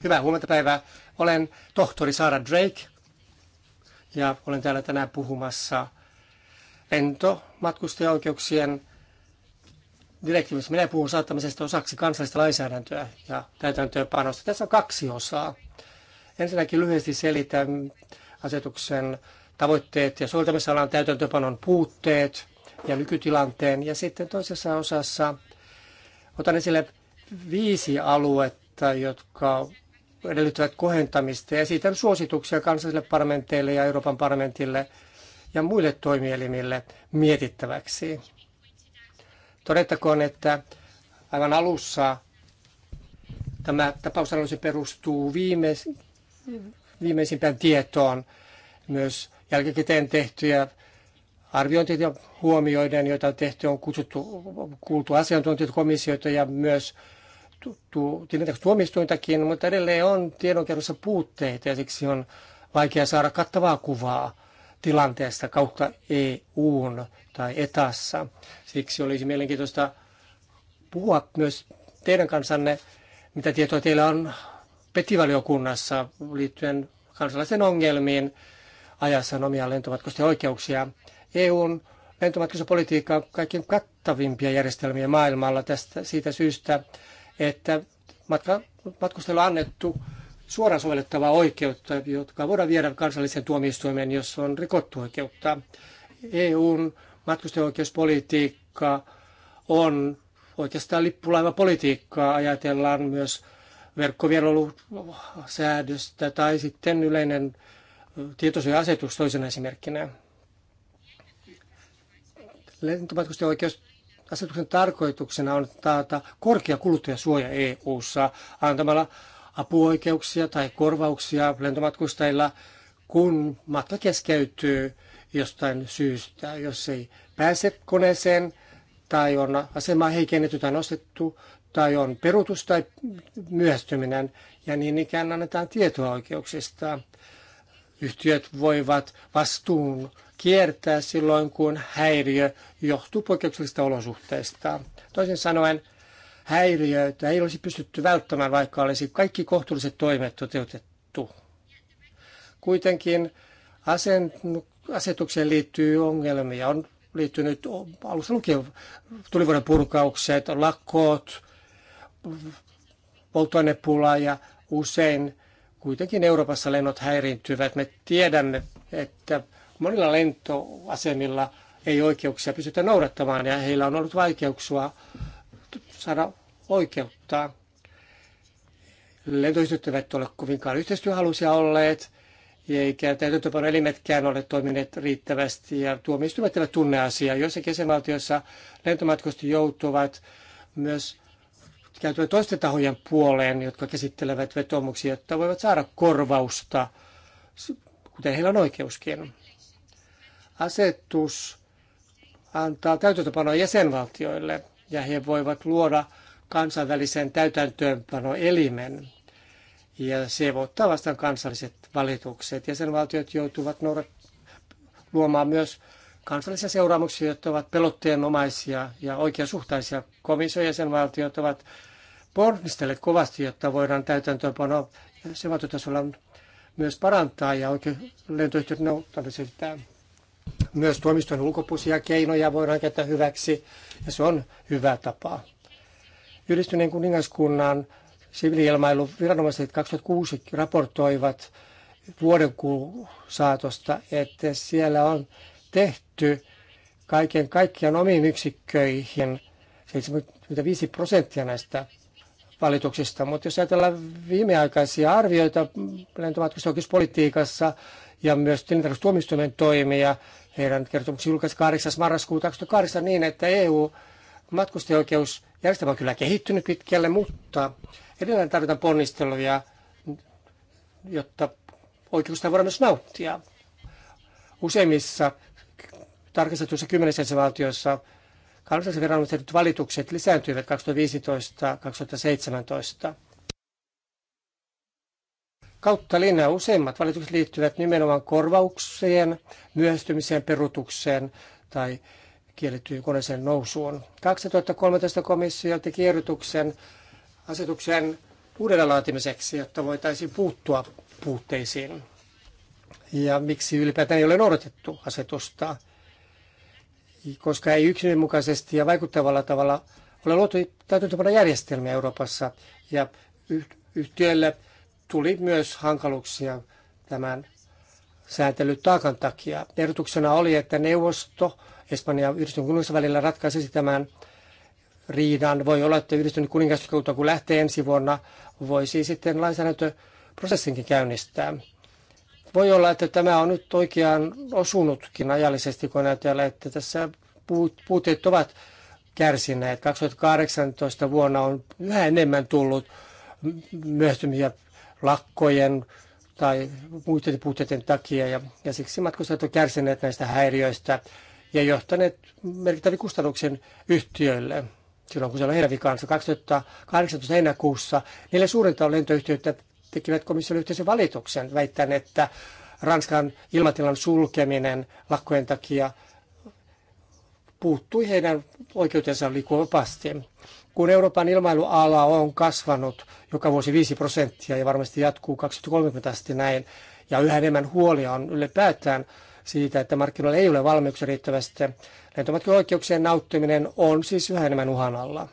Hyvää huomenta päivää. Olen tohtori Sara Drake ja olen täällä tänään puhumassa lento matkustajaoikeuksien direktiivissä. Minä puhun saattamisesta osaksi kansallista lainsäädäntöä ja täytäntöönpanosta. Tässä on kaksi osaa. Ensinnäkin lyhyesti selitän asetuksen tavoitteet ja soveltamisalan täytäntöönpanon puutteet ja nykytilanteen. Ja sitten toisessa osassa otan esille viisi aluetta, jotka edellyttävät kohentamista ja esitän suosituksia kansallisille parlamenteille ja Euroopan parlamentille – ja muille toimielimille mietittäväksi. Todettakoon, että aivan alussa tämä tapausanalyysi perustuu viimeis, viimeisimpään tietoon myös jälkikäteen tehtyjä arviointeja huomioiden, joita on tehty, on kutsuttu, kuultu asiantuntijoita, komissioita ja myös tuomistuintakin, mutta edelleen on tiedonkerrossa puutteita ja siksi on vaikea saada kattavaa kuvaa tilanteesta kautta EUn tai etassa. Siksi olisi mielenkiintoista puhua myös teidän kansanne, mitä tietoa teillä on petivaliokunnassa liittyen kansalaisten ongelmiin ajassa omia lentomatkusten oikeuksia. EUn lentomatkaisu-politiikka on kaikkein kattavimpia järjestelmiä maailmalla tästä, siitä syystä, että matka, matkustajille on annettu suoraan sovellettavaa oikeutta, jotka voidaan viedä kansalliseen tuomioistuimeen, jos on rikottu oikeutta. EUn matkustajoikeuspolitiikka on oikeastaan lippulaivapolitiikkaa. Ajatellaan myös verkkovierailusäädöstä tai sitten yleinen tietosuoja-asetus toisena esimerkkinä. Lentomatkustajoikeus Asetuksen tarkoituksena on taata korkea kuluttajasuoja EU-ssa antamalla apuoikeuksia tai korvauksia lentomatkustajilla, kun matka keskeytyy jostain syystä, jos ei pääse koneeseen tai on asemaa heikennetty tai nostettu tai on perutus tai myöhästyminen ja niin ikään annetaan tietoa oikeuksista. Yhtiöt voivat vastuun kiertää silloin, kun häiriö johtuu poikkeuksellisista olosuhteista. Toisin sanoen, häiriöitä ei olisi pystytty välttämään, vaikka olisi kaikki kohtuulliset toimet toteutettu. Kuitenkin asetukseen liittyy ongelmia. On liittynyt alussa lukien tulivuoden purkaukset, lakkoot, polttoainepula ja usein kuitenkin Euroopassa lennot häiriintyvät. Me tiedämme, että monilla lentoasemilla ei oikeuksia pystytä noudattamaan ja heillä on ollut vaikeuksia saada oikeuttaa. Lentoyhtiöt eivät ole kovinkaan yhteistyöhaluisia olleet, eikä täytäntöpanoelimetkään ole toimineet riittävästi, ja tuomioistuimet eivät tunne asiaa. Joissa jäsenvaltioissa lentomatkoista joutuvat myös kääntyä toisten tahojen puoleen, jotka käsittelevät vetomuksia, jotta voivat saada korvausta, kuten heillä on oikeuskin. Asetus antaa täytäntöpanoa jäsenvaltioille ja he voivat luoda kansainvälisen täytäntöönpanoelimen. Ja se voittaa ottaa vastaan kansalliset valitukset. Jäsenvaltiot joutuvat noudat- luomaan myös kansallisia seuraamuksia, jotka ovat pelotteenomaisia ja oikeasuhtaisia. Komission jäsenvaltiot ovat ponnistelleet kovasti, jotta voidaan täytäntöönpano jäsenvaltiotasolla myös parantaa ja oikein lentoyhtiöt noudattaa Myös toimiston ulkopuolisia keinoja voidaan käyttää hyväksi ja se on hyvä tapa. Yhdistyneen kuningaskunnan siviiliilmailuviranomaiset 2006 raportoivat vuoden saatosta, että siellä on tehty kaiken kaikkiaan omiin yksikköihin 75 prosenttia näistä valituksista. Mutta jos ajatellaan viimeaikaisia arvioita lentomatkustusoikeuspolitiikassa ja myös tilintarkastustuomioistuimen toimia, heidän kertomuksensa julkaisi 8. marraskuuta 2008 niin, että EU matkustajoikeus Järjestelmä on kyllä kehittynyt pitkälle, mutta edelleen tarvitaan ponnisteluja, jotta oikeuksista voidaan myös nauttia. Useimmissa tarkastetuissa kymmenessä valtioissa kansallisen viranomaisen valitukset lisääntyivät 2015-2017. Kautta linnaa useimmat valitukset liittyvät nimenomaan korvaukseen, myöhästymiseen, perutukseen tai kiellettyyn koneeseen nousuun. 2013 komissio teki ehdotuksen asetuksen uudelleen laatimiseksi, jotta voitaisiin puuttua puutteisiin. Ja miksi ylipäätään ei ole noudatettu asetusta? Koska ei yksinmukaisesti ja vaikuttavalla tavalla ole luotu täytäntöpana järjestelmiä Euroopassa. Ja yhtiöille tuli myös hankaluuksia tämän sääntelytaakan takia. Ehdotuksena oli, että neuvosto Espanja ja yhdistyn kuningas välillä ratkaisisi tämän riidan. Voi olla, että yhdistynyt kuningaskunta, kun lähtee ensi vuonna, voisi sitten lainsäädäntöprosessinkin käynnistää. Voi olla, että tämä on nyt oikeaan osunutkin ajallisesti, kun ajatellaan, että tässä puutteet ovat kärsineet. 2018 vuonna on yhä enemmän tullut myöhtymiä lakkojen tai muiden puutteiden takia, ja, ja siksi matkustajat ovat kärsineet näistä häiriöistä ja johtaneet merkittäviin kustannuksiin yhtiöille silloin, kun se oli heidän vikansa 2018 heinäkuussa. Neljä suurinta lentoyhtiöitä tekivät komission yhteisen valituksen väittäen, että Ranskan ilmatilan sulkeminen lakkojen takia puuttui heidän oikeutensa liikkua Kun Euroopan ilmailuala on kasvanut joka vuosi 5 prosenttia ja varmasti jatkuu 2030 asti näin, ja yhä enemmän huolia on ylipäätään siitä, että markkinoilla ei ole valmiuksia riittävästi. Lentomatkojen oikeuksien nauttiminen on siis yhä enemmän uhan alla.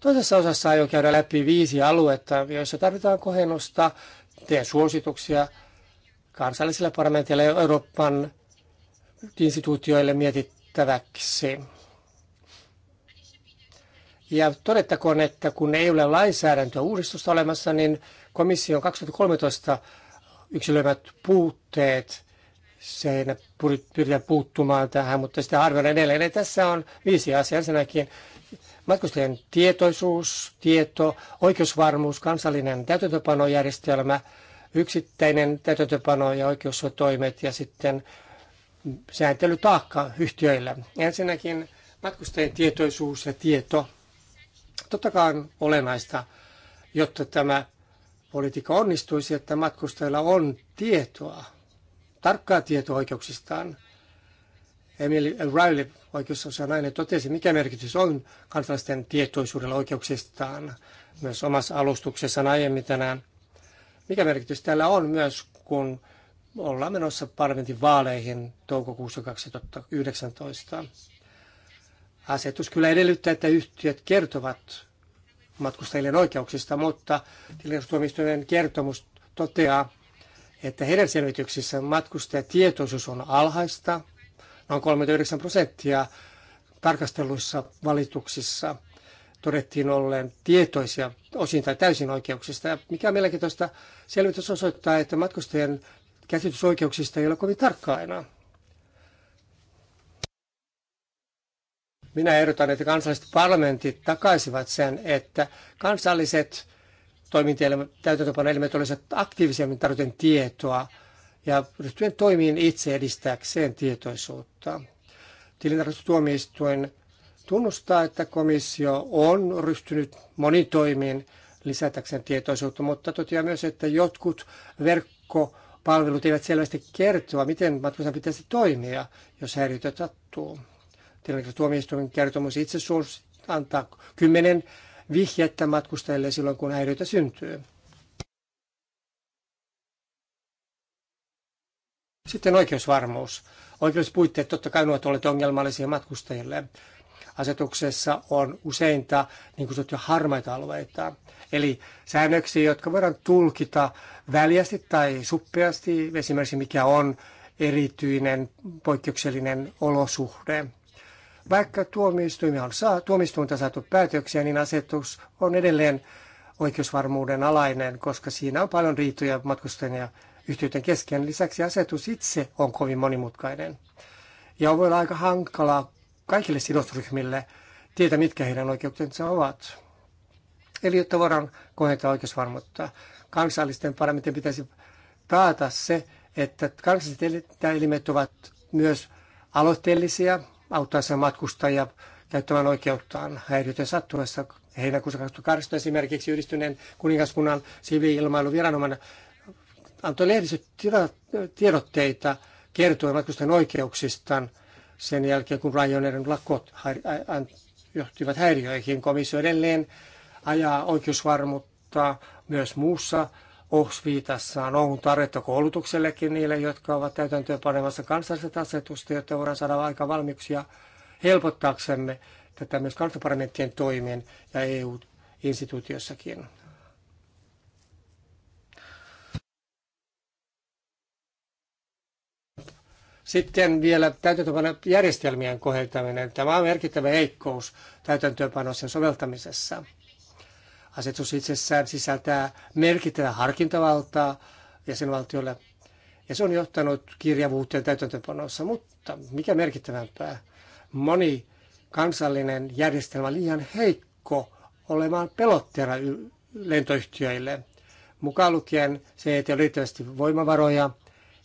Toisessa osassa aion käydä läpi viisi aluetta, joissa tarvitaan kohennusta, teen suosituksia kansallisille parlamenteille ja Euroopan instituutioille mietittäväksi. Ja todettakoon, että kun ei ole lainsäädäntöä uudistusta olemassa, niin komission 2013 yksilöivät puutteet. Se ei pyritä puuttumaan tähän, mutta sitä arvioidaan edelleen. Eli tässä on viisi asiaa. Ensinnäkin matkustajien tietoisuus, tieto, oikeusvarmuus, kansallinen täytäntöpanojärjestelmä, yksittäinen täytäntöpano ja oikeustoimet ja sitten sääntelytaakka yhtiöillä. Ensinnäkin matkustajien tietoisuus ja tieto. Totta kai on olennaista, jotta tämä politiikka onnistuisi, että matkustajilla on tietoa, tarkkaa tietoa oikeuksistaan. Emily O'Reilly, oikeusosanainen, totesi, mikä merkitys on kansalaisten tietoisuudella oikeuksistaan myös omassa alustuksessaan aiemmin tänään. Mikä merkitys tällä on myös, kun ollaan menossa parlamentin vaaleihin toukokuussa 2019. Asetus kyllä edellyttää, että yhtiöt kertovat matkustajien oikeuksista, mutta tilastuomistojen kertomus toteaa, että heidän selvityksissä matkustajatietoisuus on alhaista, noin 39 prosenttia tarkastelluissa valituksissa todettiin olleen tietoisia osin tai täysin oikeuksista. Ja mikä on mielenkiintoista, selvitys osoittaa, että matkustajien käsitys oikeuksista ei ole kovin tarkkaa enää. Minä ehdotan, että kansalliset parlamentit takaisivat sen, että kansalliset toimintaelimet, täytäntöpanoelimet olisivat aktiivisemmin tarjoten tietoa ja ryhtyen toimiin itse edistääkseen tietoisuutta. Tilintarkastustuomioistuin tunnustaa, että komissio on ryhtynyt monitoimiin lisätäkseen tietoisuutta, mutta toteaa myös, että jotkut verkkopalvelut eivät selvästi kertoa, miten matkustajan pitäisi toimia, jos häiriötä sattuu tuomioistuimen kertomus itse antaa kymmenen vihjettä matkustajille silloin, kun häiriötä syntyy. Sitten oikeusvarmuus. Oikeuspuitteet totta kai ovat olleet ongelmallisia matkustajille. Asetuksessa on useinta niin kutsuttuja harmaita alueita, eli säännöksiä, jotka voidaan tulkita väljästi tai suppeasti, esimerkiksi mikä on erityinen poikkeuksellinen olosuhde – vaikka tuomioistuimia on saa, tuomioistuinta saatu päätöksiä, niin asetus on edelleen oikeusvarmuuden alainen, koska siinä on paljon riitoja matkustajien ja yhtiöiden kesken. Lisäksi asetus itse on kovin monimutkainen ja voi olla aika hankalaa kaikille sidosryhmille tietää, mitkä heidän oikeutensa ovat. Eli jotta voidaan kohentaa oikeusvarmuutta, kansallisten parlamentin pitäisi taata se, että kansalliset elimet ovat myös aloitteellisia auttaa sen matkustajia käyttämään oikeuttaan häiriöiden sattuessa. Heinäkuussa 2008 esimerkiksi yhdistyneen kuningaskunnan siviiliilmailuviranomainen antoi lehdistöt tiedotteita kertoi matkustajan oikeuksistaan sen jälkeen, kun Ryanairin lakot johtivat häiriöihin. Komissio edelleen ajaa oikeusvarmuutta myös muussa osviitassa on tarjottu tarvetta koulutuksellekin niille, jotka ovat täytäntöön panemassa kansalliset asetusta, jotta voidaan saada aika valmiuksia helpottaaksemme tätä myös kansanparlamenttien toimien ja EU-instituutiossakin. Sitten vielä täytäntöpanon järjestelmien kohentaminen. Tämä on merkittävä heikkous täytäntöönpanossa soveltamisessa. Asetus itsessään sisältää merkittävää harkintavaltaa jäsenvaltiolle, ja se on johtanut kirjavuuteen täytäntöpanossa. Mutta mikä merkittävämpää, moni kansallinen järjestelmä on liian heikko olemaan pelotteena lentoyhtiöille. Mukaan lukien se, että ei ole riittävästi voimavaroja,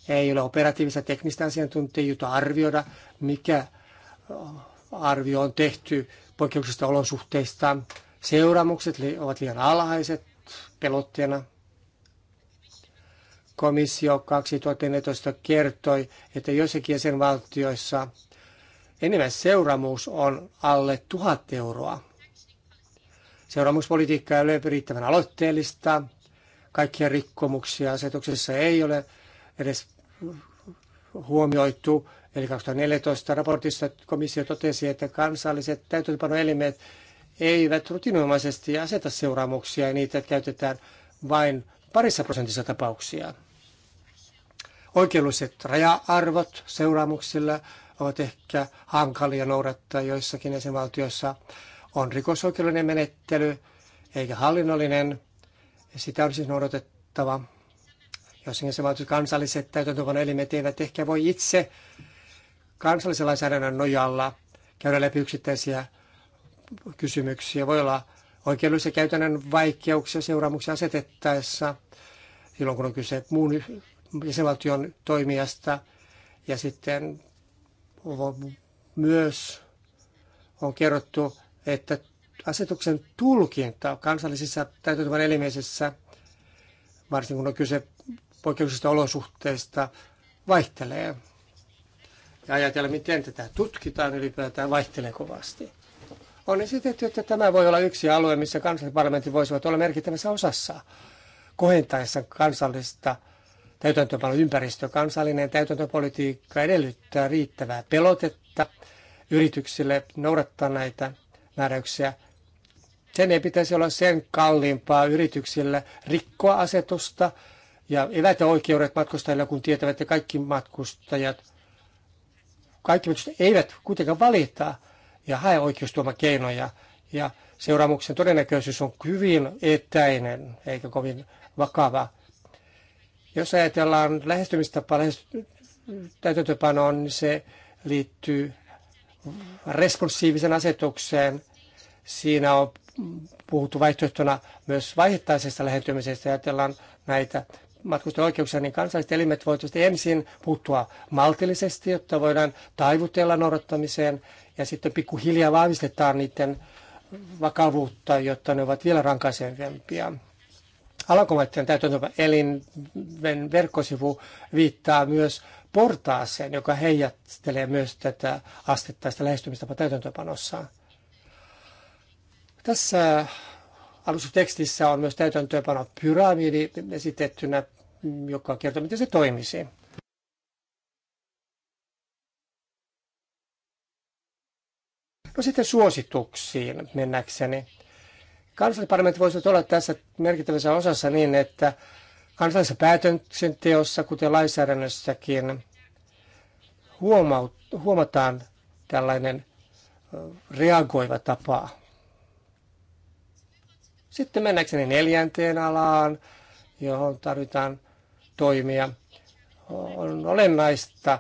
ei ole operatiivista teknistä asiantuntijuutta arvioida, mikä arvio on tehty poikkeuksista olosuhteista, Seuraamukset ovat liian alhaiset pelotteena. Komissio 2014 kertoi, että joissakin jäsenvaltioissa enemmän seuraamus on alle 1000 euroa. Seuraamuspolitiikka ei ole riittävän aloitteellista. Kaikkia rikkomuksia asetuksessa ei ole edes huomioitu. Eli 2014 raportissa komissio totesi, että kansalliset täytäntöpanoelimet eivät rutinomaisesti aseta seuraamuksia ja niitä käytetään vain parissa prosentissa tapauksia. Oikeudelliset raja-arvot seuraamuksilla ovat ehkä hankalia noudattaa joissakin jäsenvaltioissa. On rikosoikeudellinen menettely eikä hallinnollinen. Sitä on siis noudatettava. Jossakin jäsenvaltiot kansalliset elimet eivät ehkä voi itse kansallisen lainsäädännön nojalla käydä läpi yksittäisiä kysymyksiä. Voi olla oikeudellisia käytännön vaikeuksia seuraamuksia asetettaessa, silloin kun on kyse muun jäsenvaltion toimijasta. Ja sitten myös on kerrottu, että asetuksen tulkinta kansallisissa täytäntöön elimeisissä, varsinkin kun on kyse poikkeuksista olosuhteista, vaihtelee. Ja ajatella, miten tätä tutkitaan ylipäätään, vaihtelee kovasti. On esitetty, että tämä voi olla yksi alue, missä kansallisparlamentit voisivat olla merkittävässä osassa kohentaessa kansallista täytäntöpanon ympäristö. Kansallinen täytäntöpolitiikka edellyttää riittävää pelotetta yrityksille noudattaa näitä määräyksiä. Sen ei pitäisi olla sen kalliimpaa yrityksille rikkoa asetusta ja evätä oikeudet matkustajille, kun tietävät, että kaikki matkustajat, kaikki matkustajat eivät kuitenkaan valita ja hae oikeustuomakeinoja. Ja seuraamuksen todennäköisyys on hyvin etäinen eikä kovin vakava. Jos ajatellaan lähestymistapaa täytäntöpanoon, niin se liittyy responsiivisen asetukseen. Siinä on puhuttu vaihtoehtona myös vaiheittaisesta lähentymisestä. Ajatellaan näitä matkustajoikeuksia, niin kansalliset elimet voivat ensin puuttua maltillisesti, jotta voidaan taivutella noudattamiseen ja sitten pikkuhiljaa vahvistetaan niiden vakavuutta, jotta ne ovat vielä rankaisempia. Alankomaiden täytäntöpä elimen verkkosivu viittaa myös portaaseen, joka heijastelee myös tätä astettaista lähestymistapa täytäntöpanossa. Tässä alustustekstissä on myös täytäntöönpano pyramidi esitettynä joka kertoo, miten se toimisi. No sitten suosituksiin mennäkseni. Kansalliparlamentti voisi olla tässä merkittävässä osassa niin, että kansallisessa päätöksenteossa, kuten lainsäädännössäkin, huomataan tällainen reagoiva tapa. Sitten mennäkseni neljänteen alaan, johon tarvitaan toimia. On olennaista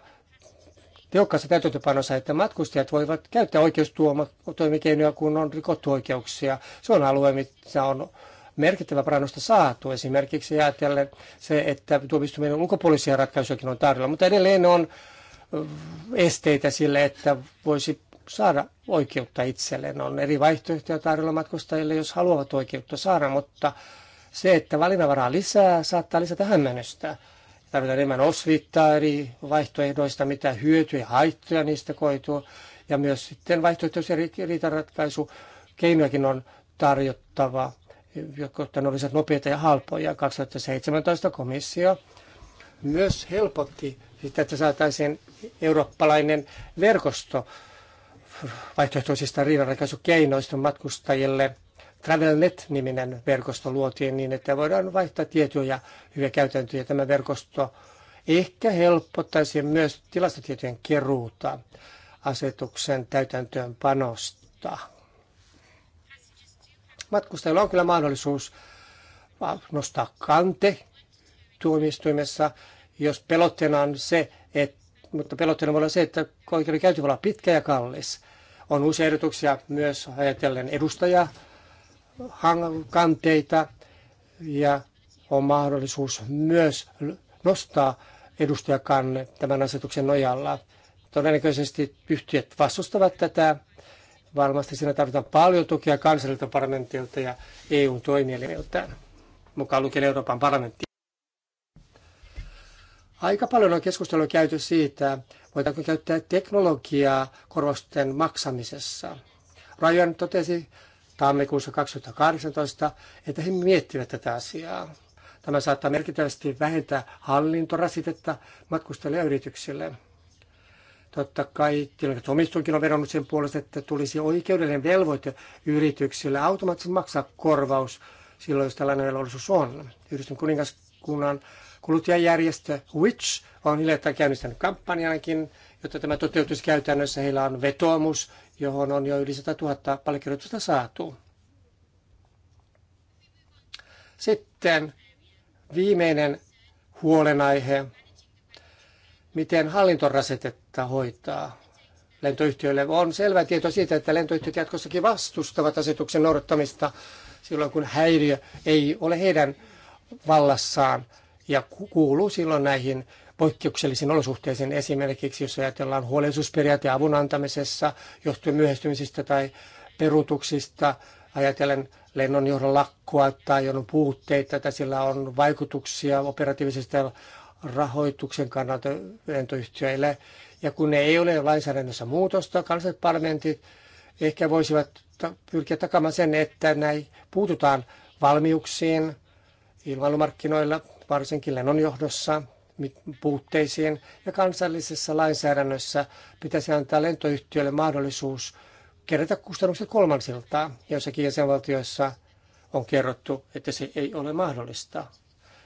tehokkaassa täytäntöpanossa, että matkustajat voivat käyttää oikeustoimikeinoja, kun on rikottu oikeuksia. Se on alue, missä on merkittävä parannusta saatu. Esimerkiksi ajatellen se, että tuomistuminen ulkopuolisia ratkaisujakin on tarjolla, mutta edelleen on äh, esteitä sille, että voisi saada oikeutta itselleen. On eri vaihtoehtoja tarjolla matkustajille, jos haluavat oikeutta saada, mutta se, että valinnanvaraa lisää, saattaa lisätä hämmennystä. Tarvitaan enemmän osviittaa eri vaihtoehdoista, mitä hyötyjä ja haittoja niistä koituu. Ja myös sitten vaihtoehtoisia riitaratkaisu keinojakin on tarjottava, jotta ne olisivat nopeita ja halpoja. 2017 komissio myös helpotti sitä, että saataisiin eurooppalainen verkosto vaihtoehtoisista riitaratkaisukeinoista matkustajille TravelNet-niminen verkosto luotiin niin, että voidaan vaihtaa tietoja hyviä käytäntöjä. Tämä verkosto ehkä helpottaisi myös tilastotietojen keruuta asetuksen täytäntöönpanosta. Matkustajilla on kyllä mahdollisuus nostaa kante tuomistuimessa, jos pelotteena on se, että, mutta pelotteena voi olla se, että oikeudenkäynti voi olla pitkä ja kallis. On uusia ehdotuksia myös ajatellen edustajaa kanteita ja on mahdollisuus myös nostaa edustajakanne tämän asetuksen nojalla. Todennäköisesti yhtiöt vastustavat tätä. Varmasti siinä tarvitaan paljon tukea kansalliselta parlamentilta ja EUn toimielimiltä, mukaan lukien Euroopan parlamentti. Aika paljon on keskustelua käyty siitä, voidaanko käyttää teknologiaa korvausten maksamisessa. Ryan totesi tammikuussa 2018, että he miettivät tätä asiaa. Tämä saattaa merkittävästi vähentää hallintorasitetta matkustajille yrityksille. Totta kai omistuinkin on vedonnut sen puolesta, että tulisi oikeudellinen velvoite yrityksille automaattisesti maksaa korvaus silloin, jos tällainen velvollisuus on. Yhdistyn kuningaskunnan kuluttajajärjestö Which on hiljattain käynnistänyt kampanjankin, jotta tämä toteutuisi käytännössä. Heillä on vetoomus johon on jo yli 100 000 allekirjoitusta saatu. Sitten viimeinen huolenaihe, miten hallintorasetetta hoitaa lentoyhtiöille. On selvä tieto siitä, että lentoyhtiöt jatkossakin vastustavat asetuksen noudattamista silloin, kun häiriö ei ole heidän vallassaan ja kuuluu silloin näihin poikkeuksellisiin olosuhteisiin, esimerkiksi jos ajatellaan huolellisuusperiaate avun antamisessa johtuen myöhästymisistä tai peruutuksista, ajatellen lennonjohdon lakkoa tai on puutteita, tai sillä on vaikutuksia operatiivisesta rahoituksen kannalta lentoyhtiöille. Ja kun ne ei ole lainsäädännössä muutosta, kansalliset parlamentit ehkä voisivat pyrkiä takamaan sen, että näin puututaan valmiuksiin ilmailumarkkinoilla, varsinkin lennonjohdossa, puutteisiin ja kansallisessa lainsäädännössä pitäisi antaa lentoyhtiölle mahdollisuus kerätä kustannukset kolmansilta. Joissakin jäsenvaltioissa on kerrottu, että se ei ole mahdollista.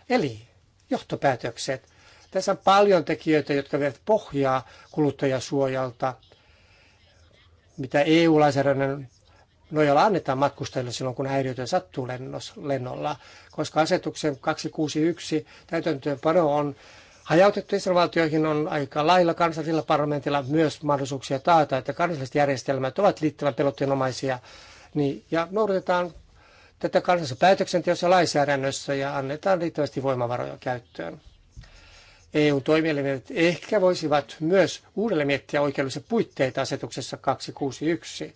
Eli johtopäätökset. Tässä on paljon tekijöitä, jotka vievät pohjaa kuluttajasuojalta, mitä EU-lainsäädännön nojalla annetaan matkustajille silloin, kun häiriötä sattuu lennos, lennolla, koska asetuksen 261 täytäntöönpano on hajautettu Israelvaltioihin on aika lailla kansallisilla parlamentilla myös mahdollisuuksia taata, että kansalliset järjestelmät ovat liittävän pelottinomaisia niin, ja noudatetaan tätä kansallisessa päätöksenteossa ja lainsäädännössä ja annetaan riittävästi voimavaroja käyttöön. EU-toimielimet ehkä voisivat myös uudelleen miettiä oikeudellisia puitteita asetuksessa 261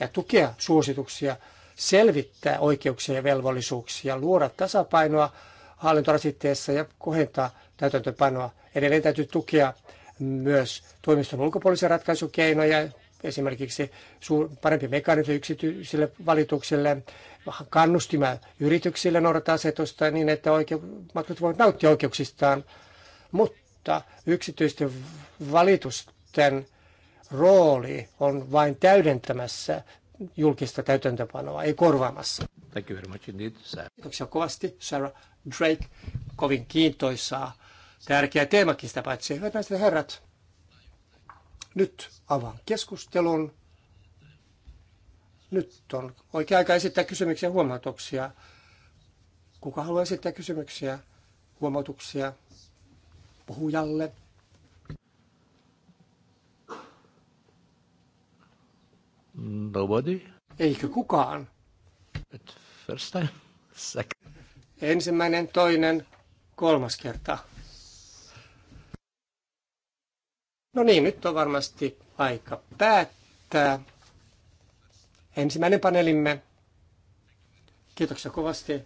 ja tukea suosituksia, selvittää oikeuksia ja velvollisuuksia, luoda tasapainoa hallintorasitteessa ja kohentaa täytäntöpanoa. Edelleen täytyy tukea myös toimiston ulkopuolisia ratkaisukeinoja, esimerkiksi parempi mekanismi yksityisille valituksille, kannustima yrityksille noudattaa asetusta niin, että oikeu- voivat nauttia oikeuksistaan, mutta yksityisten valitusten rooli on vain täydentämässä julkista täytäntöpanoa, ei korvaamassa. Thank you very much indeed, Sarah. Kiitoksia kovasti, Sarah Drake. Kovin kiintoisaa. Tärkeä teemakin sitä paitsi. Hyvät naiset ja herrat, nyt avaan keskustelun. Nyt on oikea aika esittää kysymyksiä ja huomautuksia. Kuka haluaa esittää kysymyksiä, huomautuksia puhujalle? Nobody? Eikö kukaan? But first time, second. Ensimmäinen, toinen, kolmas kerta. No niin, nyt on varmasti aika päättää. Ensimmäinen paneelimme. Kiitoksia kovasti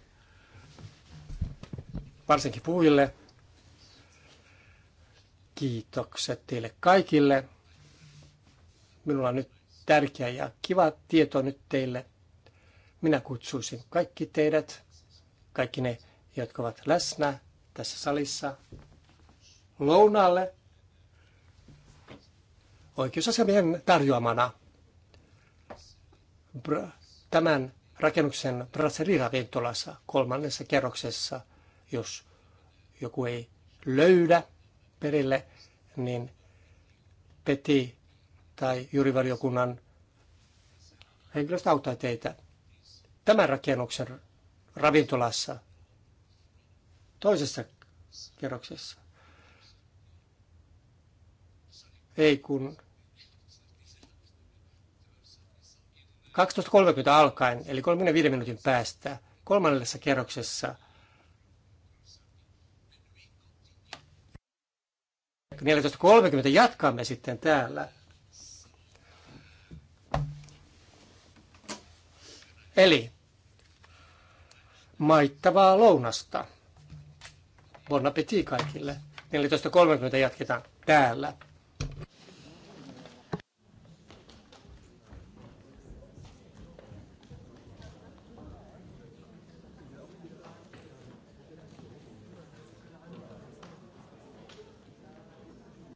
varsinkin puhujille. Kiitokset teille kaikille. Minulla on nyt tärkeä ja kiva tieto nyt teille. Minä kutsuisin kaikki teidät, kaikki ne, jotka ovat läsnä tässä salissa, lounalle oikeusasiamiehen tarjoamana tämän rakennuksen brasseririntolassa kolmannessa kerroksessa, jos joku ei löydä perille, niin Peti tai juurivaliokunnan henkilöstö auttaa teitä tämän rakennuksen ravintolassa toisessa kerroksessa. Ei kun 12.30 alkaen, eli 35 minuutin päästä, kolmannessa kerroksessa 14.30 jatkamme sitten täällä. Eli maittavaa lounasta. Bon appétit kaikille. 14.30 jatketaan täällä.